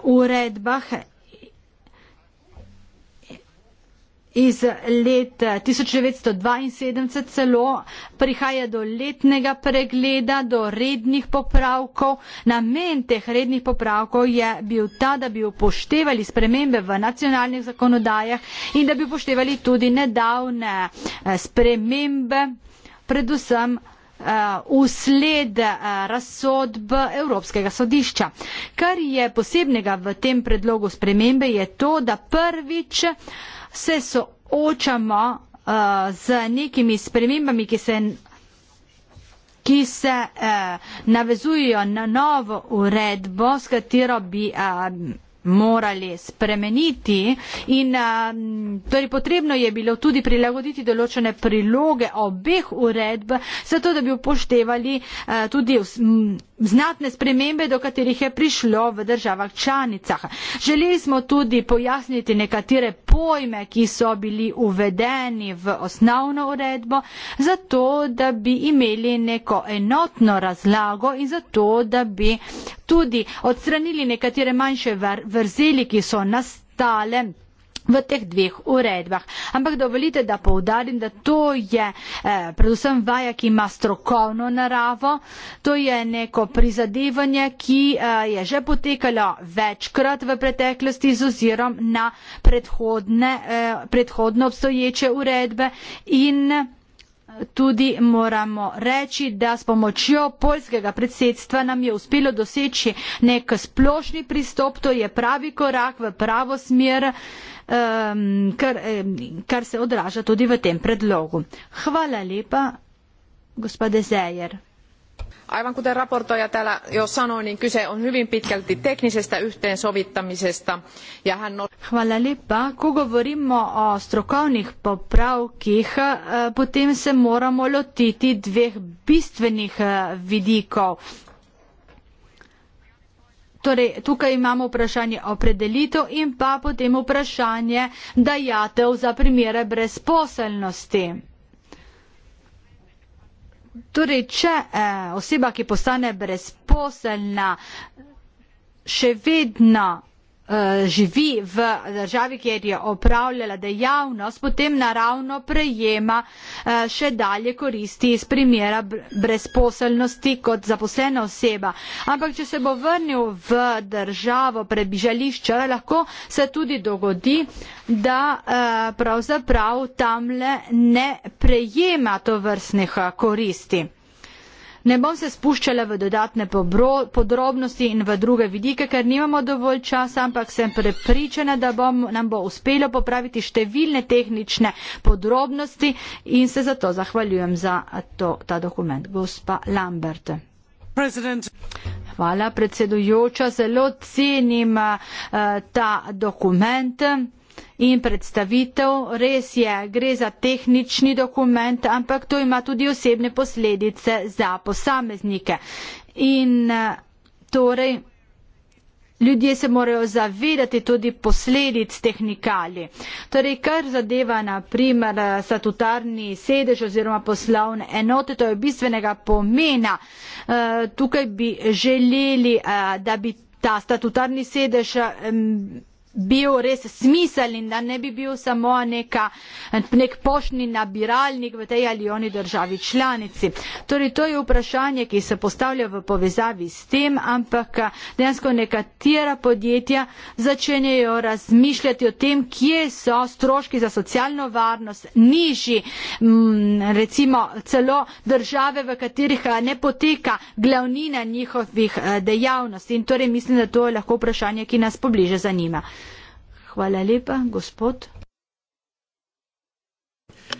uredbah iz let 1972 celo, prihaja do letnega pregleda, do rednih popravkov. Namen teh rednih popravkov je bil ta, da bi upoštevali spremembe v nacionalnih zakonodajah in da bi upoštevali tudi nedavne eh, spremembe, predvsem eh, usled eh, razsodb Evropskega sodišča. Kar je posebnega v tem predlogu spremembe je to, da prvič se soočamo uh, z nekimi spremembami, ki se, ki se uh, navezujejo na novo uredbo, s katero bi. Uh, morali spremeniti in um, torej potrebno je bilo tudi prilagoditi določene priloge obeh uredb, zato da bi upoštevali uh, tudi. Um, znatne spremembe, do katerih je prišlo v državah članicah. Želeli smo tudi pojasniti nekatere pojme, ki so bili uvedeni v osnovno uredbo, zato da bi imeli neko enotno razlago in zato da bi tudi odstranili nekatere manjše vrzeli, ki so nastale v teh dveh uredbah. Ampak dovolite, da povdarim, da to je eh, predvsem vaja, ki ima strokovno naravo, to je neko prizadevanje, ki eh, je že potekalo večkrat v preteklosti z ozirom na predhodne, eh, predhodno obstoječe uredbe in tudi moramo reči, da s pomočjo poljskega predsedstva nam je uspelo doseči nek splošni pristop, to je pravi korak v pravo smer, um, kar, kar se odraža tudi v tem predlogu. Hvala lepa, gospod Zejer aivan kuten esittelijä täällä jo sanoi niin kyse on hyvin pitkälti teknisestä yhteensovittamisesta ja hän on. Hvala lepa, ko govorimo o strokovnih popravkih, eh, potem se moramo lotiti dveh bistvenih eh, vidikov. Torej, tukaj imamo vprašanje opredelitev in pa potem vprašanje dajatev za primere brezposelnosti. Torej, če eh, oseba, ki postane brezposelna, še vedno Eh, živi v državi, kjer je opravljala dejavnost, potem naravno prejema eh, še dalje koristi iz primera brezposelnosti kot zaposlena oseba. Ampak, če se bo vrnil v državo prebižališča, lahko se tudi dogodi, da eh, pravzaprav tamle ne prejema to vrstnih koristi. Ne bom se spuščala v dodatne podrobnosti in v druge vidike, ker nimamo dovolj časa, ampak sem prepričana, da bom, nam bo uspelo popraviti številne tehnične podrobnosti in se zato zahvaljujem za to, ta dokument. Gospa Lambert. President. Hvala predsedujoča, zelo cenim uh, ta dokument in predstavitev. Res je, gre za tehnični dokument, ampak to ima tudi osebne posledice za posameznike. In eh, torej, ljudje se morajo zavedati tudi posledic tehnikali. Torej, kar zadeva na primer eh, statutarni sedež oziroma poslovne enote, to je bistvenega pomena. Eh, tukaj bi želeli, da bi ta statutarni sedež bil res smiseln in da ne bi bil samo neka, nek pošni nabiralnik v tej ali oni državi članici. Torej, to je vprašanje, ki se postavlja v povezavi s tem, ampak dejansko nekatera podjetja začenjajo razmišljati o tem, kje so stroški za socialno varnost nižji, mm, recimo celo države, v katerih ne poteka glavnina njihovih eh, dejavnosti. In torej, mislim, da to je lahko vprašanje, ki nas pobliže zanima. Hvala lepa, gospod.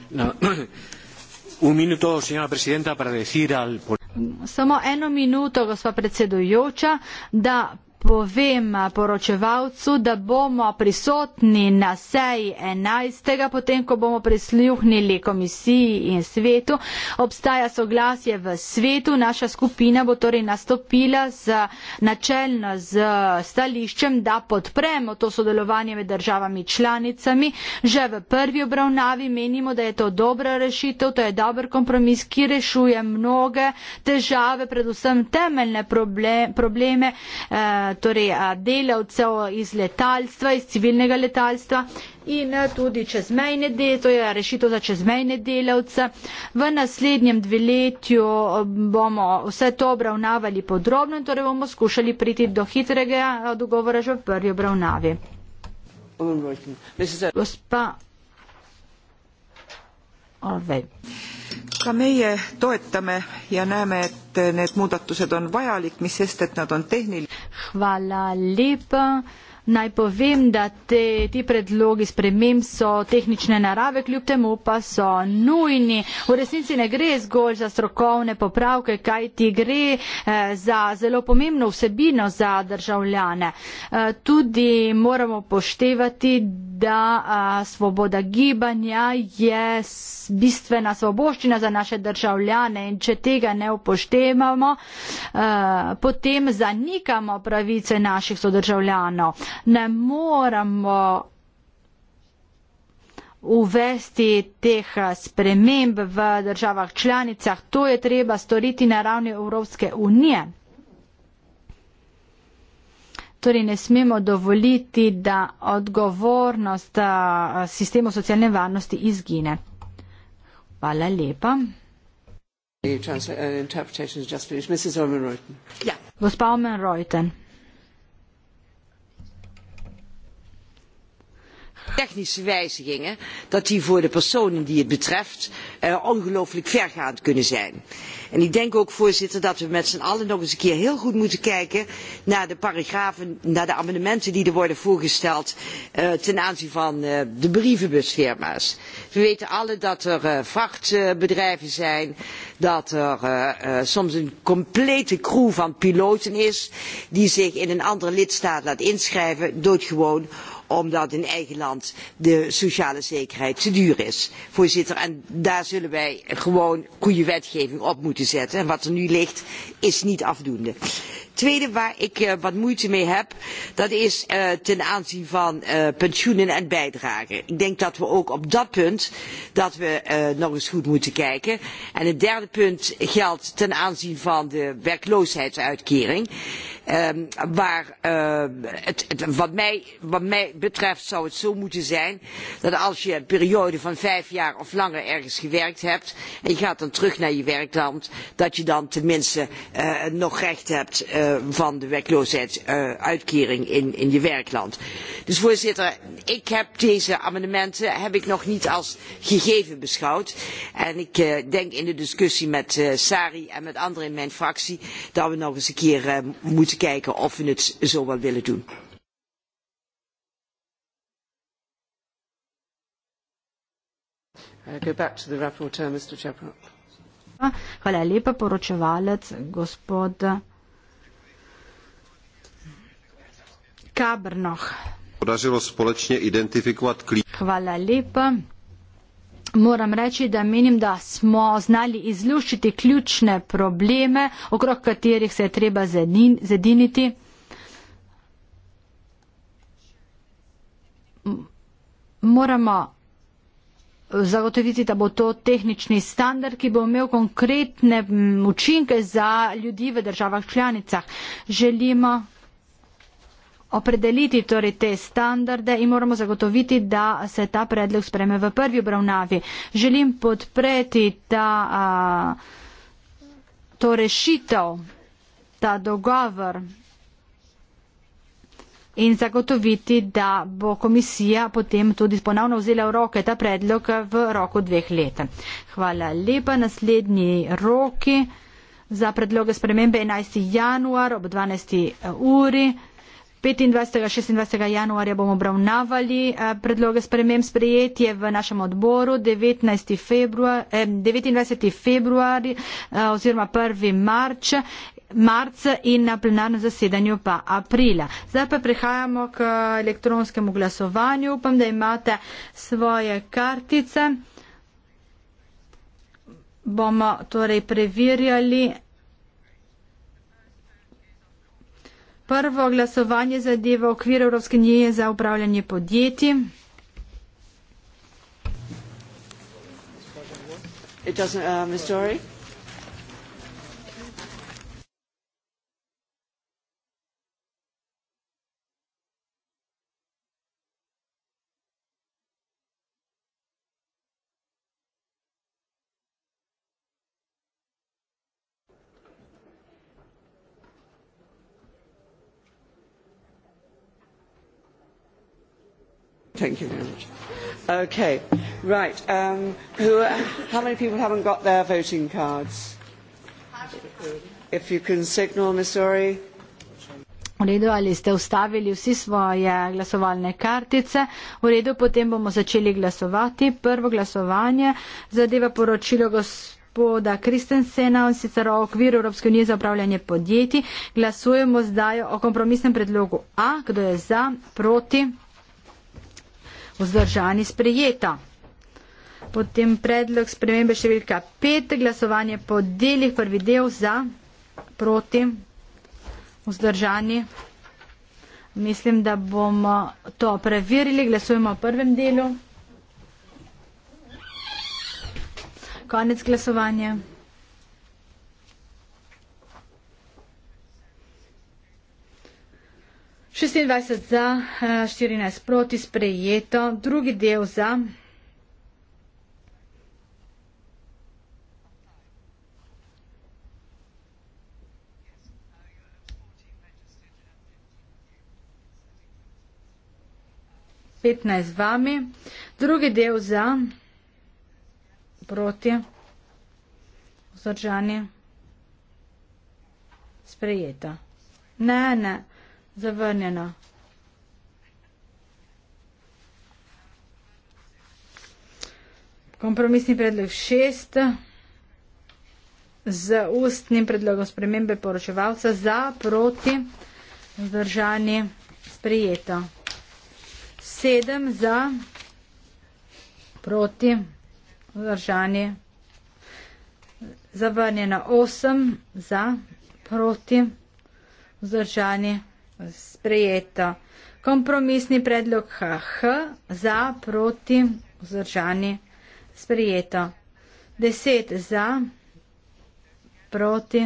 No. (coughs) Un minuto, señora presidenta, para decir al... Samo eno minuto, gospa predsedujoča, da povem poročevalcu, da bomo prisotni na seji 11. potem, ko bomo prisluhnili komisiji in svetu. Obstaja soglasje v svetu, naša skupina bo torej nastopila z načelno z stališčem, da podpremo to sodelovanje med državami članicami. Že v prvi obravnavi menimo, da je to dobra rešitev, to je dober kompromis, ki rešuje mnoge težave, predvsem temeljne problem, probleme. Eh, torej delavcev iz letalstva, iz civilnega letalstva in tudi čezmejne delavce, to je rešitev za čezmejne delavce. V naslednjem dveletju bomo vse to obravnavali podrobno in torej bomo skušali priti do hitrega dogovora že v prvi obravnavi. Gospa Orvej. Oh, ka meie toetame ja näeme, et need muudatused on vajalik, mis sest, et nad on tehnilised. Naj povem, da te, ti predlogi sprememb so tehnične narave, kljub temu pa so nujni. V resnici ne gre zgolj za strokovne popravke, kaj ti gre eh, za zelo pomembno vsebino za državljane. Eh, tudi moramo poštevati, da eh, svoboda gibanja je bistvena svoboščina za naše državljane in če tega ne upoštevamo, eh, potem zanikamo pravice naših sodržavljanov ne moramo uvesti teh sprememb v državah članicah. To je treba storiti na ravni Evropske unije. Torej ne smemo dovoliti, da odgovornost sistemu socialne varnosti izgine. Hvala lepa. Uh, ja. Gospa Omen Reuten. Yeah. technische wijzigingen dat die voor de personen die het betreft eh, ongelooflijk vergaand kunnen zijn. ik denk ook voorzitter dat we met z'n allen nog eens een keer heel goed moeten kijken naar de paragrafen naar de amendementen die er worden voorgesteld eh, ten aanzien van eh, de brievenbusfirma's. we weten allen dat er vrachtbedrijven zijn dat er soms een complete crew van piloten is die zich in een andere lidstaat laat inschrijven doodgewoon omdat in eigen land de sociale zekerheid te duur is. Voorzitter, en daar zullen wij gewoon goede wetgeving op moeten zetten. En wat er nu ligt, is niet afdoende. Tweede waar ik uh, wat moeite mee heb, dat is uh, ten aanzien van uh, pensioenen en bijdragen. Ik denk dat we ook op dat punt dat we uh, nog eens goed moeten kijken. En het derde punt geldt ten aanzien van de werkloosheidsuitkering. Uh, uh, waar, uh, het, het, wat, mij, wat mij betreft zou het zo moeten zijn dat als je een periode van vijf jaar of langer ergens gewerkt hebt en je gaat dan terug naar je werkland, dat je dan tenminste uh, nog recht hebt uh, van de werkloosheidsuitkering uh, in, in je werkland. Dus voorzitter, ik heb deze amendementen heb ik nog niet als gegeven beschouwd en ik uh, denk in de discussie met uh, Sari en met anderen in mijn fractie dat we nog eens een keer uh, moeten moeten kijken of we het zo wel willen doen. Uh, Hvala lepa poročevalec, gospod Kabrnoh. Podařilo společně identifikovat klíč. Hvala lepa moram reči, da menim, da smo znali izluščiti ključne probleme, okrog katerih se je treba zediniti. Moramo zagotoviti, da bo to tehnični standard, ki bo imel konkretne učinke za ljudi v državah članicah. Želimo opredeliti torej te standarde in moramo zagotoviti, da se ta predlog spreme v prvi obravnavi. Želim podpreti ta, a, to rešitev, ta dogovor in zagotoviti, da bo komisija potem tudi ponovno vzela v roke ta predlog v roku dveh let. Hvala lepa. Naslednji roki za predloge spremembe 11. januar ob 12. Eh, uri. 25. 26. januarja bomo obravnavali eh, predloge sprememb sprejetje v našem odboru 19. februar, 29. Eh, februar eh, oziroma 1. marč marca in na plenarnem zasedanju pa aprila. Zdaj pa prehajamo k elektronskemu glasovanju. Upam, da imate svoje kartice. Bomo torej preverjali. Prvo glasovanje zadeva okvir Evropske unije za upravljanje podjetij. It doesn't, uh, Ms. Dory? Thank you very much. Okay, right. Um, who are, how many people haven't got their voting cards? If you can signal, Missouri. V redu, ali ste ustavili vsi svoje glasovalne kartice? V redu, potem bomo začeli glasovati. Prvo glasovanje zadeva poročilo gospoda Kristensena in sicer o okviru Evropske unije za upravljanje podjetij. Glasujemo zdaj o kompromisnem predlogu A. Kdo je za? Proti? vzdržani sprejeta. Potem predlog spremembe številka 5, glasovanje po delih prvi del za, proti, vzdržani. Mislim, da bomo to preverili. Glasujemo v prvem delu. Konec glasovanja. 26 za, 14 eh, proti sprejeto, drugi del za. petnajst vami, drugi del za, proti, vzdržanje, sprejeta. Ne, ne. Zavrnjeno. Kompromisni predlog šest. Z ustnim predlogom spremembe poročevalca za, proti, vzdržani, sprijeto. Sedem za, proti, vzdržani, zavrnjeno. Osem za, proti, vzdržani, sprijeto sprejeto. Kompromisni predlog HH za, proti, vzdržani, sprejeto. Deset za, proti.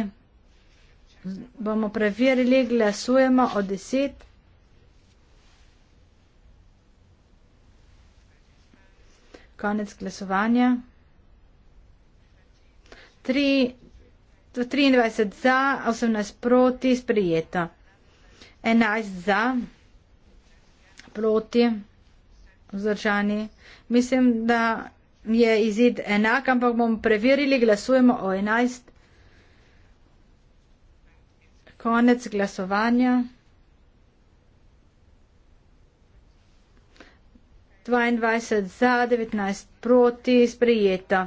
Bomo preverili, glasujemo o deset. Konec glasovanja. 3, 23 za, 18 proti, sprejeto. 11 za, proti, vzdržani. Mislim, da je izid enak, ampak bomo preverili, glasujemo o 11. Konec glasovanja. 22 za, 19 proti, sprejeta.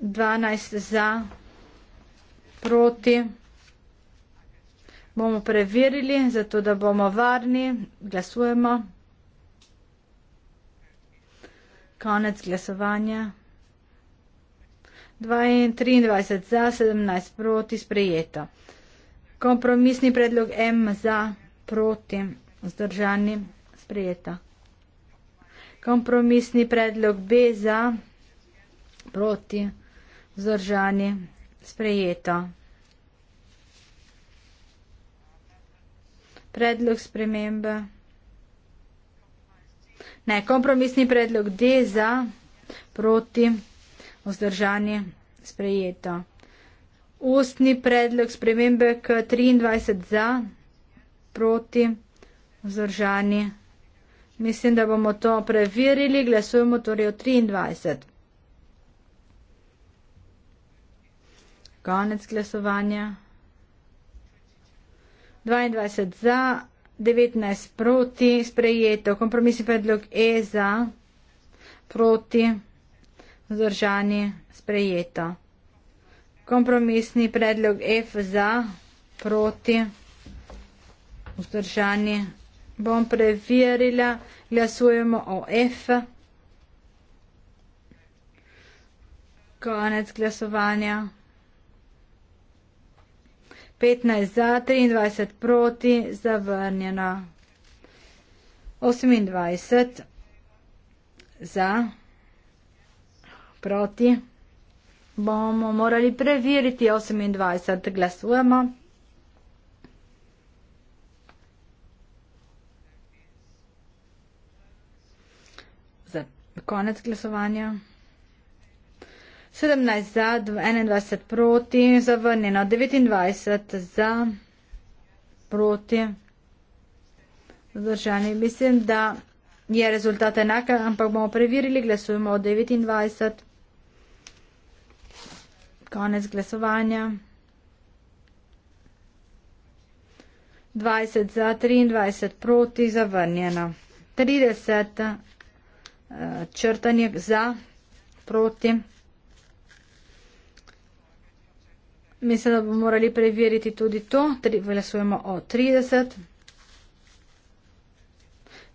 12 za, proti bomo preverili, zato da bomo varni, glasujemo. Konec glasovanja. 23 za, 17 proti, sprejeto. Kompromisni predlog M za, proti, vzdržani, sprejeto. Kompromisni predlog B za, proti, vzdržani, sprejeto. predlog spremembe. Ne, kompromisni predlog D za, proti, vzdržanje, sprejeto. Ustni predlog spremembe K23 za, proti, vzdržanje. Mislim, da bomo to preverili, glasujemo torej o 23. Konec glasovanja. 22 za, 19 proti, sprejeto. Kompromisni predlog E za, proti, vzdržani, sprejeto. Kompromisni predlog F za, proti, vzdržani. Bom preverila, glasujemo o F. Konec glasovanja. 15 za, 23 proti, zavrnjeno. 28 za, proti. Bomo morali preveriti 28, glasujemo. Konec glasovanja. 17 za, 21 proti, zavrnjeno 29 za, proti, zdržani. Mislim, da je rezultat enak, ampak bomo preverili, glasujemo o 29. Konec glasovanja. 20 za, 23 proti, zavrnjeno. 30 eh, črtanje za, proti. Mislim, da bomo morali preveriti tudi to. Tri, glasujemo o 30.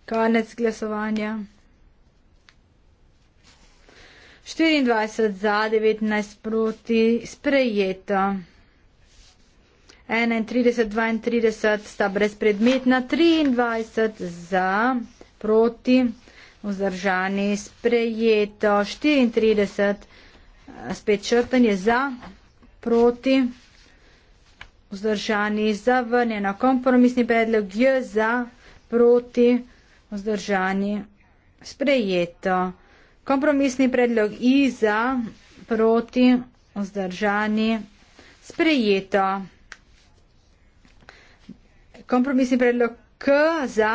Konec glasovanja. 24 za, 19 proti, sprejeto. 31, 32 sta brezpredmetna, 23 za, proti, vzdržani, sprejeto. 34 spet črtanje za proti, vzdržani za vrnjeno kompromisni predlog, j za proti, vzdržani sprejeto. Kompromisni predlog i za proti, vzdržani sprejeto. Kompromisni predlog k za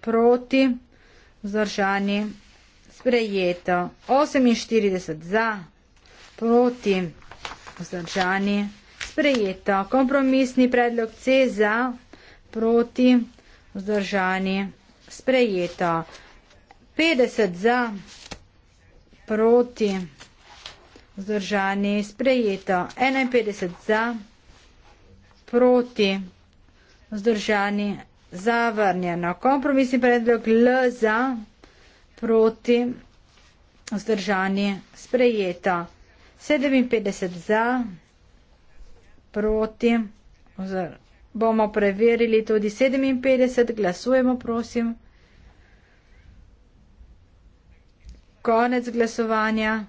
proti, vzdržani sprejeto. 48 za proti vzdržani. Sprejeto. Kompromisni predlog C za proti vzdržani. Sprejeto. 50 za proti vzdržani. Sprejeto. 51 za proti vzdržani. Zavrnjeno. Kompromisni predlog L za proti vzdržani. Sprejeto. 57 za, proti, ozir, bomo preverili tudi 57, glasujemo, prosim. Konec glasovanja.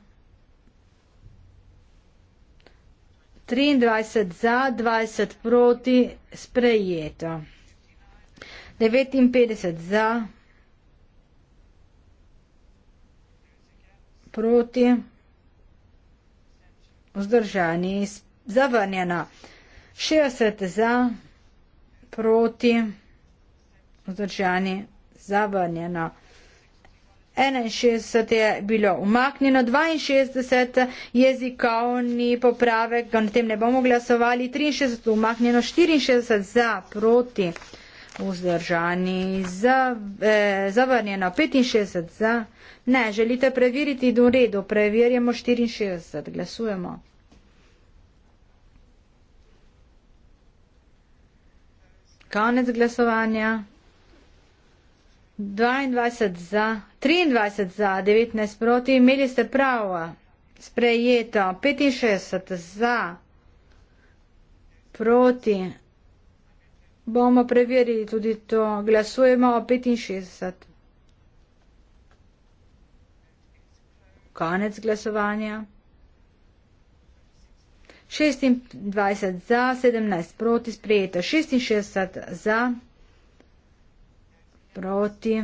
23 za, 20 proti, sprejeto. 59 za, proti vzdržani in zavrnjena. 60 za, proti, vzdržani, zavrnjena. 61 je bilo umaknjeno, 62 jezikovni popravek, ga na tem ne bomo glasovali, 63 umaknjeno, 64 za, proti, vzdržani, za, eh, zavrnjeno, 65 za, ne, želite preveriti do redu, preverjamo 64, glasujemo. Konec glasovanja. 22 za, 23 za, 19 proti, imeli ste prav, sprejeto, 65 za, proti, bomo preverili tudi to, glasujemo o 65. Konec glasovanja. 26 za, 17 proti, sprejeto 66 za, proti.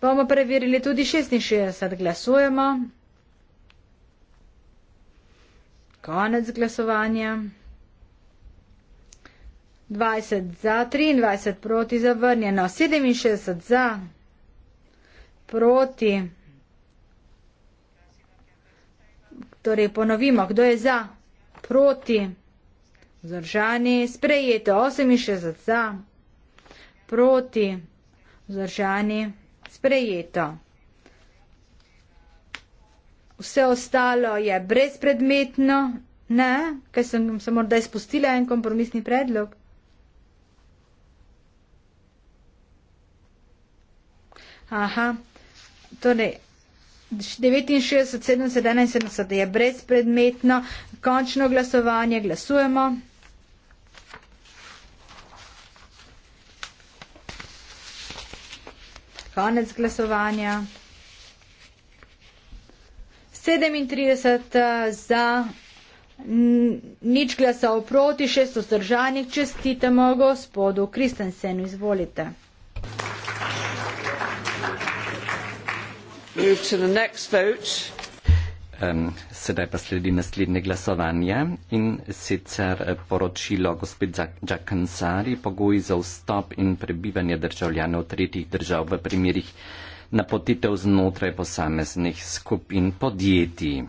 Bomo preverili tudi 66, glasujemo. Konec glasovanja. 20 za, 23 proti, zavrnjeno 67 za, proti. Torej ponovimo, kdo je za, proti, vzdržani, sprejeto 68 za, proti, vzdržani, sprejeto. Vse ostalo je brezpredmetno, ne, ker sem se morda izpustila en kompromisni predlog. Aha, torej 69, 70, 71 je brezpredmetno. Končno glasovanje, glasujemo. Konec glasovanja. 37 eh, za, nič glasov proti, 600 zdržanih, čestitamo gospodu Kristensenu, izvolite. move to the next vote. Sedaj pa sledi naslednje glasovanje in sicer eh, poročilo gospod Džakansari, pogoji za vstop in prebivanje državljanov tretjih držav v primerih napotitev znotraj posameznih skupin podjetij.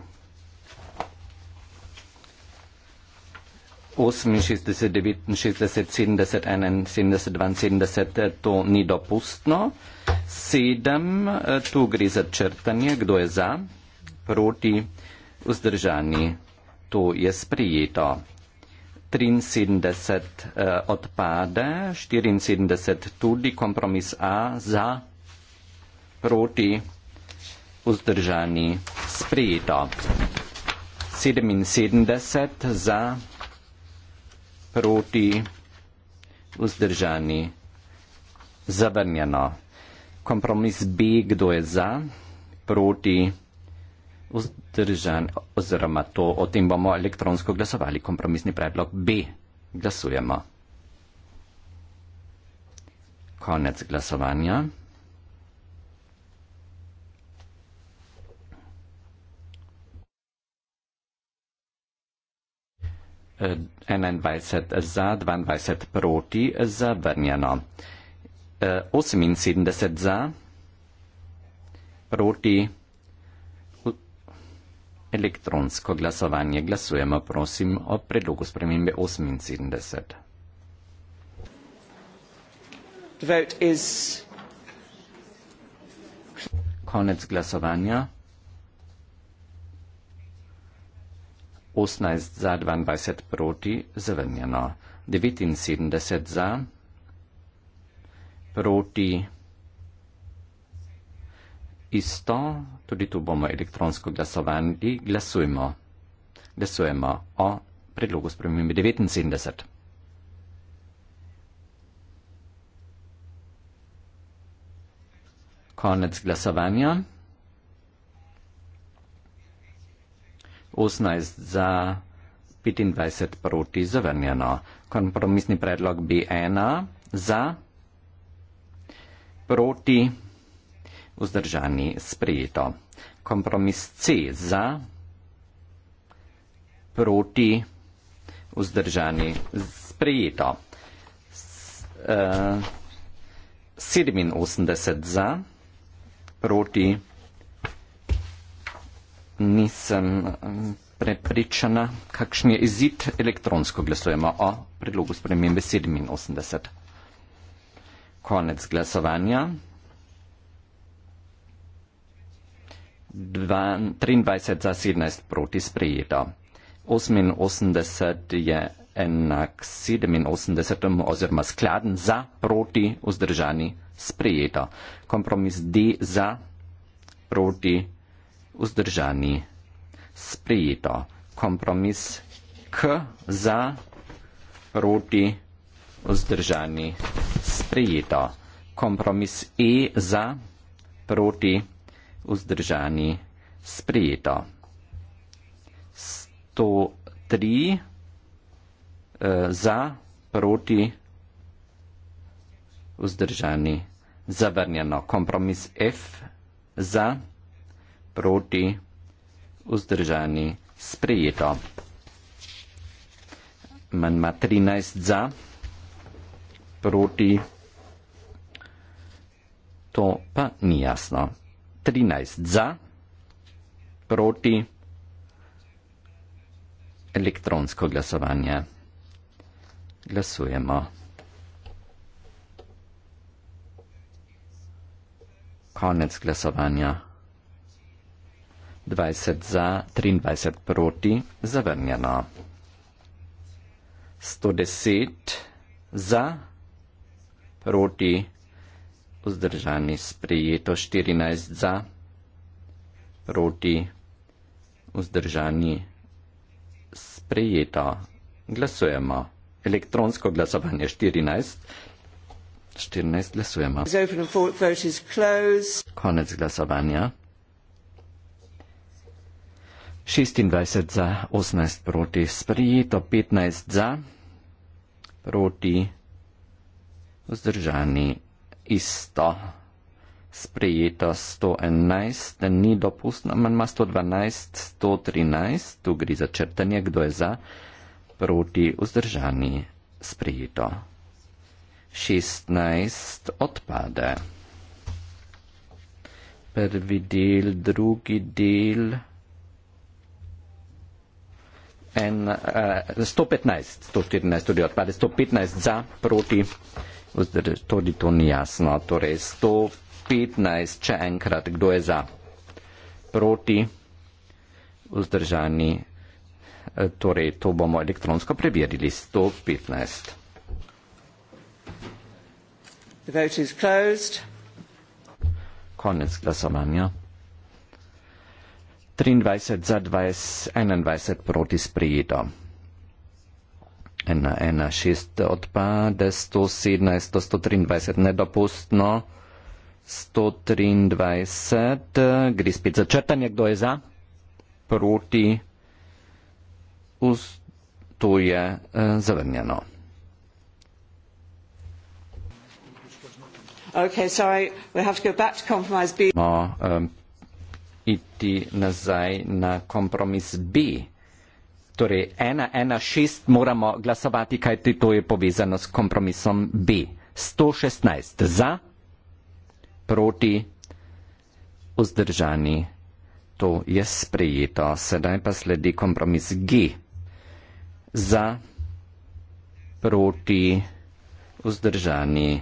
68, 69, 70, 71, 72, 70, to ni dopustno sedem, eh, tu gre za črtanje, kdo je za, proti, vzdržani, to je sprijeto. 73 eh, odpade, 74 tudi kompromis A za, proti, vzdržani, sprijeto. 77 za, proti, vzdržani, zavrnjeno kompromis B, kdo je za, proti, vzdržan, oziroma to, o tem bomo elektronsko glasovali, kompromisni predlog B. Glasujemo. Konec glasovanja. Eh, enaindvajset za, dvaindvajset proti, zavrnjeno. 78 za proti elektronsko glasovanje. Glasujemo, prosim, o predlogu spremembe 78. Konec glasovanja. 18 za, 22 proti, zavrnjeno. 79 za, proti isto, tudi tu bomo elektronsko glasovali, glasujmo. Glasujemo o predlogu spremembe 79. Konec glasovanja. 18 za, 25 proti zavrnjeno. Kompromisni predlog B1 za proti, vzdržani sprejeto. Kompromis C za, proti, vzdržani sprejeto. 87 eh, za, proti, nisem eh, prepričana, kakšen je izid, elektronsko glasujemo o predlogu spremembe 87 konec glasovanja. 23 za 17 proti sprejeto. 88 je enak 87 oziroma skladen za proti vzdržani sprejeto. Kompromis D za proti vzdržani sprejeto. Kompromis K za proti vzdržani sprejeto vzdržani, sprejeto. Kompromis E za, proti, vzdržani, sprejeto. 103 eh, za, proti, vzdržani, zavrnjeno. Kompromis F za, proti, vzdržani, sprejeto. Manjma 13 za proti. To pa ni jasno. 13 za, proti elektronsko glasovanje. Glasujemo. Konec glasovanja. 20 za, 23 proti, zavrnjeno. 110 za, proti, vzdržani sprejeto 14 za, proti, vzdržani sprejeto. Glasujemo. Elektronsko glasovanje 14. 14 glasujemo. Konec glasovanja. 26 za, 18 proti, sprejeto 15 za, proti, vzdržani isto. Sprejeto 111, ni dopustno, manj ima 112, 113, tu gre za črtanje, kdo je za, proti vzdržani sprejeto. 16 odpade. Prvi del, drugi del. En, uh, 115, 114 tudi odpade, 115 za, proti tudi to ni jasno. Torej 115, če enkrat, kdo je za, proti, vzdržani, e, torej to bomo elektronsko preverili, 115. The vote is closed. Konec glasovanja. 23 za 20, 21 proti sprejeto. 116 odpade, 117, 123 nedopustno, 123 gre spet za črtanje, kdo je za, proti, to je uh, zavrnjeno. Okay, sorry, we have to go back to compromise B. No, um, iti nazaj na kompromis B torej 1-1-6 moramo glasovati, kajti to je povezano s kompromisom B. 116 za, proti, vzdržani. To je sprejeto. Sedaj pa sledi kompromis G. Za, proti, vzdržani.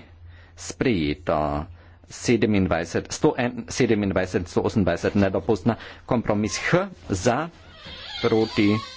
Sprejeto. 27, 127, 128, nedopustna. Kompromis H za, proti, vzdržani.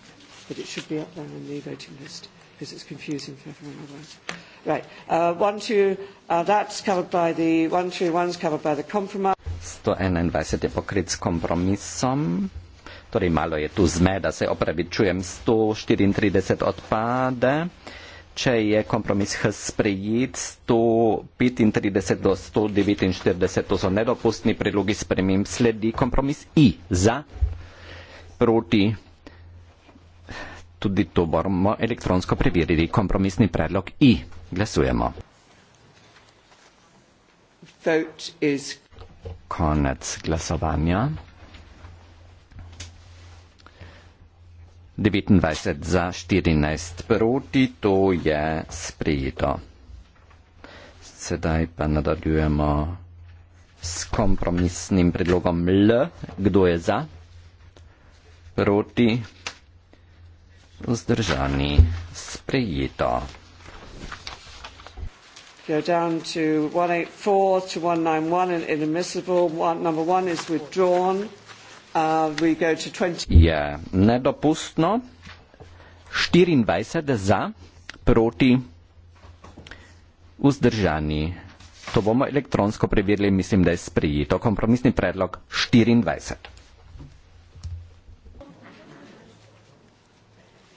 but it should be up there in the voting list because it's confusing for everyone otherwise. Right, uh, one, two, uh, that's covered by the one, two, one's covered by the compromise. 121 je pokrit s kompromisom, torej malo je tu zmeda, se opravičujem, 134 odpade, če je kompromis H sprejet, 135 do 149, to so nedopustni prilogi spremim, sledi kompromis I za, proti, Tudi to moramo elektronsko preveriti. Kompromisni predlog I. Glasujemo. Konec glasovanja. 29 za 14 proti, to je sprejeto. Sedaj pa nadaljujemo s kompromisnim predlogom L. Kdo je za? Proti vzdržani, sprejeto. Go down to 184 to 191 and inadmissible. One, number one is withdrawn. Uh, we go to 20. Je nedopustno. 24 za, proti, vzdržani. To bomo elektronsko preverili, mislim, da je sprejeto. Kompromisni predlog 24.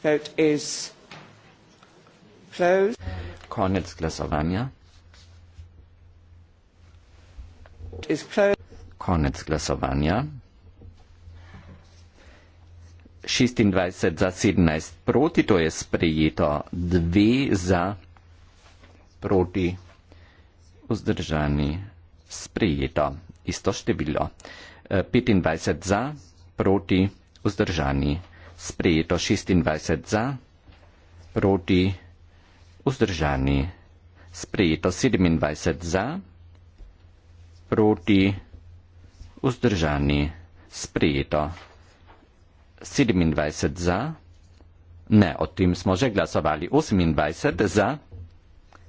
Vote is closed. Cornet's Glasovania. Vote is closed. Cornet's Glasovania. 26 za 17 proti, to je sprejeto 2 za proti vzdržani sprejeto isto število. 25 za proti vzdržani sprejeto 26 za, proti vzdržani, sprejeto 27 za, proti vzdržani, sprejeto 27 za, ne, o tem smo že glasovali, 28 za,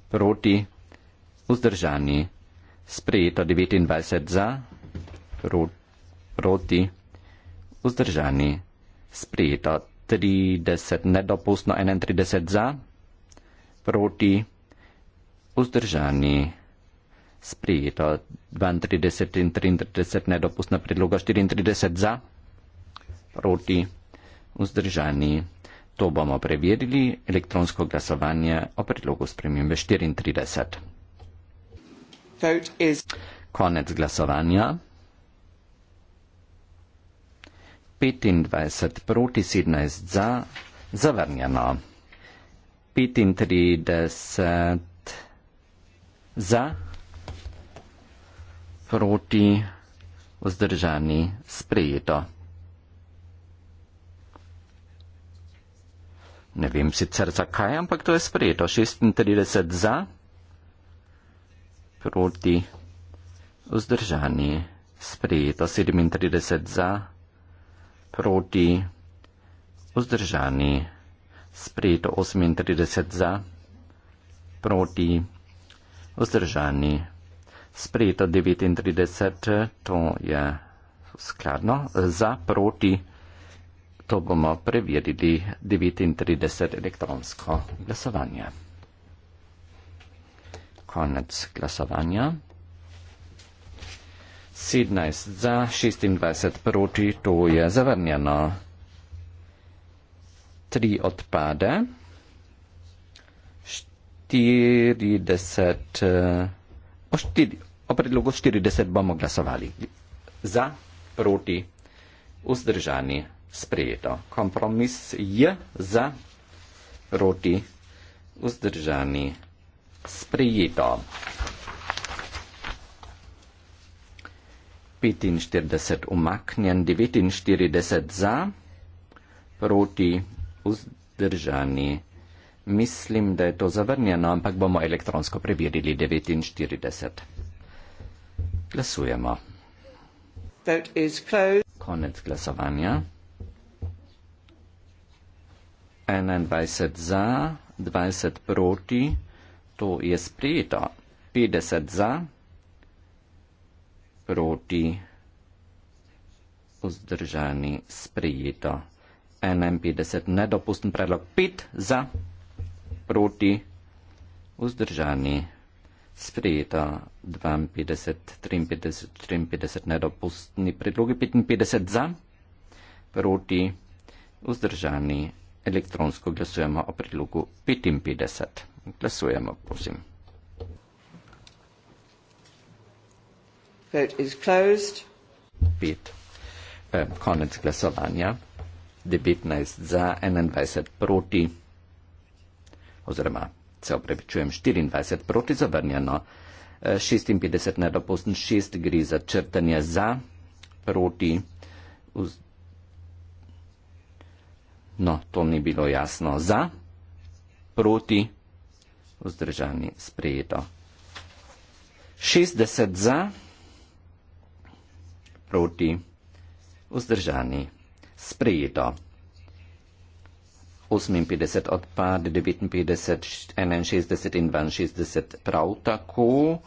proti vzdržani, sprejeto 29 za, proti vzdržani sprejeta 30 nedopustno 31 za, proti vzdržani sprejeto 32 in 33 nedopustna predloga 34 za, proti vzdržani. To bomo preverili elektronsko glasovanje o predlogu spremembe 34. Konec glasovanja. 25 proti 17 za, zavrnjeno. 35 za, proti, vzdržani, sprejeto. Ne vem sicer zakaj, ampak to je sprejeto. 36 za, proti, vzdržani, sprejeto. 37 za, proti proti, vzdržani, sprejeto 38 za, proti, vzdržani, sprejeto 39, to je skladno, za, proti, to bomo preverili 39 elektronsko glasovanje. Konec glasovanja. 17 za, 26 proti, to je zavrnjeno. 3 odpade. 40. Eh, o, štiri, o predlogu 40 bomo glasovali. Za, proti, vzdržani, sprejeto. Kompromis je za, proti, vzdržani, sprejeto. 45 umaknjen, 49 za, proti vzdržani. Mislim, da je to zavrnjeno, ampak bomo elektronsko preverili 49. Glasujemo. Konec glasovanja. 21 za, 20 proti, to je sprejeto. 50 za, proti vzdržani sprejeto. 51 nedopusten predlog, 5 za proti vzdržani sprejeto. 52, 53, 53 nedopustni predlogi, 55 za proti vzdržani elektronsko glasujemo o predlogu 55. Glasujemo, prosim. Vote is closed. Pet. Eh, konec glasovanja. 19 za, 21 proti. Oziroma, se opravičujem, 24 proti zavrnjeno. 56 nedopustn, 6 gre za črtanje za, proti. Uz... No, to ni bilo jasno. Za, proti, vzdržani, sprejeto. 60 za proti, vzdržani, sprejeto. 58 odpad, 59, 61 in 62 prav tako,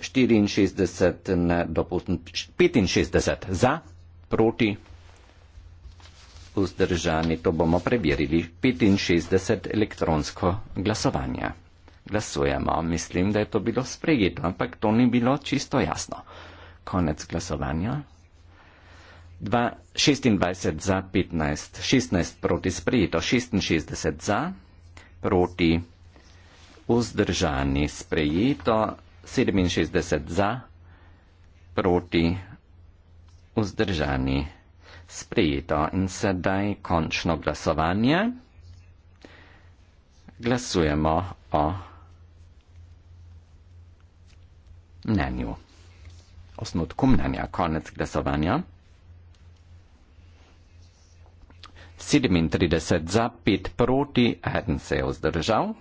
64 ne dopustno, 65 za, proti, vzdržani, to bomo preverili, 65 elektronsko glasovanje. Glasujemo, mislim, da je to bilo sprejeto, ampak to ni bilo čisto jasno. Konec glasovanja. 26 za 15, 16 proti sprejeto, 66 za proti vzdržani sprejeto, 67 za proti vzdržani sprejeto. In sedaj končno glasovanje. Glasujemo o mnenju. Osnutku mnenja. Konec glasovanja. 37 za, 5 proti, eden se je vzdržal.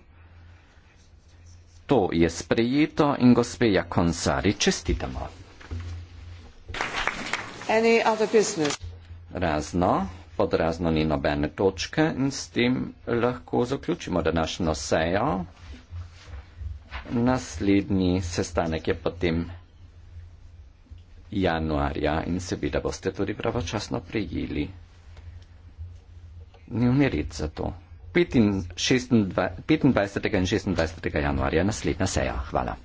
To je sprejeto in gospe Jakonsari čestitamo. Razno, pod razno ni nobene točke in s tem lahko zaključimo današnjo sejo. Naslednji sestanek je potem januarja in seveda boste tudi pravočasno prijeli dnevni red za to. 25. in 26. januarja naslednja seja. Hvala.